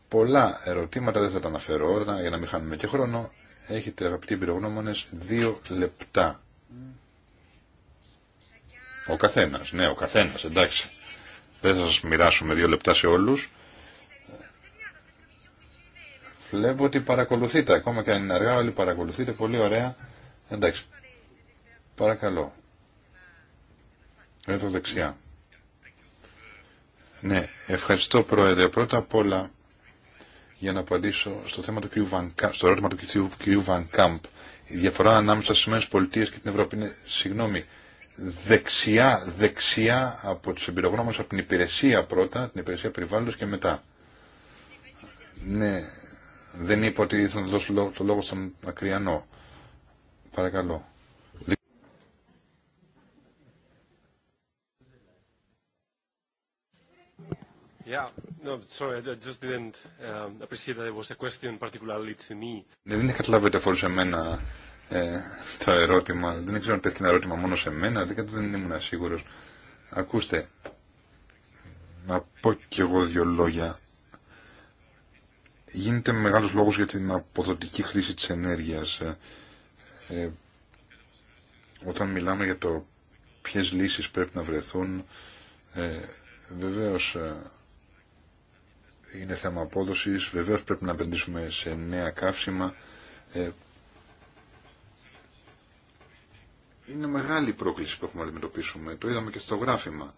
πολλά ερωτήματα δεν θα τα αναφέρω όλα για να μην χάνουμε και χρόνο. Έχετε αγαπητοί πυρογνώμονες, δύο λεπτά. Ο καθένας, ναι ο καθένας, εντάξει. Δεν θα σας μοιράσουμε δύο λεπτά σε όλους. Βλέπω ότι παρακολουθείτε, ακόμα και αν είναι αργά όλοι παρακολουθείτε, πολύ ωραία. Εντάξει, παρακαλώ. Εδώ δεξιά. Ναι, ευχαριστώ πρόεδρε. Πρώτα απ' όλα για να απαντήσω στο, θέμα του στο ερώτημα του κ. Βαν Κάμπ. Η διαφορά ανάμεσα στι ΗΠΑ και την Ευρώπη είναι, συγγνώμη, δεξιά, δεξιά από του εμπειρογνώμους, από την υπηρεσία πρώτα, την υπηρεσία περιβάλλοντο και μετά. Ναι, δεν είπα ότι ήθελα να δώσω το λόγο στον Ακριανό. Παρακαλώ. Δεν είχα καταλάβει ότι αφορούσε εμένα ε, το ερώτημα. Δεν ξέρω αν τέθηκε ένα ερώτημα μόνο σε μένα, δεν, δεν ήμουν σίγουρος. Ακούστε, να πω κι εγώ δύο λόγια. Γίνεται μεγάλος λόγος για την αποδοτική χρήση της ενέργειας. Ε, ε όταν μιλάμε για το ποιε λύσεις πρέπει να βρεθούν, ε, ε είναι θέμα απόδοση. Βεβαίω πρέπει να επενδύσουμε σε νέα καύσιμα. Ε, είναι μεγάλη πρόκληση που έχουμε να αντιμετωπίσουμε. Το είδαμε και στο γράφημα.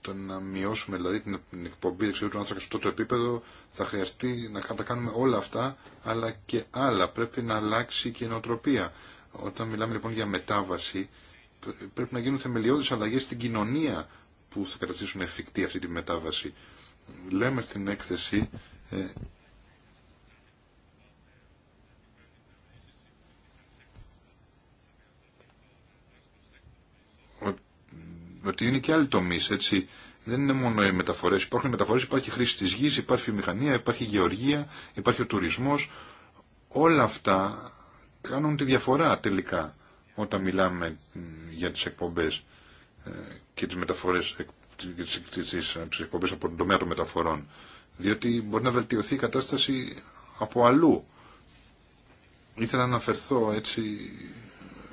Το να μειώσουμε δηλαδή την εκπομπή δεξιού του άνθρακα σε αυτό το επίπεδο θα χρειαστεί να τα κάνουμε όλα αυτά, αλλά και άλλα. Πρέπει να αλλάξει και η νοοτροπία. Όταν μιλάμε λοιπόν για μετάβαση, πρέπει να γίνουν θεμελιώδεις αλλαγές στην κοινωνία που θα καταστήσουν εφικτή αυτή τη μετάβαση λέμε στην έκθεση ε, ότι είναι και άλλοι τομείς. έτσι. Δεν είναι μόνο οι μεταφορές. Υπάρχουν μεταφορές, υπάρχει χρήση της γης, υπάρχει μηχανία, υπάρχει γεωργία, υπάρχει ο τουρισμός. Όλα αυτά κάνουν τη διαφορά τελικά όταν μιλάμε για τις εκπομπές ε, και τις μεταφορές τις εκπομπές από τον τομέα των μεταφορών. Διότι μπορεί να βελτιωθεί η κατάσταση από αλλού. Ήθελα να αναφερθώ έτσι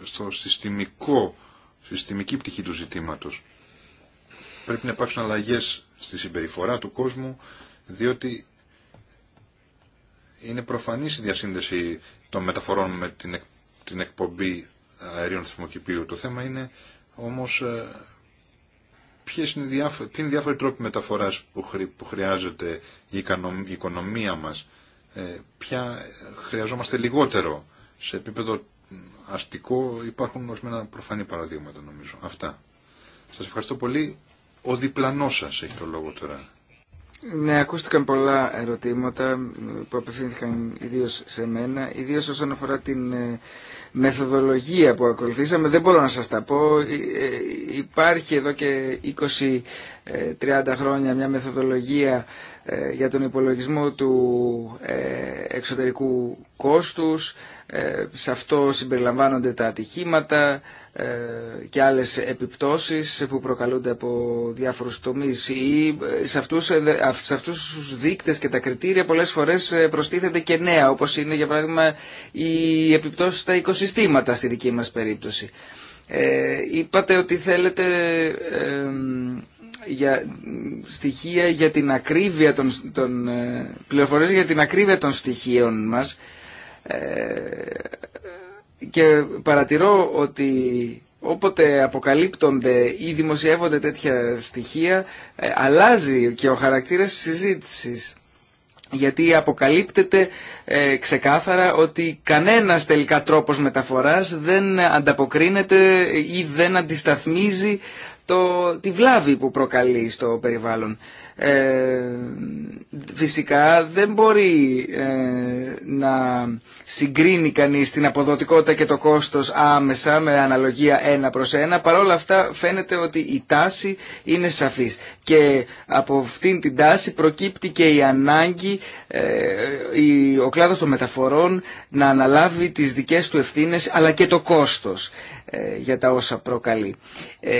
στο συστημικό, συστημική πτυχή του ζητήματος. Πρέπει να υπάρξουν αλλαγές στη συμπεριφορά του κόσμου, διότι είναι προφανής η διασύνδεση των μεταφορών με την, εκπομπή αερίων θερμοκηπίου. Το θέμα είναι όμως ε, ποιες είναι, οι ποιες είναι διάφοροι τρόποι μεταφοράς που, που χρειάζεται η, οικονομία μας, ε, ποια χρειαζόμαστε λιγότερο. Σε επίπεδο αστικό υπάρχουν ορισμένα προφανή παραδείγματα νομίζω. Αυτά. Σας ευχαριστώ πολύ. Ο διπλανός σας έχει το λόγο τώρα. Ναι, ακούστηκαν πολλά ερωτήματα που απευθύνθηκαν ιδίω σε μένα, ιδίω όσον αφορά την ε, μεθοδολογία που ακολουθήσαμε. Δεν μπορώ να σας τα πω. Ε, ε, υπάρχει εδώ και 20-30 χρόνια μια μεθοδολογία ε, για τον υπολογισμό του ε, εξωτερικού κόστους. Ε, σε αυτό συμπεριλαμβάνονται τα ατυχήματα και άλλες επιπτώσεις που προκαλούνται από διάφορους τομείς. Ή σε, αυτούς, σε αυτούς τους δείκτες και τα κριτήρια πολλές φορές προστίθεται και νέα, όπως είναι για παράδειγμα οι επιπτώσεις στα οικοσυστήματα στη δική μας περίπτωση. Ε, είπατε ότι θέλετε για στοιχεία για την ακρίβεια των, των ε, πληροφορίες για την ακρίβεια των στοιχείων μας ε, και παρατηρώ ότι όποτε αποκαλύπτονται ή δημοσιεύονται τέτοια στοιχεία ε, αλλάζει και ο χαρακτήρας της συζήτησης γιατί αποκαλύπτεται ξεκάθαρα ότι κανένας τελικά τρόπος μεταφοράς δεν ανταποκρίνεται ή δεν αντισταθμίζει το, τη βλάβη που προκαλεί στο περιβάλλον. Ε, φυσικά δεν μπορεί ε, να συγκρίνει κανείς την αποδοτικότητα και το κόστος άμεσα με αναλογία ένα προς ένα. Παρ' όλα αυτά φαίνεται ότι η τάση είναι σαφής και από αυτήν την τάση προκύπτει και η ανάγκη ε, η, ο κλάδος των μεταφορών να αναλάβει τις δικές του ευθύνες αλλά και το κόστος. Ε, για τα όσα προκαλεί. Ε,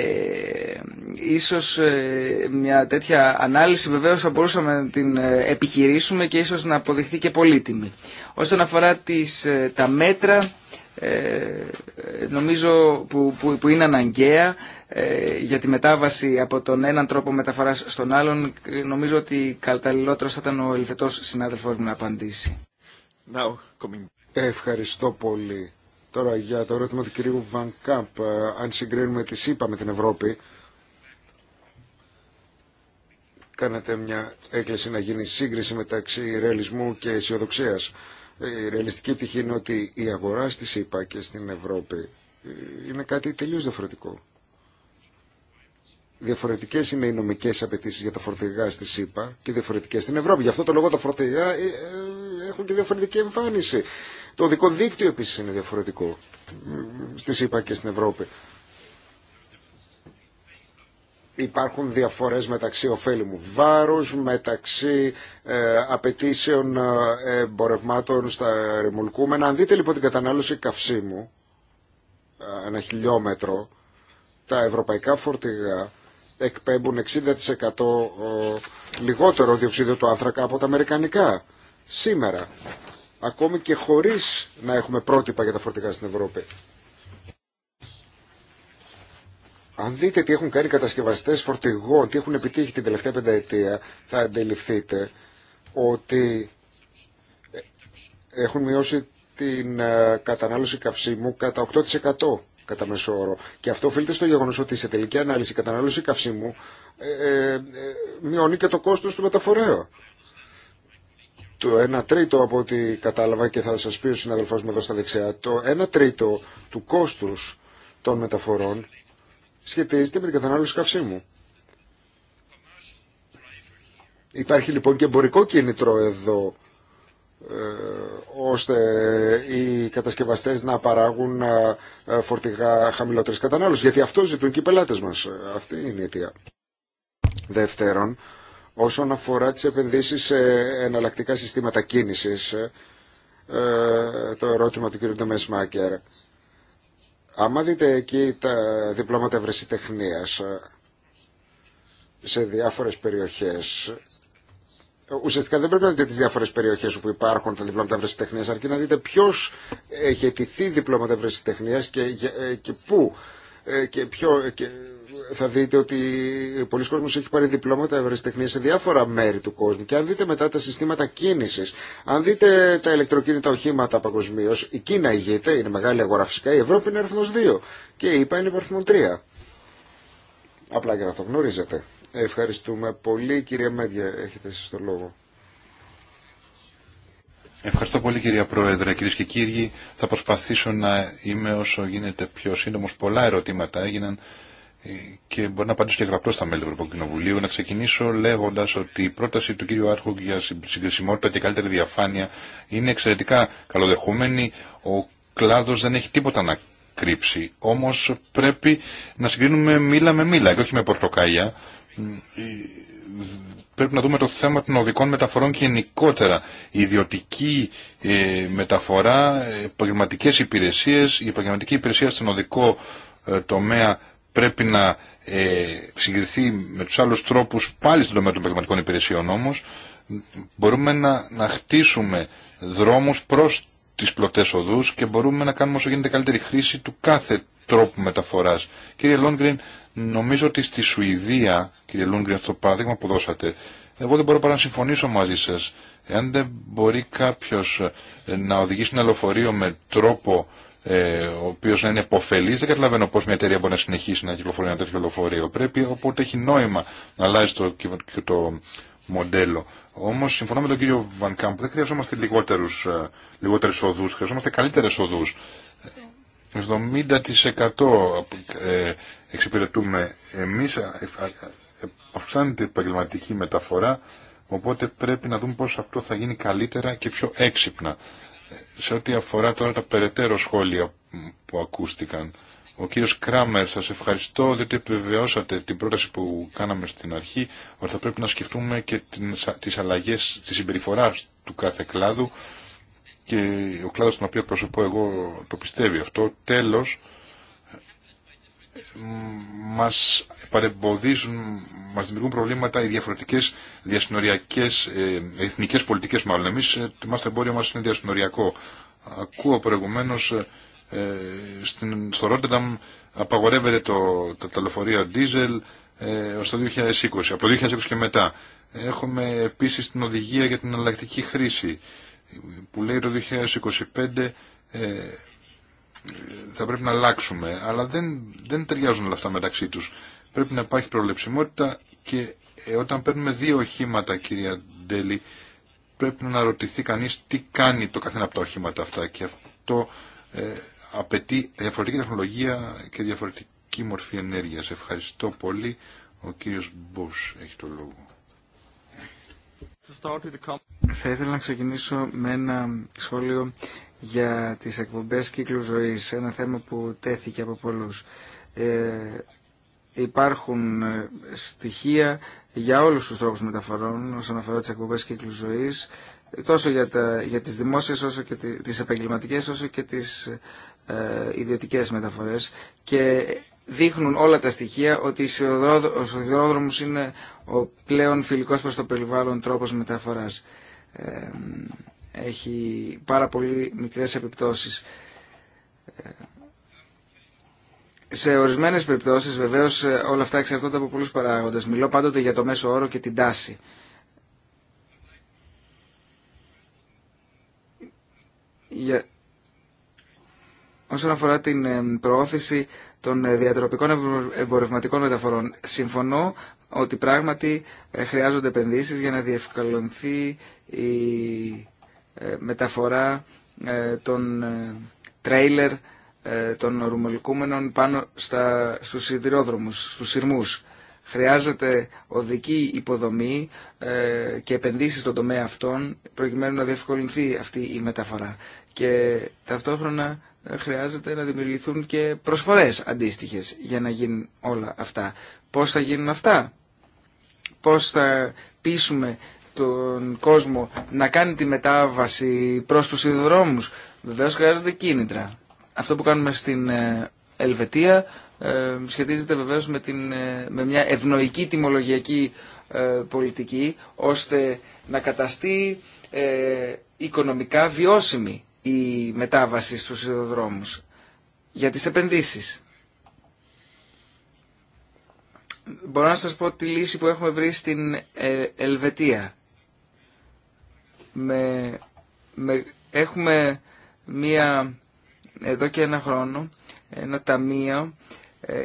ίσως ε, μια τέτοια ανάλυση βεβαίως θα μπορούσαμε να την ε, επιχειρήσουμε και ίσως να αποδειχθεί και πολύτιμη. Όσον αφορά τις, τα μέτρα νομίζω που, που, που είναι αναγκαία για τη μετάβαση από τον έναν τρόπο μεταφοράς στον άλλον νομίζω ότι καλταλληλότερος θα ήταν ο ελφετός συνάδελφός μου να απαντήσει. Ευχαριστώ πολύ. Τώρα για το ερώτημα του κυρίου Βαν Κάμπ, ε, αν συγκρίνουμε τη ΣΥΠΑ με την Ευρώπη, κάνατε μια έκκληση να γίνει σύγκριση μεταξύ ρεαλισμού και αισιοδοξία. Ε, η ρεαλιστική πτυχή είναι ότι η αγορά στη ΣΥΠΑ και στην Ευρώπη ε, είναι κάτι τελείως διαφορετικό. Διαφορετικέ είναι οι νομικέ απαιτήσει για τα φορτηγά στη ΣΥΠΑ και διαφορετικέ στην Ευρώπη. Γι' αυτό το λόγο τα φορτηγά έχουν και διαφορετική εμφάνιση. Το δικό δίκτυο επίσης είναι διαφορετικό στι ΗΠΑ και στην Ευρώπη. Υπάρχουν διαφορές μεταξύ ωφέλιμου βάρους, μεταξύ ε, απαιτήσεων ε, εμπορευμάτων στα ρημουλκούμενα. Αν δείτε λοιπόν την κατανάλωση καυσίμου, ε, ένα χιλιόμετρο, τα ευρωπαϊκά φορτηγά εκπέμπουν 60% λιγότερο διοξίδιο του άνθρακα από τα αμερικανικά σήμερα ακόμη και χωρίς να έχουμε πρότυπα για τα φορτηγά στην Ευρώπη. Αν δείτε τι έχουν κάνει οι κατασκευαστές φορτηγών, τι έχουν επιτύχει την τελευταία πενταετία, θα αντιληφθείτε ότι ε, έχουν μειώσει την ε, κατανάλωση καυσίμου κατά 8% κατά μέσο όρο. Και αυτό οφείλεται στο γεγονό ότι σε τελική ανάλυση η κατανάλωση καυσίμου ε, μειώνει και το κόστος του μεταφορέου το 1 τρίτο από ό,τι κατάλαβα και θα σας πει ο συναδελφός μου εδώ στα δεξιά, το 1 τρίτο του κόστους των μεταφορών σχετίζεται με την κατανάλωση καυσίμου. Υπάρχει λοιπόν και εμπορικό κίνητρο εδώ ε, ώστε οι κατασκευαστές να παράγουν ε, ε, φορτηγά χαμηλότερης κατανάλωσης. Γιατί αυτό ζητούν και οι πελάτες μας. Αυτή είναι η αιτία. Δεύτερον, Όσον αφορά τις επενδύσεις σε εναλλακτικά συστήματα κίνησης, ε, το ερώτημα του κ. Ντεμεσμάκερ. Άμα δείτε εκεί τα διπλώματα ευρεσιτεχνίας ε, σε διάφορες περιοχές, ουσιαστικά δεν πρέπει να δείτε τις διάφορες περιοχές όπου υπάρχουν τα διπλώματα ευρεσιτεχνίας, αρκεί να δείτε ποιος έχει αιτηθεί διπλώματα ευρεσιτεχνίας και, ε, και, πού και, ποιο, και θα δείτε ότι πολλοί κόσμος έχει πάρει διπλώματα ευρεσιτεχνία σε διάφορα μέρη του κόσμου. Και αν δείτε μετά τα συστήματα κίνηση. αν δείτε τα ηλεκτροκίνητα οχήματα παγκοσμίω, η Κίνα ηγείται, είναι μεγάλη αγορά φυσικά, η Ευρώπη είναι αριθμό 2 και η ΕΠΑ είναι αριθμό 3. Απλά για να το γνωρίζετε. Ευχαριστούμε πολύ κυρία Μέντια, έχετε εσεί το λόγο. Ευχαριστώ πολύ κυρία Πρόεδρε. Κυρίε και κύριοι, θα προσπαθήσω να είμαι όσο γίνεται πιο σύντομο. Πολλά ερωτήματα έγιναν και μπορεί να απαντήσω και γραπτό στα μέλη του Ευρωπαϊκού Κοινοβουλίου. Να ξεκινήσω λέγοντα ότι η πρόταση του κ. Άρχουγκ για συγκρισιμότητα και καλύτερη διαφάνεια είναι εξαιρετικά καλοδεχούμενη. Ο κλάδο δεν έχει τίποτα να κρύψει. Όμω πρέπει να συγκρίνουμε μήλα με μήλα και όχι με πορτοκάλια. Πρέπει να δούμε το θέμα των οδικών μεταφορών και γενικότερα. Η ιδιωτική ε, μεταφορά, ε, επαγγελματικέ υπηρεσίε, η επαγγελματική υπηρεσία στον οδικό ε, τομέα πρέπει να ε, συγκριθεί με τους άλλους τρόπους πάλι στον τομέα των πραγματικών υπηρεσιών όμως, μπορούμε να, να χτίσουμε δρόμους προς τις πλωτές οδούς και μπορούμε να κάνουμε όσο γίνεται καλύτερη χρήση του κάθε τρόπου μεταφοράς. Κύριε Λόγκριν, νομίζω ότι στη Σουηδία, κύριε Λόγκριν, αυτό το παράδειγμα που δώσατε, εγώ δεν μπορώ παρά να συμφωνήσω μαζί σας. Εάν δεν μπορεί κάποιος ε, να οδηγήσει ένα λεωφορείο με τρόπο ε, ο οποίο να είναι υποφελής. Δεν καταλαβαίνω πώ μια εταιρεία μπορεί να συνεχίσει να κυκλοφορεί ένα τέτοιο λεωφορείο. Πρέπει οπότε έχει νόημα να αλλάζει το, το μοντέλο. Όμω, συμφωνώ με τον κύριο Βαν Κάμπ, δεν χρειαζόμαστε ε, λιγότερε οδού. οδούς, χρειαζόμαστε καλύτερες οδούς. 70% ε, εξυπηρετούμε εμεί ε, αυξάνεται η επαγγελματική μεταφορά, οπότε πρέπει να δούμε πώς αυτό θα γίνει καλύτερα και πιο έξυπνα σε ό,τι αφορά τώρα τα περαιτέρω σχόλια που ακούστηκαν. Ο κύριος Κράμερ, σας ευχαριστώ διότι επιβεβαιώσατε την πρόταση που κάναμε στην αρχή ότι θα πρέπει να σκεφτούμε και τις αλλαγές της συμπεριφορά του κάθε κλάδου και ο κλάδος τον οποίο προσωπώ εγώ το πιστεύει αυτό. Τέλος, μας παρεμποδίζουν, μας δημιουργούν προβλήματα οι διαφορετικές διασυνοριακές, εθνικέ εθνικές πολιτικές μάλλον. Εμείς ε, το μας εμπόριο μας είναι διασυνοριακό. Ακούω προηγουμένως ε, ε, στην, στο Ρότερνταμ απαγορεύεται το, το, τα λεωφορεία diesel το 2020, από το 2020 και μετά. Έχουμε επίσης την οδηγία για την εναλλακτική χρήση που λέει το 2025 ε, θα πρέπει να αλλάξουμε, αλλά δεν, δεν ταιριάζουν όλα αυτά μεταξύ τους. Πρέπει να υπάρχει προβλεψιμότητα και ε, όταν παίρνουμε δύο οχήματα, κυρία Ντέλη, πρέπει να αναρωτηθεί κανείς τι κάνει το καθένα από τα οχήματα αυτά και αυτό ε, απαιτεί διαφορετική τεχνολογία και διαφορετική μορφή ενέργειας. Ευχαριστώ πολύ. Ο κύριος Μπούς έχει το λόγο. Θα ήθελα να ξεκινήσω με ένα σχόλιο για τις εκπομπές κύκλου ζωής, ένα θέμα που τέθηκε από πολλούς. Ε, υπάρχουν ε, στοιχεία για όλους τους τρόπους μεταφορών όσον αφορά τις εκπομπές κύκλου ζωής, τόσο για, τα, για τις δημόσιες όσο και τις επαγγελματικές όσο και τις ε, ιδιωτικές μεταφορές και δείχνουν όλα τα στοιχεία ότι ο σιδηρόδρομος είναι ο πλέον φιλικός προς το περιβάλλον τρόπος μεταφοράς. Ε, έχει πάρα πολύ μικρές επιπτώσεις. Σε ορισμένε περιπτώσει, βεβαίω, όλα αυτά εξαρτώνται από πολλού παράγοντες. Μιλώ πάντοτε για το μέσο όρο και την τάση. Για... Όσον αφορά την ε, προώθηση των ε, διατροπικών εμπορευματικών μεταφορών, συμφωνώ ότι πράγματι ε, χρειάζονται επενδύσεις για να διευκολυνθεί η ε, μεταφορά ε, ε, των τρέιλερ των ρουμολικούμενων πάνω στα, στους σιδηρόδρομους, στους σειρμούς. Χρειάζεται οδική υποδομή και επενδύσεις στον τομέα αυτών προκειμένου να διευκολυνθεί αυτή η μεταφορά. Και ταυτόχρονα χρειάζεται να δημιουργηθούν και προσφορές αντίστοιχες για να γίνουν όλα αυτά. Πώς θα γίνουν αυτά? Πώς θα πείσουμε τον κόσμο να κάνει τη μετάβαση προς τους σιδηρόδρομους, βεβαίως χρειάζονται κίνητρα. Αυτό που κάνουμε στην ε, Ελβετία ε, σχετίζεται βεβαίως με, την, ε, με μια ευνοϊκή τιμολογιακή πολιτική, ώστε να καταστεί οικονομικά βιώσιμη η μετάβαση στους σιδηροδρόμους για τις επενδύσεις. Μπορώ να σας πω τη λύση που έχουμε βρει στην Ελβετία με, έχουμε μία, εδώ και ένα χρόνο, ένα ταμείο ε,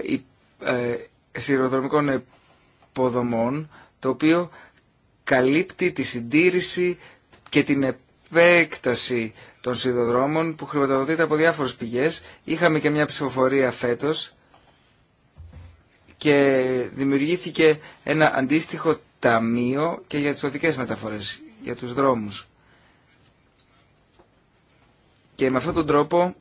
ε, υποδομών, το οποίο καλύπτει τη συντήρηση και την επέκταση των σιδηροδρόμων που χρηματοδοτείται από διάφορες πηγές. Είχαμε και μια ψηφοφορία φέτος και δημιουργήθηκε ένα αντίστοιχο ταμείο και για τις οδικές μεταφορές για τους δρόμους. Και με αυτόν τον τρόπο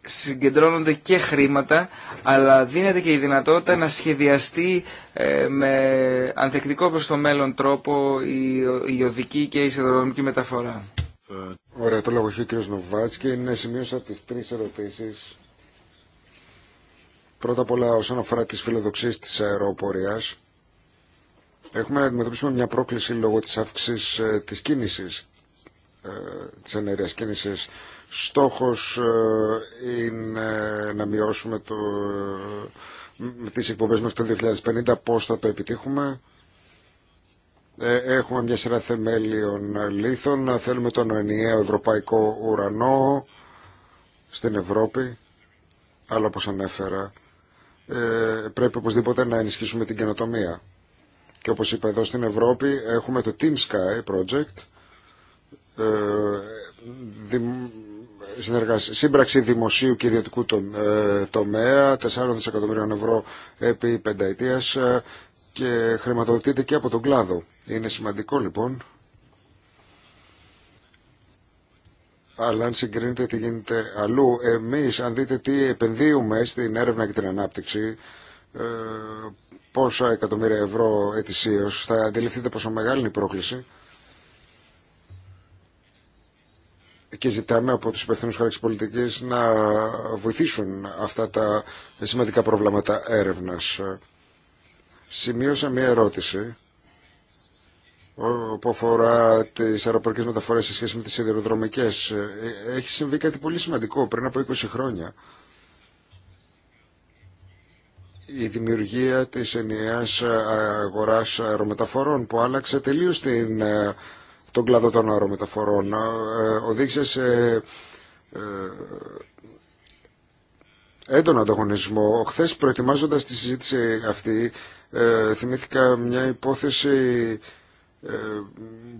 συγκεντρώνονται και χρήματα, αλλά δίνεται και η δυνατότητα να σχεδιαστεί ε, με ανθεκτικό προς το μέλλον τρόπο η οδική και η σιδηροδρομική μεταφορά. Ωραία, το λόγο έχει ο κ. Νοβάτσκι είναι σημείωσα τις τρεις ερωτήσεις Πρώτα απ' όλα όσον αφορά τις φιλοδοξίες της αεροπορίας, έχουμε να αντιμετωπίσουμε μια πρόκληση λόγω της αύξησης ε, της κίνησης, ε, της ενέργειας κίνησης. Στόχος ε, είναι να μειώσουμε το, τις εκπομπές μέχρι το 2050, πώς θα το επιτύχουμε. Έχουμε μια σειρά θεμέλιων λίθων, θέλουμε τον ενιαίο ευρωπαϊκό ουρανό στην Ευρώπη, αλλά όπως ανέφερα ε, πρέπει οπωσδήποτε να ενισχύσουμε την καινοτομία. Και όπως είπα εδώ στην Ευρώπη έχουμε το Team Sky Project, ε, σύμπραξη δημοσίου και ιδιωτικού ε, τομέα, 4 δισεκατομμυρίων ευρώ επί πενταετίας και χρηματοδοτείται και από τον κλάδο. Είναι σημαντικό λοιπόν αλλά αν συγκρίνετε τι γίνεται αλλού, εμείς αν δείτε τι επενδύουμε στην έρευνα και την ανάπτυξη, ε, πόσα εκατομμύρια ευρώ ετησίως, θα αντιληφθείτε πόσο μεγάλη είναι η πρόκληση. και ζητάμε από τους υπευθύνους χάρη πολιτικής να βοηθήσουν αυτά τα σημαντικά προβλήματα έρευνας. Σημείωσα μία ερώτηση που αφορά τι αεροπορικέ μεταφορέ σε σχέση με τι σιδηροδρομικέ. Ε, έχει συμβεί κάτι πολύ σημαντικό πριν από 20 χρόνια. Η δημιουργία τη ενιαία αγορά αερομεταφορών που άλλαξε τελείω ε, τον κλάδο των αερομεταφορών. Ε, οδήγησε σε έντονο ανταγωνισμό. Χθε προετοιμάζοντα τη συζήτηση αυτή θυμήθηκα μια υπόθεση ε,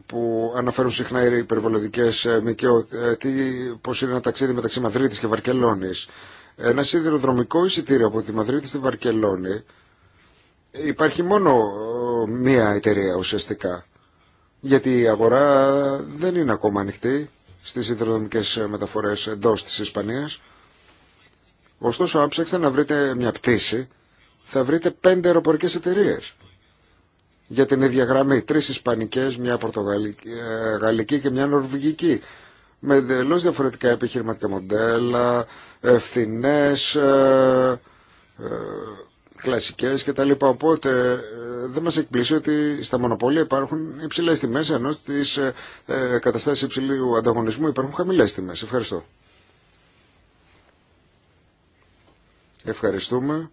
που αναφέρουν συχνά οι περιβαλλοντικές ε, ΜΚΟ, ε, πώ είναι ένα ταξίδι μεταξύ Μαδρίτης και Βαρκελόνη. Ένα σιδηροδρομικό εισιτήριο από τη Μαδρίτη στη Βαρκελόνη υπάρχει μόνο μία εταιρεία ουσιαστικά. Γιατί η αγορά δεν είναι ακόμα ανοιχτή στις σιδηροδρομικές μεταφορές εντός της Ισπανίας. Ωστόσο, αν ψάξετε να βρείτε μια εταιρεια ουσιαστικα γιατι η αγορα δεν ειναι ακομα ανοιχτη στι σιδηροδρομικες μεταφορε εντο της ισπανια ωστοσο αν ψαξετε να βρειτε μια πτηση θα βρείτε πέντε αεροπορικές εταιρείες για την ίδια γραμμή. Τρεις ισπανικές, μια πορτογαλική ε, και μια νορβηγική. Με εντελώ διαφορετικά επιχειρηματικά μοντέλα, ευθυνέ, ε, ε, κλασικές κτλ. Οπότε ε, δεν μας εκπλήσει ότι στα μονοπόλια υπάρχουν υψηλέ τιμέ ενώ στις ε, ε, καταστάσεις υψηλού ανταγωνισμού υπάρχουν χαμηλές τιμέ. Ευχαριστώ. Ευχαριστούμε.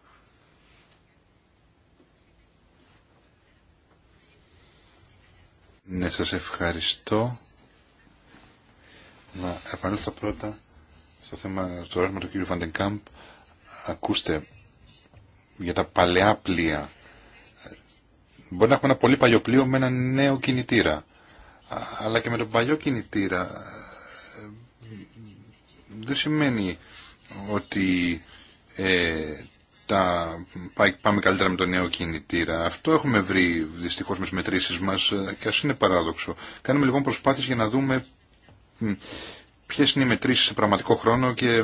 Ναι, σας ευχαριστώ. Να επανέλθω πρώτα στο θέμα, στο ερώτημα του κύριου Βαντεγκάμπ. Ακούστε, για τα παλαιά πλοία. Μπορεί να έχουμε ένα πολύ παλιό πλοίο με ένα νέο κινητήρα. Αλλά και με τον παλιό κινητήρα ε, δεν σημαίνει ότι ε, τα πάμε καλύτερα με τον νέο κινητήρα. Αυτό έχουμε βρει δυστυχώς με τις μετρήσεις μας ε, και ας είναι παράδοξο. Κάνουμε λοιπόν προσπάθειες για να δούμε ποιες είναι οι μετρήσεις σε πραγματικό χρόνο και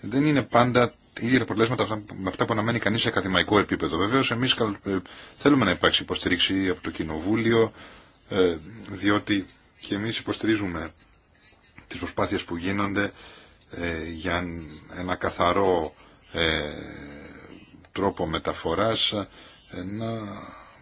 δεν είναι πάντα ίδια τα αποτελέσματα με αυτά που αναμένει κανείς σε ακαδημαϊκό επίπεδο. Βεβαίως εμείς ε, θέλουμε να υπάρξει υποστήριξη από το Κοινοβούλιο ε, διότι και εμείς υποστηρίζουμε τις προσπάθειες που γίνονται για ένα καθαρό τρόπο μεταφοράς, ε, να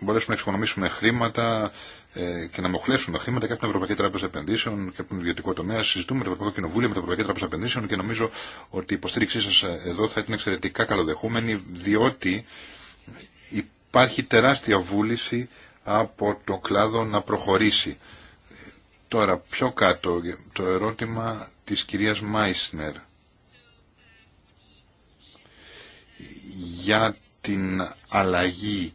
μπορέσουμε να εξοικονομήσουμε χρήματα ε, και να μοχλέσουμε χρήματα και από την Ευρωπαϊκή Τράπεζα Επενδύσεων και από τον ιδιωτικό τομέα. Συζητούμε με το Ευρωπαϊκό Κοινοβούλιο, με την Ευρωπαϊκή Τράπεζα Επενδύσεων και νομίζω ότι η υποστήριξή σα ε, εδώ θα ήταν εξαιρετικά καλοδεχούμενη, διότι υπάρχει τεράστια βούληση από το κλάδο να προχωρήσει. Τώρα, πιο κάτω, το ερώτημα της κυρίας Μάισνερ. για την αλλαγή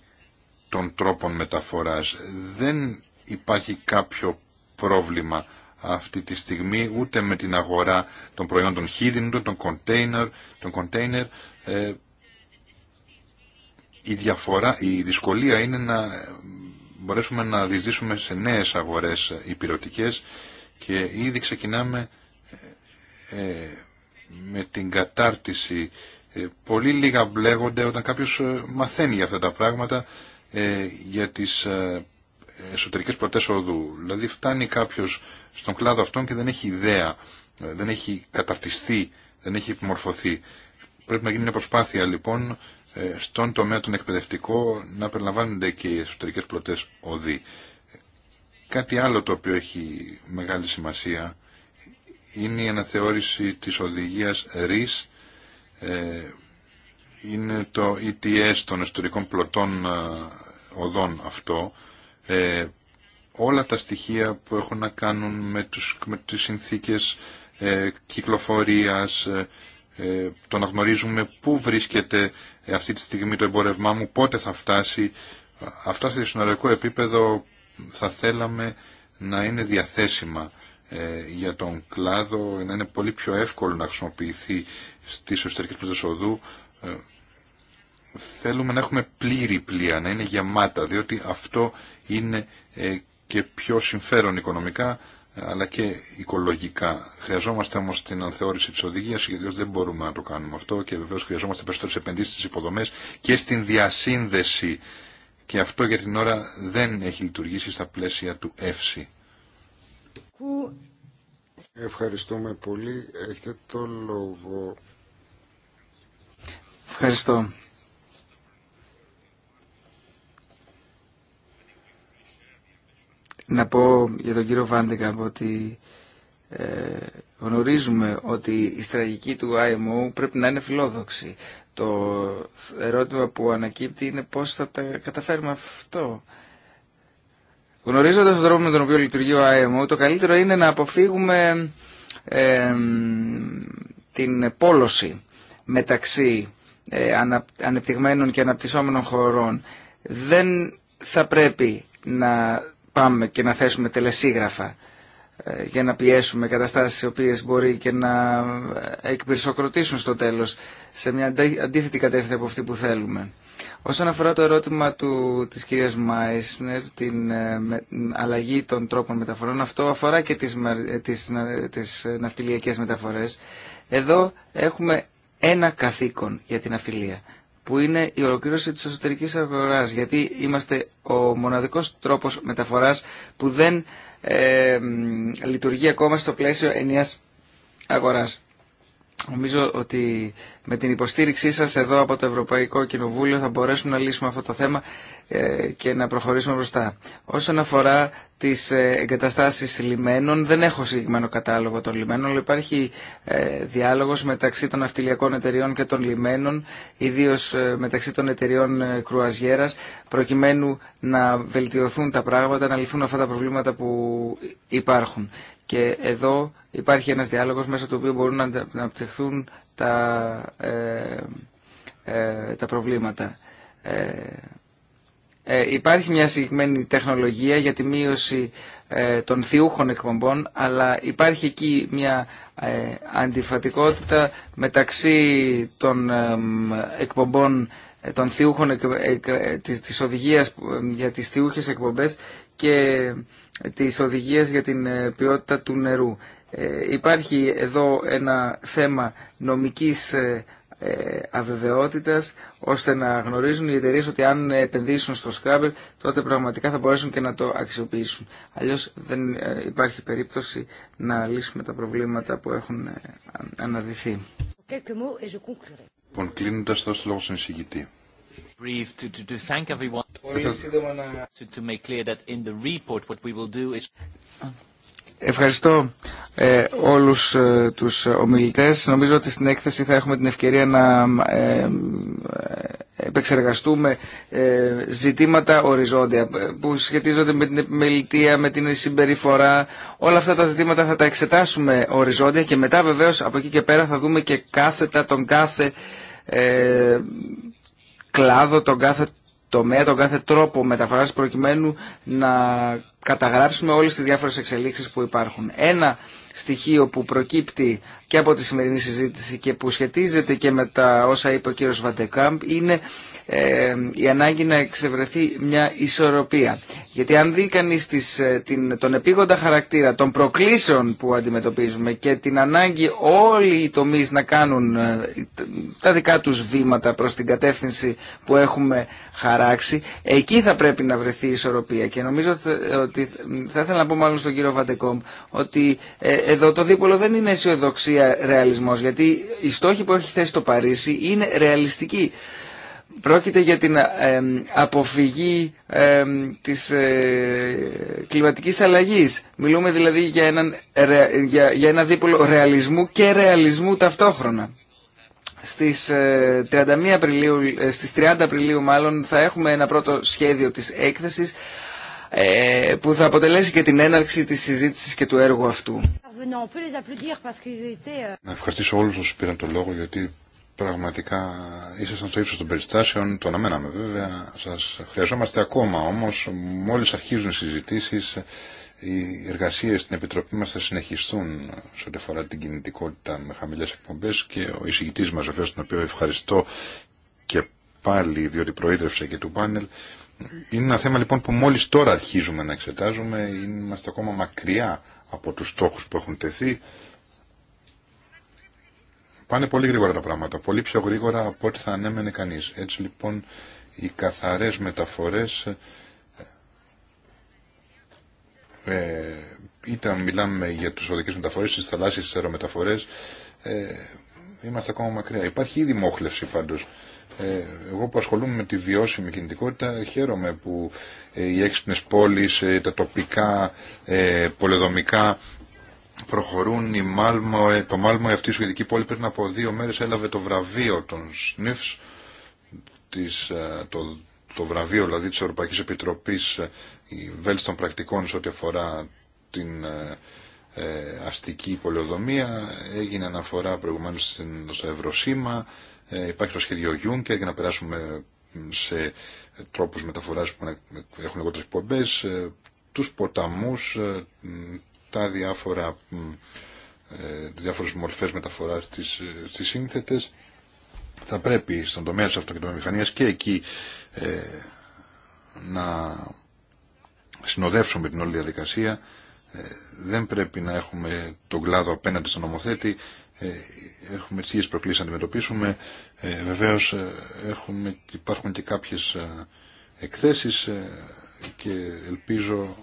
των τρόπων μεταφοράς. Δεν υπάρχει κάποιο πρόβλημα αυτή τη στιγμή ούτε με την αγορά των προϊόντων χίδινου, των κοντέινερ. Των κοντέινερ η, διαφορά, η δυσκολία είναι να μπορέσουμε να διεισδύσουμε σε νέες αγορές υπηρετικές και ήδη ξεκινάμε ε, με την κατάρτιση ε, πολύ λίγα μπλέγονται όταν κάποιος ε, μαθαίνει για αυτά τα πράγματα, ε, για τις εσωτερικές πρωτές οδού. Δηλαδή φτάνει κάποιος στον κλάδο αυτόν και δεν έχει ιδέα, δεν έχει καταρτιστεί, δεν έχει επιμορφωθεί. Πρέπει να γίνει μια προσπάθεια λοιπόν στον τομέα τον εκπαιδευτικό να περιλαμβάνονται και οι εσωτερικές πρωτές οδοί. Κάτι άλλο το οποίο έχει μεγάλη σημασία είναι η αναθεώρηση της οδηγίας RIS ε, είναι το ETS των ιστορικών πλωτών ε, οδών αυτό. Ε, όλα τα στοιχεία που έχουν να κάνουν με, τους, με τις συνθήκες κυκλοφορίας, ε, το να γνωρίζουμε πού βρίσκεται αυτή τη στιγμή το εμπορευμά μου, πότε θα φτάσει. Αυτά σε συνολικό επίπεδο θα θέλαμε να είναι διαθέσιμα ε, για τον κλάδο να είναι πολύ πιο εύκολο να χρησιμοποιηθεί στις εσωτερικές πλήτες οδού ε, θέλουμε να έχουμε πλήρη πλοία, να είναι γεμάτα, διότι αυτό είναι ε, και πιο συμφέρον οικονομικά αλλά και οικολογικά. Χρειαζόμαστε όμως την ανθεώρηση της οδηγίας, γιατί δεν μπορούμε να το κάνουμε αυτό και βεβαίως χρειαζόμαστε περισσότερες επενδύσεις στις υποδομές και στην διασύνδεση και αυτό για την ώρα δεν έχει λειτουργήσει στα πλαίσια του ΕΦΣΥ. Ευχαριστούμε πολύ. Έχετε το λόγο. Ευχαριστώ. Να πω για τον κύριο Βάντεκα ότι ε, γνωρίζουμε ότι η στρατηγική του IMO πρέπει να είναι φιλόδοξη. Το ερώτημα που ανακύπτει είναι πώς θα τα καταφέρουμε αυτό. Γνωρίζοντα τον τρόπο με τον οποίο λειτουργεί ο ΑΕΜΟ, το καλύτερο είναι να αποφύγουμε την πόλωση μεταξύ ε, ανεπτυγμένων και αναπτυσσόμενων χωρών. Δεν θα πρέπει να πάμε και να θέσουμε τελεσίγραφα ε, για να πιέσουμε καταστάσεις οι οποίες μπορεί και να ε, εκπυρσοκροτήσουν στο τέλος σε μια αντίθετη κατεύθυνση από αυτή που θέλουμε. Όσον αφορά το ερώτημα του, της κυρίας Μάισνερ, την ε, αλλαγή των τρόπων μεταφορών, αυτό αφορά και τις, ε, τις, ε, τις ε, ναυτιλιακές μεταφορές. Εδώ έχουμε ένα καθήκον για την ναυτιλία, που είναι η ολοκλήρωση της εσωτερικής αγοράς, γιατί είμαστε ο μοναδικός τρόπος μεταφοράς που δεν λειτουργεί ακόμα στο πλαίσιο ενιαίας αγοράς. Νομίζω ότι με την υποστήριξή σας εδώ από το Ευρωπαϊκό Κοινοβούλιο θα μπορέσουμε να λύσουμε αυτό το θέμα ε, και να προχωρήσουμε μπροστά. Όσον αφορά τις ε, εγκαταστάσεις λιμένων, δεν έχω συγκεκριμένο κατάλογο των λιμένων, αλλά υπάρχει ε, διάλογος μεταξύ των αυτιλιακών εταιριών και των λιμένων, ιδίως μεταξύ των εταιριών κρουαζιέρας, προκειμένου να βελτιωθούν τα πράγματα, να λυθούν αυτά τα προβλήματα που υπάρχουν. Και εδώ υπάρχει ένας διάλογος μέσα του οποίου μπορούν να αναπτυχθούν τα, ε, ε, προβλήματα. Ε, ε, υπάρχει μια συγκεκριμένη τεχνολογία για τη μείωση των θιούχων εκπομπών, αλλά υπάρχει εκεί μια αντιφατικότητα μεταξύ των εκπομπών των θιούχων της, της για τις θιούχες εκπομπές και της οδηγίας για την ποιότητα του νερού. Ε, υπάρχει εδώ ένα θέμα νομικής ε, ε, αβεβαιότητας ώστε να γνωρίζουν οι εταιρείε ότι αν επενδύσουν στο Scrabble τότε πραγματικά θα μπορέσουν και να το αξιοποιήσουν. Αλλιώς δεν υπάρχει περίπτωση να λύσουμε τα προβλήματα που έχουν αναδυθεί. Λοιπόν, κλείνοντας λόγο στον εισηγητή. Πολύ σύντομα να... Ευχαριστώ ε, όλους ε, τους ομιλητές. Νομίζω ότι στην έκθεση θα έχουμε την ευκαιρία να ε, ε, επεξεργαστούμε ζητήματα οριζόντια που σχετίζονται με την επιμελητία, με την συμπεριφορά. Όλα αυτά τα ζητήματα θα τα εξετάσουμε οριζόντια και μετά βεβαίως από εκεί και πέρα θα δούμε και κάθετα τον κάθε κλάδο, τον κάθε τομέα, τον κάθε τρόπο μεταφράσης προκειμένου να καταγράψουμε όλες τις διάφορες εξελίξεις που υπάρχουν. Ένα στοιχείο που προκύπτει και από τη σημερινή συζήτηση και που σχετίζεται και με τα όσα είπε ο κύριος Βαντεκάμπ είναι ε, η ανάγκη να εξευρεθεί μια ισορροπία. Γιατί αν δει κανείς ε, την, τον επίγοντα χαρακτήρα των προκλήσεων που αντιμετωπίζουμε και την ανάγκη όλοι οι τομείς να κάνουν ε, τα δικά τους βήματα προς την κατεύθυνση που έχουμε χαράξει, εκεί θα πρέπει να βρεθεί η ισορροπία. Και νομίζω ότι θα ήθελα να πω μάλλον στον κύριο Βαντεκόμ ότι εδώ το δίπολο δεν είναι αισιοδοξία ρεαλισμός, γιατί οι στόχοι που έχει θέσει το Παρίσι είναι ρεαλιστική. Πρόκειται για την αποφυγή της ε, κλιματικής αλλαγής. Μιλούμε δηλαδή για, έναν, για ένα δίπολο ρεαλισμού και ρεαλισμού ταυτόχρονα. Στις 31 ε, Απριλίου, ε, στις 30 Απριλίου μάλλον θα έχουμε ένα πρώτο σχέδιο της έκθεσης ε, που θα αποτελέσει και την έναρξη της συζήτησης και του έργου αυτού. Euh, Να ευχαριστήσω όλους όσους πήραν το λόγο γιατί πραγματικά ήσασταν στο ύψος των περιστάσεων, το αναμέναμε βέβαια, σας χρειαζόμαστε ακόμα όμως, μόλις αρχίζουν οι συζητήσεις, οι εργασίες στην Επιτροπή μας θα συνεχιστούν σε ό,τι αφορά την κινητικότητα με χαμηλές εκπομπές και ο εισηγητής μας, οποίος τον οποίο ευχαριστώ και πάλι διότι προείδρευσε και του πάνελ, είναι ένα θέμα λοιπόν που μόλις τώρα αρχίζουμε να εξετάζουμε, είμαστε ακόμα μακριά από τους στόχους που έχουν τεθεί. Πάνε πολύ γρήγορα τα πράγματα, πολύ πιο γρήγορα από ό,τι θα ανέμενε κανείς. Έτσι λοιπόν οι καθαρές μεταφορές, ε, είτε μιλάμε για τις οδικές μεταφορές, τις θαλάσσιες τις αερομεταφορές, ε, είμαστε ακόμα μακριά. Υπάρχει ήδη μόχλευση πάντως. Ε, εγώ που ασχολούμαι με τη βιώσιμη κινητικότητα χαίρομαι που ε, οι έξυπνες πόλεις, ε, τα τοπικά, πολεδομικά προχωρούν. Η το Μάλμο αυτή η Σουηδική πόλη πριν από δύο μέρες έλαβε το βραβείο των ΣΝΙΦΣ, της, το, το βραβείο δηλαδή της Ευρωπαϊκής Επιτροπής βέλτιστων πρακτικών σε ό,τι αφορά την αστική πολεοδομία. Έγινε αναφορά προηγουμένως στην Ευρωσήμα. Ε, υπάρχει το σχέδιο Juncker για να περάσουμε σε τρόπους μεταφοράς που έχουν τρεις πομπές, ε, τους ποταμούς, ε, τα διάφορα, διάφορες μορφές μεταφοράς στις, της σύνθετες. Θα πρέπει στον τομέα της αυτοκινητομηχανίας και εκεί ε, να συνοδεύσουμε την όλη διαδικασία. δεν πρέπει να έχουμε τον κλάδο απέναντι στον νομοθέτη. Ε, έχουμε τις ίδιες προκλήσεις να αντιμετωπίσουμε. Ε, βεβαίως ε, έχουμε, υπάρχουν και κάποιες ε, εκθέσεις και ελπίζω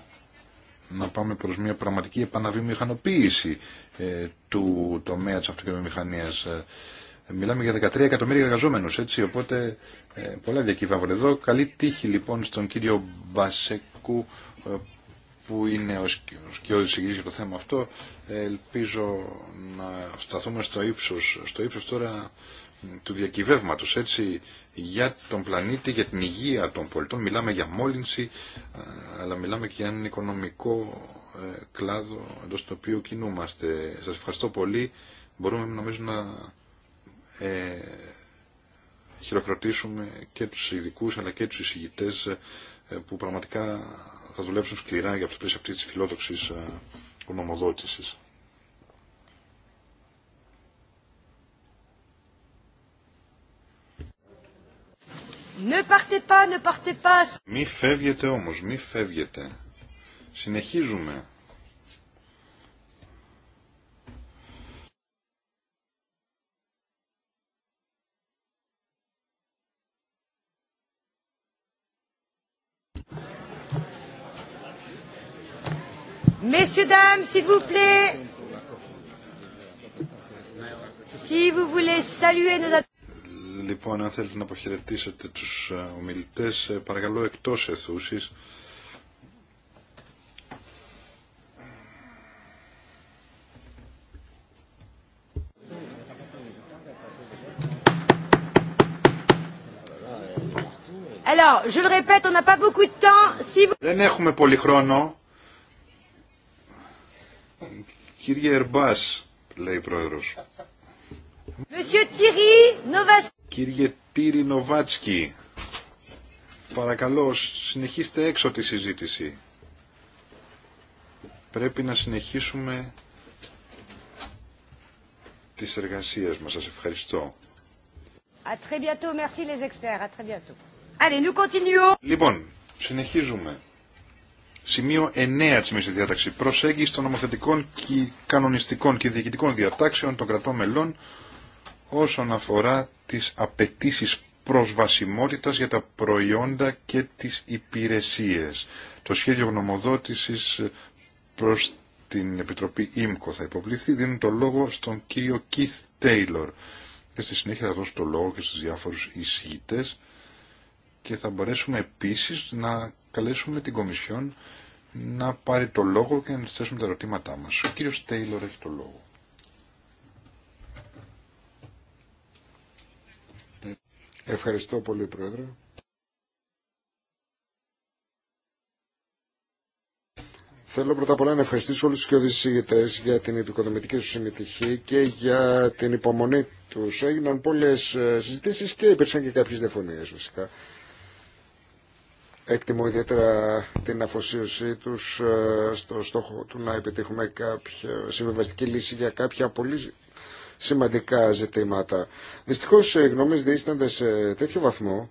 να πάμε προς μια πραγματική επαναβιομηχανοποίηση ε, του τομέα της Ε, Μιλάμε για 13 εκατομμύρια εργαζόμενους, έτσι, οπότε πολλά διακύβευαν εδώ. Καλή τύχη λοιπόν στον κύριο Μπασεκού που είναι ο σκιώδης εγγύης για το θέμα αυτό. Ελπίζω να σταθούμε στο ύψος, στο ύψος τώρα του διακυβεύματος, έτσι, για τον πλανήτη, για την υγεία των πολιτών. Μιλάμε για μόλυνση, ε, αλλά μιλάμε και για έναν οικονομικό ε, κλάδο εντό του οποίου κινούμαστε. Σας ευχαριστώ πολύ. Μπορούμε νομίζω να ε, χειροκροτήσουμε και τους ειδικού αλλά και τους εισηγητές ε, που πραγματικά θα δουλέψουν σκληρά για το πλαίσιο αυτή τη φιλόδοξή ονομοδότηση. Ε, ne partez pas, ne partez pas. Μη φεύγετε όμως, μη φεύγετε. Συνεχίζουμε. Messieurs, dames, s'il vous plaît, si vous voulez saluer nos Λοιπόν, αν θέλετε να αποχαιρετήσετε τους ομιλητές, παρακαλώ εκτός αιθούσης. Alors, je le répète, on n'a pas beaucoup de temps. Si vous... Δεν έχουμε πολύ χρόνο. Κύριε Ερμπάς, λέει η πρόεδρος. Κύριε Τύρι Νοβάτσκι, παρακαλώ συνεχίστε έξω τη συζήτηση. Πρέπει να συνεχίσουμε τις εργασίες μας. Σας ευχαριστώ. À très bientôt. Merci les experts. À très bientôt. Λοιπόν, συνεχίζουμε. Σημείο 9 της μέση διάταξη Προσέγγιση των νομοθετικών και κανονιστικών και διοικητικών διατάξεων των κρατών μελών όσον αφορά τις απαιτήσει προσβασιμότητας για τα προϊόντα και τις υπηρεσίες. Το σχέδιο γνωμοδότησης προς την Επιτροπή ΙΜΚΟ θα υποβληθεί. Δίνουν το λόγο στον κύριο Κιθ Τέιλορ. Και στη συνέχεια θα δώσω το λόγο και στους διάφορους εισηγητές και θα μπορέσουμε επίσης να καλέσουμε την Κομισιόν να πάρει το λόγο και να θέσουμε τα ερωτήματά μας. Ο κύριος Τέιλορ έχει το λόγο. Ευχαριστώ πολύ, Πρόεδρε. Θέλω πρώτα απ' όλα να ευχαριστήσω όλους τους συγκεκριτές για την επικοδομητική σου συμμετοχή και για την υπομονή τους. Έγιναν πολλές ε, συζητήσεις και υπήρξαν και κάποιες διαφωνίες βασικά. Εκτιμώ ιδιαίτερα την αφοσίωσή τους ε, στο στόχο του να επιτύχουμε κάποια συμβιβαστική λύση για κάποια πολύ σημαντικά ζητήματα. Δυστυχώς οι γνώμες δίστανται σε τέτοιο βαθμό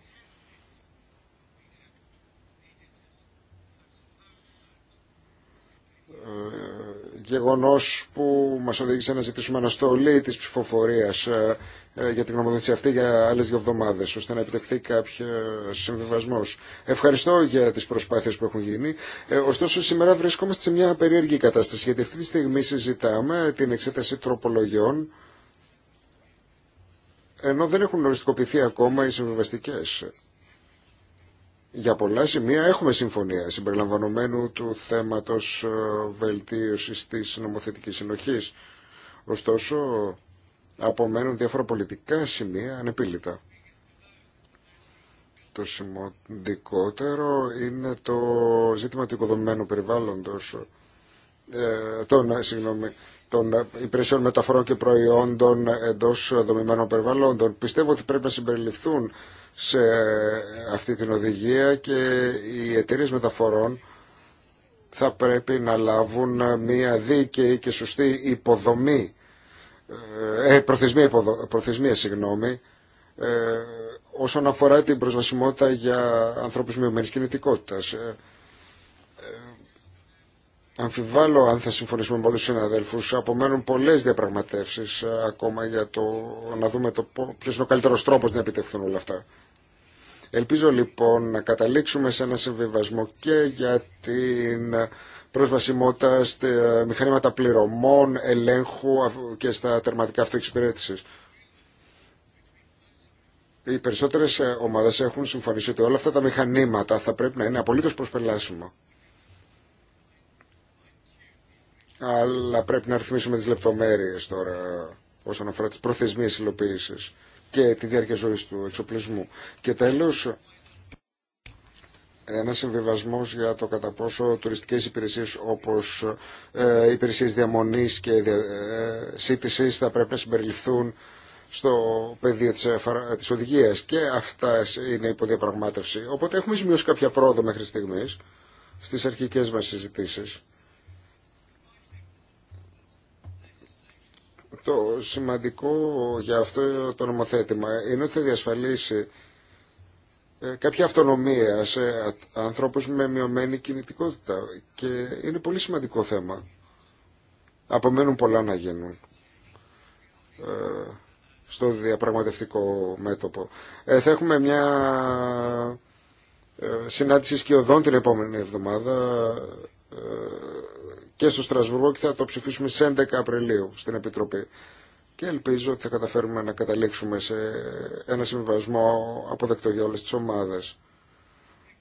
γεγονός που μας οδήγησε να ζητήσουμε αναστολή της ψηφοφορίας ε, ε, για την γνωμοδότηση αυτή για άλλες δύο εβδομάδες, ώστε να επιτευχθεί κάποιο συμβιβασμός. Ευχαριστώ για τις προσπάθειες που έχουν γίνει. Ε, ωστόσο, σήμερα βρισκόμαστε σε μια περίεργη κατάσταση, γιατί αυτή τη στιγμή συζητάμε την εξέταση τροπολογιών, ενώ δεν έχουν οριστικοποιηθεί ακόμα οι συμβιβαστικές για πολλά σημεία έχουμε συμφωνία συμπεριλαμβανομένου του θέματος ε, βελτίωσης της νομοθετικής συνοχής. Ωστόσο, απομένουν διάφορα πολιτικά σημεία ανεπίλητα. Το σημαντικότερο είναι το ζήτημα του οικοδομημένου περιβάλλοντος, ε, των, ε, των υπηρεσιών μεταφορών και προϊόντων εντό δομημένων περιβαλλόντων. Πιστεύω ότι πρέπει να συμπεριληφθούν σε αυτή την οδηγία και οι εταιρείε μεταφορών θα πρέπει να λάβουν μια δίκαιη και σωστή υποδομή, ε, προθεσμία, υποδο, προθεσμία συγγνώμη, ε, όσον αφορά την προσβασιμότητα για ανθρώπους μειωμένη κινητικότητας. Ε, Αμφιβάλλω αν θα συμφωνήσουμε με πολλούς συναδέλφους. Απομένουν πολλές διαπραγματεύσεις ε, ακόμα για το, να δούμε το, ποιος είναι ο καλύτερος τρόπος να επιτευχθούν όλα αυτά. Ελπίζω λοιπόν να καταλήξουμε σε ένα συμβιβασμό και για την προσβασιμότητα στα μηχανήματα πληρωμών, ελέγχου και στα τερματικά αυτοεξυπηρέτησης. Οι περισσότερες ε, ομάδες έχουν συμφωνήσει ότι όλα αυτά τα μηχανήματα θα πρέπει να είναι απολύτως προσπελάσιμα. αλλά πρέπει να ρυθμίσουμε τις λεπτομέρειες τώρα όσον αφορά τις προθεσμίες υλοποίηση και τη διάρκεια ζωής του εξοπλισμού. Και τέλος, ένα συμβιβασμό για το κατά πόσο τουριστικές υπηρεσίες όπως ε, υπηρεσίες διαμονής και ε, σύντησης θα πρέπει να συμπεριληφθούν στο πεδίο της, ε, της οδηγίας και αυτά είναι υποδιαπραγμάτευση. Οπότε έχουμε σημειώσει κάποια πρόοδο μέχρι στιγμής στις αρχικές μας συζητήσεις. το σημαντικό για αυτό το νομοθέτημα είναι ότι θα διασφαλίσει ε, κάποια αυτονομία σε ανθρώπους με μειωμένη κινητικότητα και είναι πολύ σημαντικό θέμα. Απομένουν πολλά να γίνουν ε, στο διαπραγματευτικό μέτωπο. Ε, θα έχουμε μια συνάντηση σκιωδών την επόμενη εβδομάδα και στο Στρασβουργό και θα το ψηφίσουμε στις 11 Απριλίου στην Επιτροπή. Και ελπίζω ότι θα καταφέρουμε να καταλήξουμε σε ένα συμβασμό αποδεκτό για όλες τις ομάδες.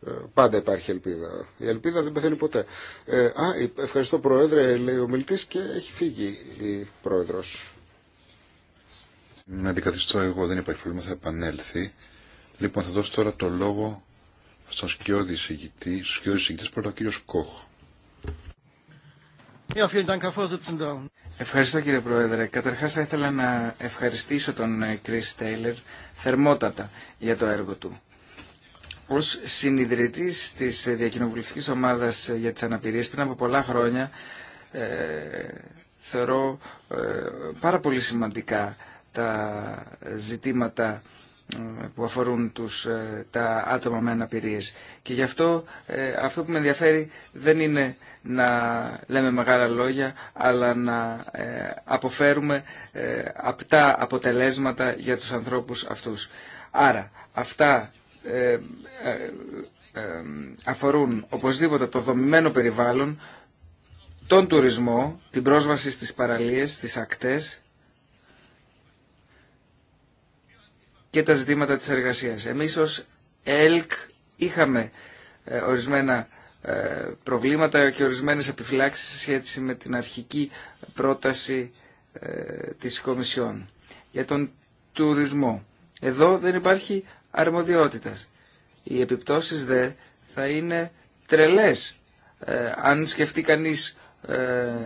Ε, πάντα υπάρχει ελπίδα. Η ελπίδα δεν πεθαίνει ποτέ. Ε, α, ευχαριστώ Πρόεδρε, λέει ο μιλητής και έχει φύγει η Πρόεδρος. Να αντικαθιστώ εγώ, δεν υπάρχει πρόβλημα, θα επανέλθει. Λοιπόν, θα δώσω τώρα το λόγο στον σκιώδη συγκητή, στους σκιώδης πρώτα ο κύριος Κόχ. Ευχαριστώ κύριε Πρόεδρε. Καταρχάς θα ήθελα να ευχαριστήσω τον Κρίς ε, Τέιλερ θερμότατα για το έργο του. Ως συνειδητής της διακοινοβουλευτικής ομάδας για τις αναπηρίες πριν από πολλά χρόνια ε, θεωρώ ε, πάρα πολύ σημαντικά τα ζητήματα που αφορούν τους, ε, τα άτομα με αναπηρίες. Και γι' αυτό ε, αυτό που με ενδιαφέρει δεν είναι να λέμε μεγάλα λόγια, αλλά να ε, αποφέρουμε απτά αποτελέσματα για τους ανθρώπους αυτούς. Άρα, αυτά αφορούν οπωσδήποτε το δομημένο περιβάλλον, τον τουρισμό, την πρόσβαση στις παραλίες, στις ακτές, και τα ζητήματα της εργασίας. Εμείς ως ΕΛΚ είχαμε ε, ορισμένα ε, προβλήματα και ορισμένες επιφυλάξεις σε σχέση με την αρχική πρόταση ε, της Κομισιόν για τον τουρισμό. Εδώ δεν υπάρχει αρμοδιότητας. Οι επιπτώσεις δε θα είναι τρελές αν σκεφτεί κανείς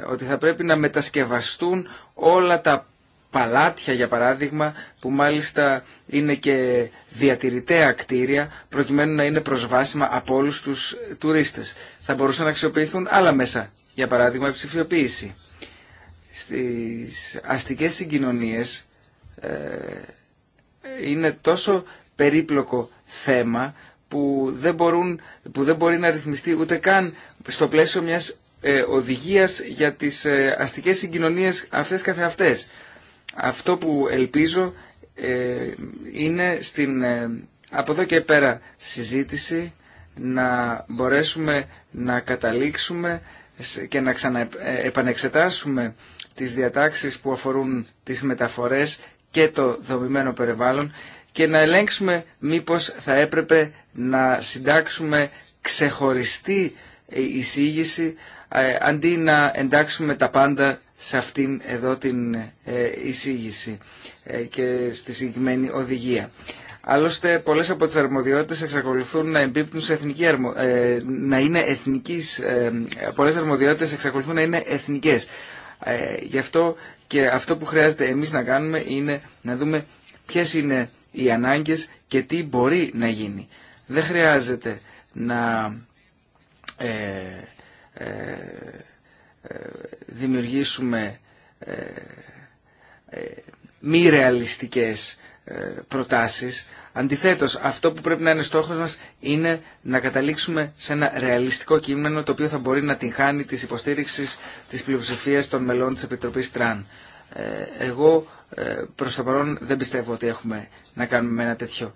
ότι θα πρέπει να μετασκευαστούν όλα τα παλάτια για παράδειγμα που μάλιστα είναι και διατηρητέα κτίρια προκειμένου να είναι προσβάσιμα από όλους τους τουρίστες. Θα μπορούσαν να αξιοποιηθούν άλλα μέσα, για παράδειγμα η ψηφιοποίηση. Στις αστικές συγκοινωνίες ε, είναι τόσο περίπλοκο θέμα που δεν, μπορούν, που δεν μπορεί να ρυθμιστεί ούτε καν στο πλαίσιο μιας ε, οδηγίας για τις ε, αστικές συγκοινωνίες αυτές καθεαυτές. Αυτό που ελπίζω ε, είναι στην ε, από εδώ και πέρα συζήτηση να μπορέσουμε να καταλήξουμε και να ξαναεπανεξετάσουμε ε, τις διατάξεις που αφορούν τις μεταφορές και το δομημένο περιβάλλον και να ελέγξουμε μήπως θα έπρεπε να συντάξουμε ξεχωριστή εισήγηση αντί να εντάξουμε τα πάντα σε αυτήν εδώ την ε, εισήγηση ε, και στη συγκεκριμένη οδηγία. Άλλωστε, πολλές από τις αρμοδιότητες εξακολουθούν να εμπίπτουν σε εθνική ε, να είναι εθνικής, πολλές αρμοδιότητες εξακολουθούν να είναι εθνικές. Γι' αυτό και αυτό που χρειάζεται εμείς να κάνουμε είναι να δούμε ποιες είναι οι ανάγκες και τι μπορεί να γίνει. Δεν χρειάζεται να δημιουργήσουμε ε, ε, μη ρεαλιστικές ε, προτάσεις. Αντιθέτως, αυτό που πρέπει να είναι στόχος μας είναι να καταλήξουμε σε ένα ρεαλιστικό κείμενο το οποίο θα μπορεί να την χάνει της υποστήριξης της πλειοψηφίας των μελών της Επιτροπής Τραν. Εγώ προς το παρόν δεν πιστεύω ότι έχουμε να κάνουμε ένα τέτοιο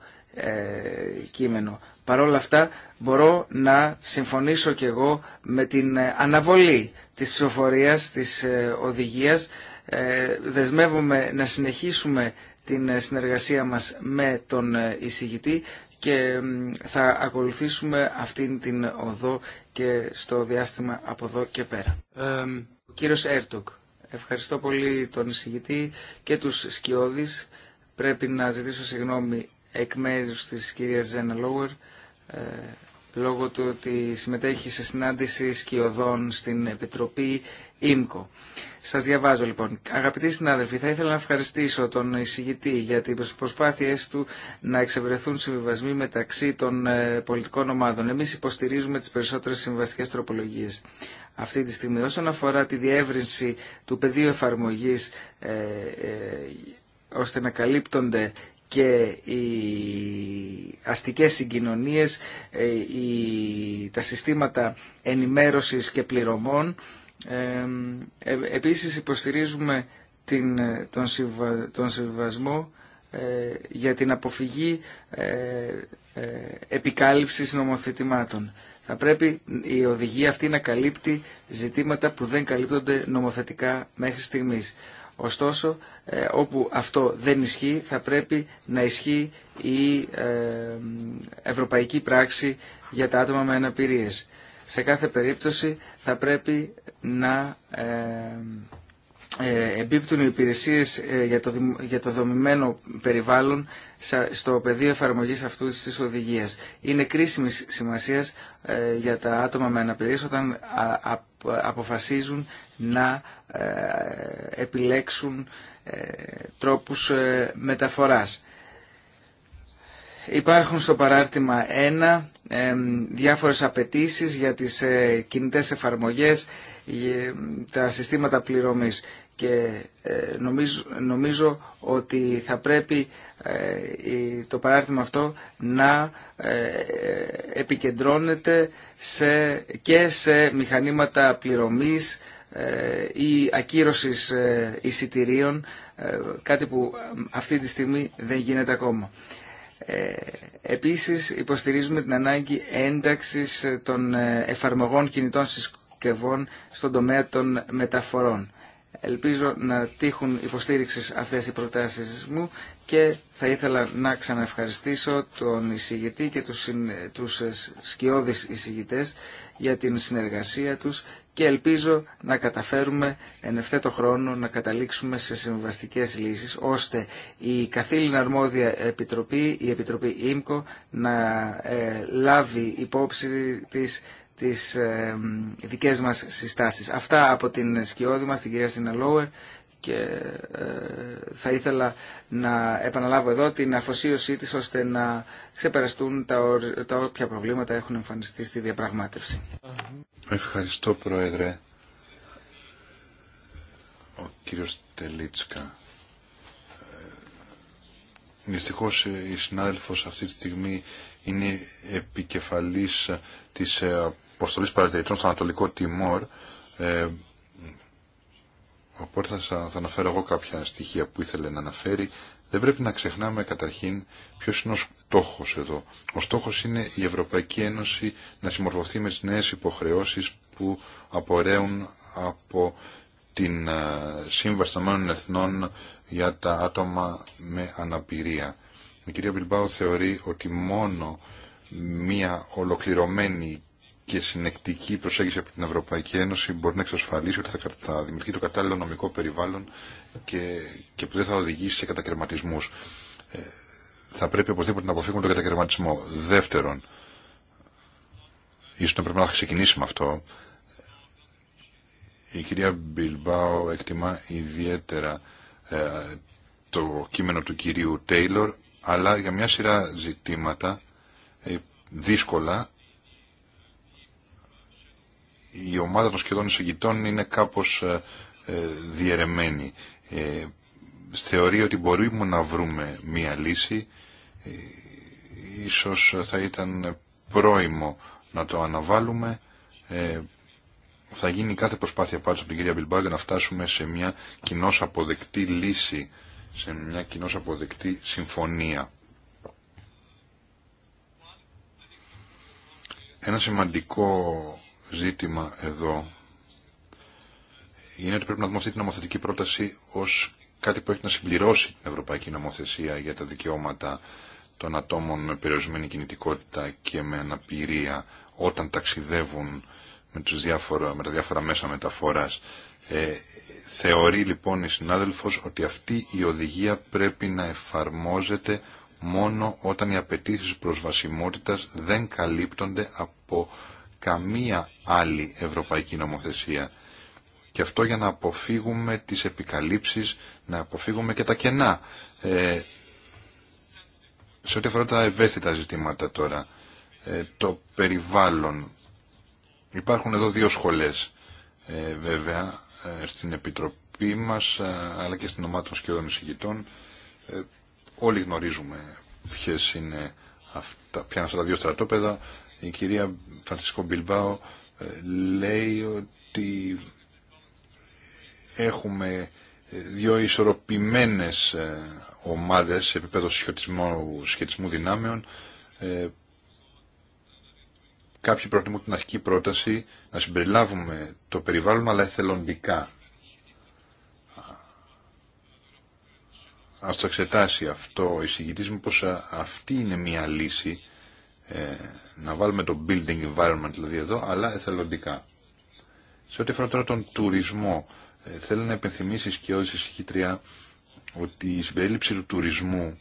κείμενο. Παρ' αυτά μπορώ να συμφωνήσω και εγώ με την αναβολή της ψηφοφορίας, της ε, οδηγίας. Ε, δεσμεύομαι να συνεχίσουμε την ε, συνεργασία μας με τον εισηγητή και θα ακολουθήσουμε αυτήν την οδό και στο διάστημα από εδώ και πέρα. Ο κύριος Έρτογκ, ευχαριστώ πολύ τον εισηγητή και τους σκιώδεις. Πρέπει να ζητήσω συγγνώμη εκ μέρους της κυρίας Ζένα Λόουερ λόγω του ότι συμμετέχει σε συνάντηση σκιωδών στην Επιτροπή ΙΜΚΟ. Σας διαβάζω λοιπόν. Αγαπητοί συνάδελφοι, θα ήθελα να ευχαριστήσω τον εισηγητή για τις προσπάθειές του να εξευρεθούν συμβιβασμοί μεταξύ των ε, πολιτικών ομάδων. Εμείς υποστηρίζουμε τις περισσότερες συμβαστικές τροπολογίες. Αυτή τη στιγμή όσον αφορά τη διεύρυνση του πεδίου εφαρμογής ε, ε, ώστε να καλύπτονται και οι αστικές συγκοινωνίες, ε, τα συστήματα ενημέρωσης και πληρωμών. Ε, επίσης υποστηρίζουμε τον συμβασμό ε, για την αποφυγή επικάλυψης νομοθετημάτων. Θα πρέπει η οδηγία αυτή να καλύπτει ζητήματα που δεν καλύπτονται νομοθετικά μέχρι στιγμής. Ωστόσο, ε, όπου αυτό δεν ισχύει, θα πρέπει να ισχύει η ε, ευρωπαϊκή πράξη για τα άτομα με αναπηρίες. Σε κάθε περίπτωση θα πρέπει να ε, εμπίπτουν οι υπηρεσίες για το δομημένο περιβάλλον στο πεδίο εφαρμογής αυτού της οδηγίας. Είναι κρίσιμη σημασία για τα άτομα με αναπηρίες όταν αποφασίζουν να ε, επιλέξουν ε, τρόπους ε, μεταφοράς. Υπάρχουν στο παράρτημα 1 διάφορες απαιτήσεις για τις κινητές εφαρμογές, τα συστήματα πληρωμής και ε, νομίζω, ότι θα πρέπει ε, το παράρτημα αυτό να ε, επικεντρώνεται σε, και σε μηχανήματα πληρωμής ή ακύρωσης εισιτηρίων, κάτι που αυτή τη στιγμή δεν γίνεται ακόμα. Επίσης υποστηρίζουμε την ανάγκη ένταξης των εφαρμογών κινητών συσκευών στον τομέα των μεταφορών. Ελπίζω να τύχουν υποστήριξη αυτές οι προτάσεις μου και θα ήθελα να ξαναευχαριστήσω τον εισηγητή και τους, τους σκιώδεις εισηγητές για την συνεργασία τους και ελπίζω να καταφέρουμε εν ευθέτω χρόνο να καταλήξουμε σε συμβαστικές λύσεις ώστε η καθήλυνα αρμόδια επιτροπή, η Επιτροπή ΙΜΚΟ να ε, λάβει υπόψη της τις ε, δικές μας συστάσεις. Αυτά από την σκιώδη μας, την κυρία Σιναλόερ και ε, θα ήθελα να επαναλάβω εδώ την αφοσίωσή της ώστε να ξεπεραστούν τα, τα όποια προβλήματα έχουν εμφανιστεί στη διαπραγμάτευση. Ευχαριστώ Πρόεδρε. Ο κύριος Τελίτσκα. Ε, Δυστυχώ η συνάδελφος αυτή τη στιγμή είναι επικεφαλής της ε, αποστολής παρατηρητών στο Ανατολικό Τιμόρ. Ε, οπότε θα, θα αναφέρω εγώ κάποια στοιχεία που ήθελε να αναφέρει. Δεν πρέπει να ξεχνάμε καταρχήν ποιο είναι ο στόχο εδώ. Ο στόχο είναι η Ευρωπαϊκή Ένωση να συμμορφωθεί με τι νέε υποχρεώσει που απορρέουν από την ε, Σύμβαση των Μένων Εθνών για τα άτομα με αναπηρία. Η κυρία Μπιλμπάου θεωρεί ότι μόνο μία ολοκληρωμένη και συνεκτική προσέγγιση από την Ευρωπαϊκή Ένωση μπορεί να εξασφαλίσει ότι θα δημιουργεί το κατάλληλο νομικό περιβάλλον και, που δεν θα οδηγήσει σε κατακαιρματισμού. Ε, θα πρέπει οπωσδήποτε να αποφύγουμε τον κατακαιρματισμό. Δεύτερον, ίσω να πρέπει να με αυτό, η κυρία Μπιλμπάου εκτιμά ιδιαίτερα ε, το κείμενο του κυρίου Τέιλορ, αλλά για μια σειρά ζητήματα ε, δύσκολα η ομάδα των σχεδόν εισηγητών είναι κάπως ε, ε διαιρεμένη. Ε, θεωρεί ότι μπορούμε να βρούμε μία λύση. Ε, ίσως θα ήταν πρόημο να το αναβάλουμε. Ε, θα γίνει κάθε προσπάθεια πάντως από την κυρία Μπιλμπάγκα να φτάσουμε σε μια κοινώ αποδεκτή λύση, σε μια κοινώ αποδεκτή συμφωνία. Ένα σημαντικό ζήτημα εδώ είναι ότι πρέπει να δούμε αυτή την νομοθετική πρόταση ως κάτι που έχει να συμπληρώσει την Ευρωπαϊκή Νομοθεσία για τα δικαιώματα των ατόμων με περιορισμένη κινητικότητα και με αναπηρία όταν ταξιδεύουν με, τους διάφορα, με τα διάφορα μέσα μεταφοράς. Ε, θεωρεί λοιπόν η συνάδελφος ότι αυτή η οδηγία πρέπει να εφαρμόζεται μόνο όταν οι απαιτήσει προσβασιμότητας δεν καλύπτονται από καμία άλλη ευρωπαϊκή νομοθεσία. Και αυτό για να αποφύγουμε τις επικαλύψεις, να αποφύγουμε και τα κενά. Ε, σε ό,τι αφορά τα ευαίσθητα ζητήματα τώρα, ε, το περιβάλλον. Υπάρχουν εδώ δύο σχολές, ε, βέβαια, ε, στην Επιτροπή μας, ε, αλλά και στην ομάδα των σχεδόν εισηγητών. όλοι γνωρίζουμε ποιες είναι αυτά, ποια είναι αυτά τα δύο στρατόπεδα. Η κυρία Φρανσίσκο Μπιλμπάο ε, λέει ότι έχουμε ε, δύο ισορροπημένες ε, ομάδες σε επίπεδο σχετισμού, σχετισμού δυνάμεων. Κάποιοι προτιμούν την αρχική πρόταση να συμπεριλάβουμε το περιβάλλον αλλά εθελοντικά. Ας το εξετάσει αυτό ο εισηγητής μου πως αυτή είναι μια λύση ε, να βάλουμε το building environment δηλαδή εδώ, αλλά εθελοντικά. Σε ό,τι αφορά τώρα τον τουρισμό, ε, θέλω να επενθυμίσεις και ως εισηγήτρια ότι η συμπερίληψη του τουρισμού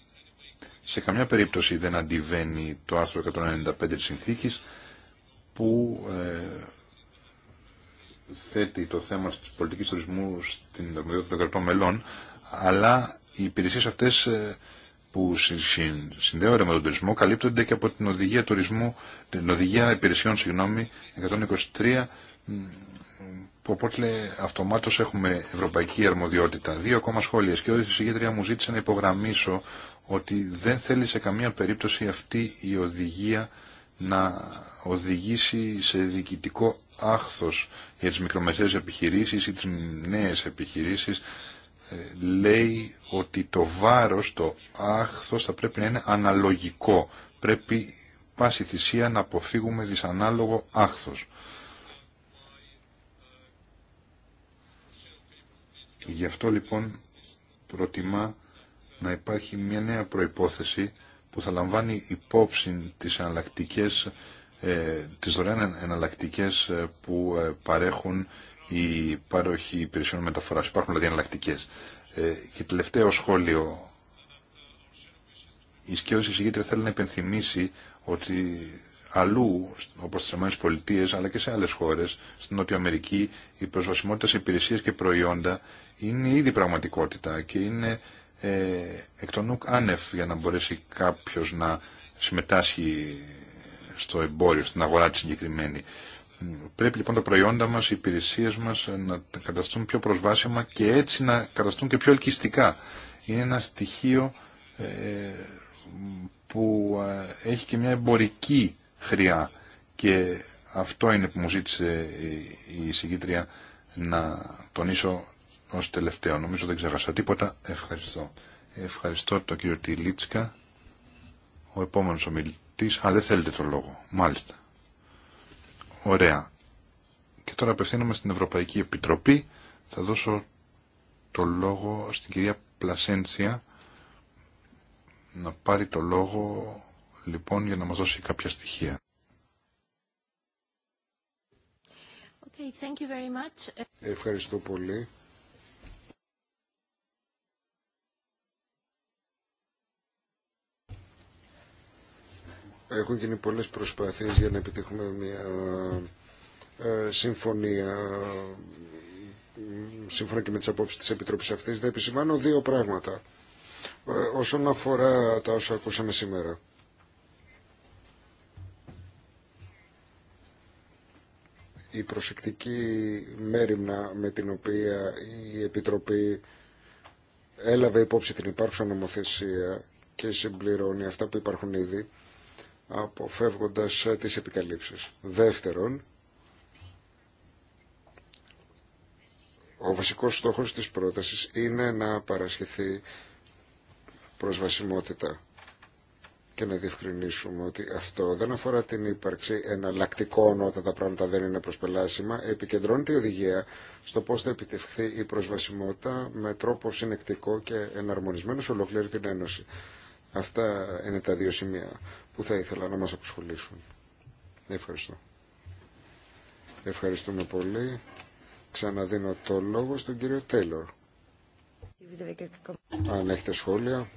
σε καμιά περίπτωση δεν αντιβαίνει το άρθρο 195 της συνθήκης που ε, θέτει το θέμα της πολιτικής τουρισμού στην δημοκρατία των κρατών μελών, αλλά οι υπηρεσίες αυτές ε, που συνδέονται με τον τουρισμό καλύπτονται και από την οδηγία, τουρισμού, την οδηγία υπηρεσιών συγγνώμη, 123 Οπότε αυτομάτως έχουμε ευρωπαϊκή αρμοδιότητα. Δύο ακόμα σχόλια. Και όλη η συγγήτρια μου ζήτησε να υπογραμμίσω ότι δεν θέλει σε καμία περίπτωση αυτή η οδηγία να οδηγήσει σε διοικητικό άχθος για τις μικρομεσαίες επιχειρήσεις ή τις νέες επιχειρήσεις λέει ότι το βάρος, το άχθος θα πρέπει να είναι αναλογικό. Πρέπει πάση θυσία να αποφύγουμε δυσανάλογο άχθος. Γι' αυτό λοιπόν προτιμά να υπάρχει μια νέα προϋπόθεση που θα λαμβάνει υπόψη τις εναλλακτικές, ε, τις δωρεάν εναλλακτικές ε, που ε, παρέχουν η παροχή υπηρεσιών μεταφορά. Υπάρχουν δηλαδή εναλλακτικέ. Ε, και τελευταίο σχόλιο. Η σκέψη εισηγήτρια θέλει να υπενθυμίσει ότι αλλού, όπω στι ΗΠΑ αλλά και σε άλλε χώρε στην Νότια Αμερική, η προσβασιμότητα σε υπηρεσίε και προϊόντα είναι ήδη πραγματικότητα και είναι ε, εκ των νουκ άνευ για να μπορέσει κάποιο να συμμετάσχει στο εμπόριο, στην αγορά τη συγκεκριμένη. Πρέπει λοιπόν τα προϊόντα μα, οι υπηρεσίε μα, να καταστούν πιο προσβάσιμα και έτσι να καταστούν και πιο ελκυστικά. Είναι ένα στοιχείο ε, που ε, έχει και μια εμπορική χρειά και αυτό είναι που μου ζήτησε ε, η συγκίτρια να τονίσω ω τελευταίο. Νομίζω δεν ξέχασα τίποτα. Ευχαριστώ. Ευχαριστώ τον κύριο Τιλίτσκα. Ο επόμενο ομιλητή. Α, δεν θέλετε το λόγο. Μάλιστα. Ωραία. Και τώρα απευθύνομαι στην Ευρωπαϊκή Επιτροπή. Θα δώσω το λόγο στην κυρία Πλασέντσια να πάρει το λόγο λοιπόν για να μας δώσει κάποια στοιχεία. Okay, very much. Ευχαριστώ πολύ. Έχουν γίνει πολλές προσπάθειες για να επιτύχουμε μια ε, συμφωνία σύμφωνα και με τις απόψεις της Επιτροπής αυτής. Να επισημάνω δύο πράγματα ε, όσον αφορά τα όσα ακούσαμε σήμερα. η προσεκτική μέρημνα με την οποία η Επιτροπή έλαβε υπόψη την υπάρχουσα νομοθεσία και συμπληρώνει αυτά που υπάρχουν ήδη, αποφεύγοντας ε, τις επικαλύψεις. Δεύτερον, ο βασικός στόχος της πρότασης είναι να παρασχεθεί προσβασιμότητα και να διευκρινίσουμε ότι αυτό δεν αφορά την ύπαρξη εναλλακτικών όταν τα πράγματα δεν είναι προσπελάσιμα. Επικεντρώνεται η οδηγία στο πώς θα επιτευχθεί η προσβασιμότητα με τρόπο συνεκτικό και εναρμονισμένο σε ολοκλήρη την Ένωση. Αυτά είναι τα δύο σημεία που θα ήθελα να μας απασχολήσουν. Ευχαριστώ. Ευχαριστούμε πολύ. Ξαναδίνω το λόγο στον κύριο Τέλορ. Αν έχετε σχόλια.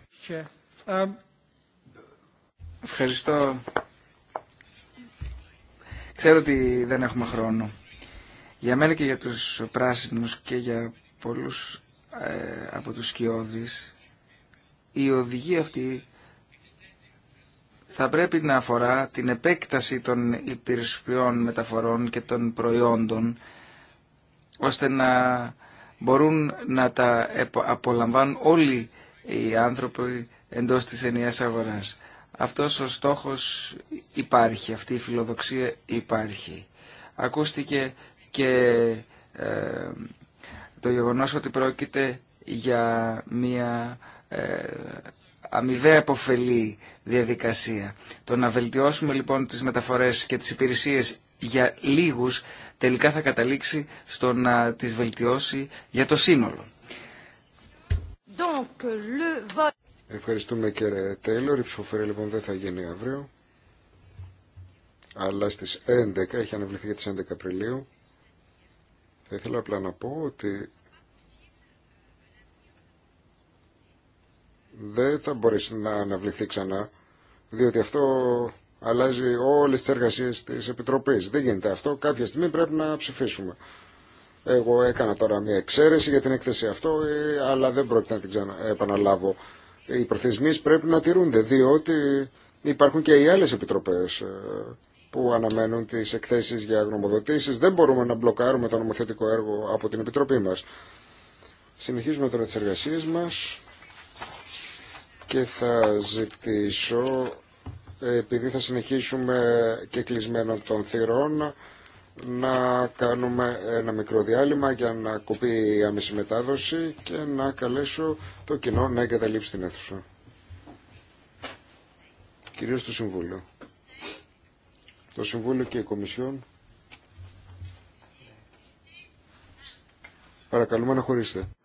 Ευχαριστώ. Ξέρω ότι δεν έχουμε χρόνο. Για μένα και για τους πράσινους και για πολλούς ε, από τους σκιώδεις η οδηγία αυτή θα πρέπει να αφορά την επέκταση των υπηρεσιών μεταφορών και των προϊόντων ώστε να μπορούν να τα απολαμβάνουν όλοι οι άνθρωποι εντός της ενιαίας αγοράς. Αυτός ο στόχος υπάρχει, αυτή η φιλοδοξία υπάρχει. Ακούστηκε και ε, το γεγονός ότι πρόκειται για μια ε, αμοιβαία αποφελή διαδικασία. Το να βελτιώσουμε λοιπόν τις μεταφορές και τις υπηρεσίες για λίγους τελικά θα καταλήξει στο να τις βελτιώσει για το σύνολο. Ευχαριστούμε κύριε Τέιλορ. Η ψηφοφορία λοιπόν δεν θα γίνει αύριο. Αλλά στις 11, έχει αναβληθεί για τις 11 Απριλίου. Θα ήθελα απλά να πω ότι δεν θα μπορέσει να αναβληθεί ξανά, διότι αυτό αλλάζει όλε τι εργασίε τη Επιτροπή. Δεν γίνεται αυτό, κάποια στιγμή πρέπει να ψηφίσουμε. Εγώ έκανα τώρα μια εξαίρεση για την έκθεση αυτό, ε, αλλά δεν πρόκειται να την ξανα... επαναλάβω. Οι προθεσμίες πρέπει να τηρούνται, διότι υπάρχουν και οι άλλε επιτροπέ ε, που αναμένουν τι εκθέσει για γνωμοδοτήσει. Δεν μπορούμε να μπλοκάρουμε το νομοθετικό έργο από την Επιτροπή μα. Συνεχίζουμε τώρα τι εργασίε μα και θα ζητήσω, επειδή θα συνεχίσουμε και κλεισμένο των θυρών, να κάνουμε ένα μικρό διάλειμμα για να κοπεί η άμεση μετάδοση και να καλέσω το κοινό να εγκαταλείψει την αίθουσα. Κυρίως το Συμβούλιο. Το Συμβούλιο και η Κομισιόν. Παρακαλούμε να χωρίστε.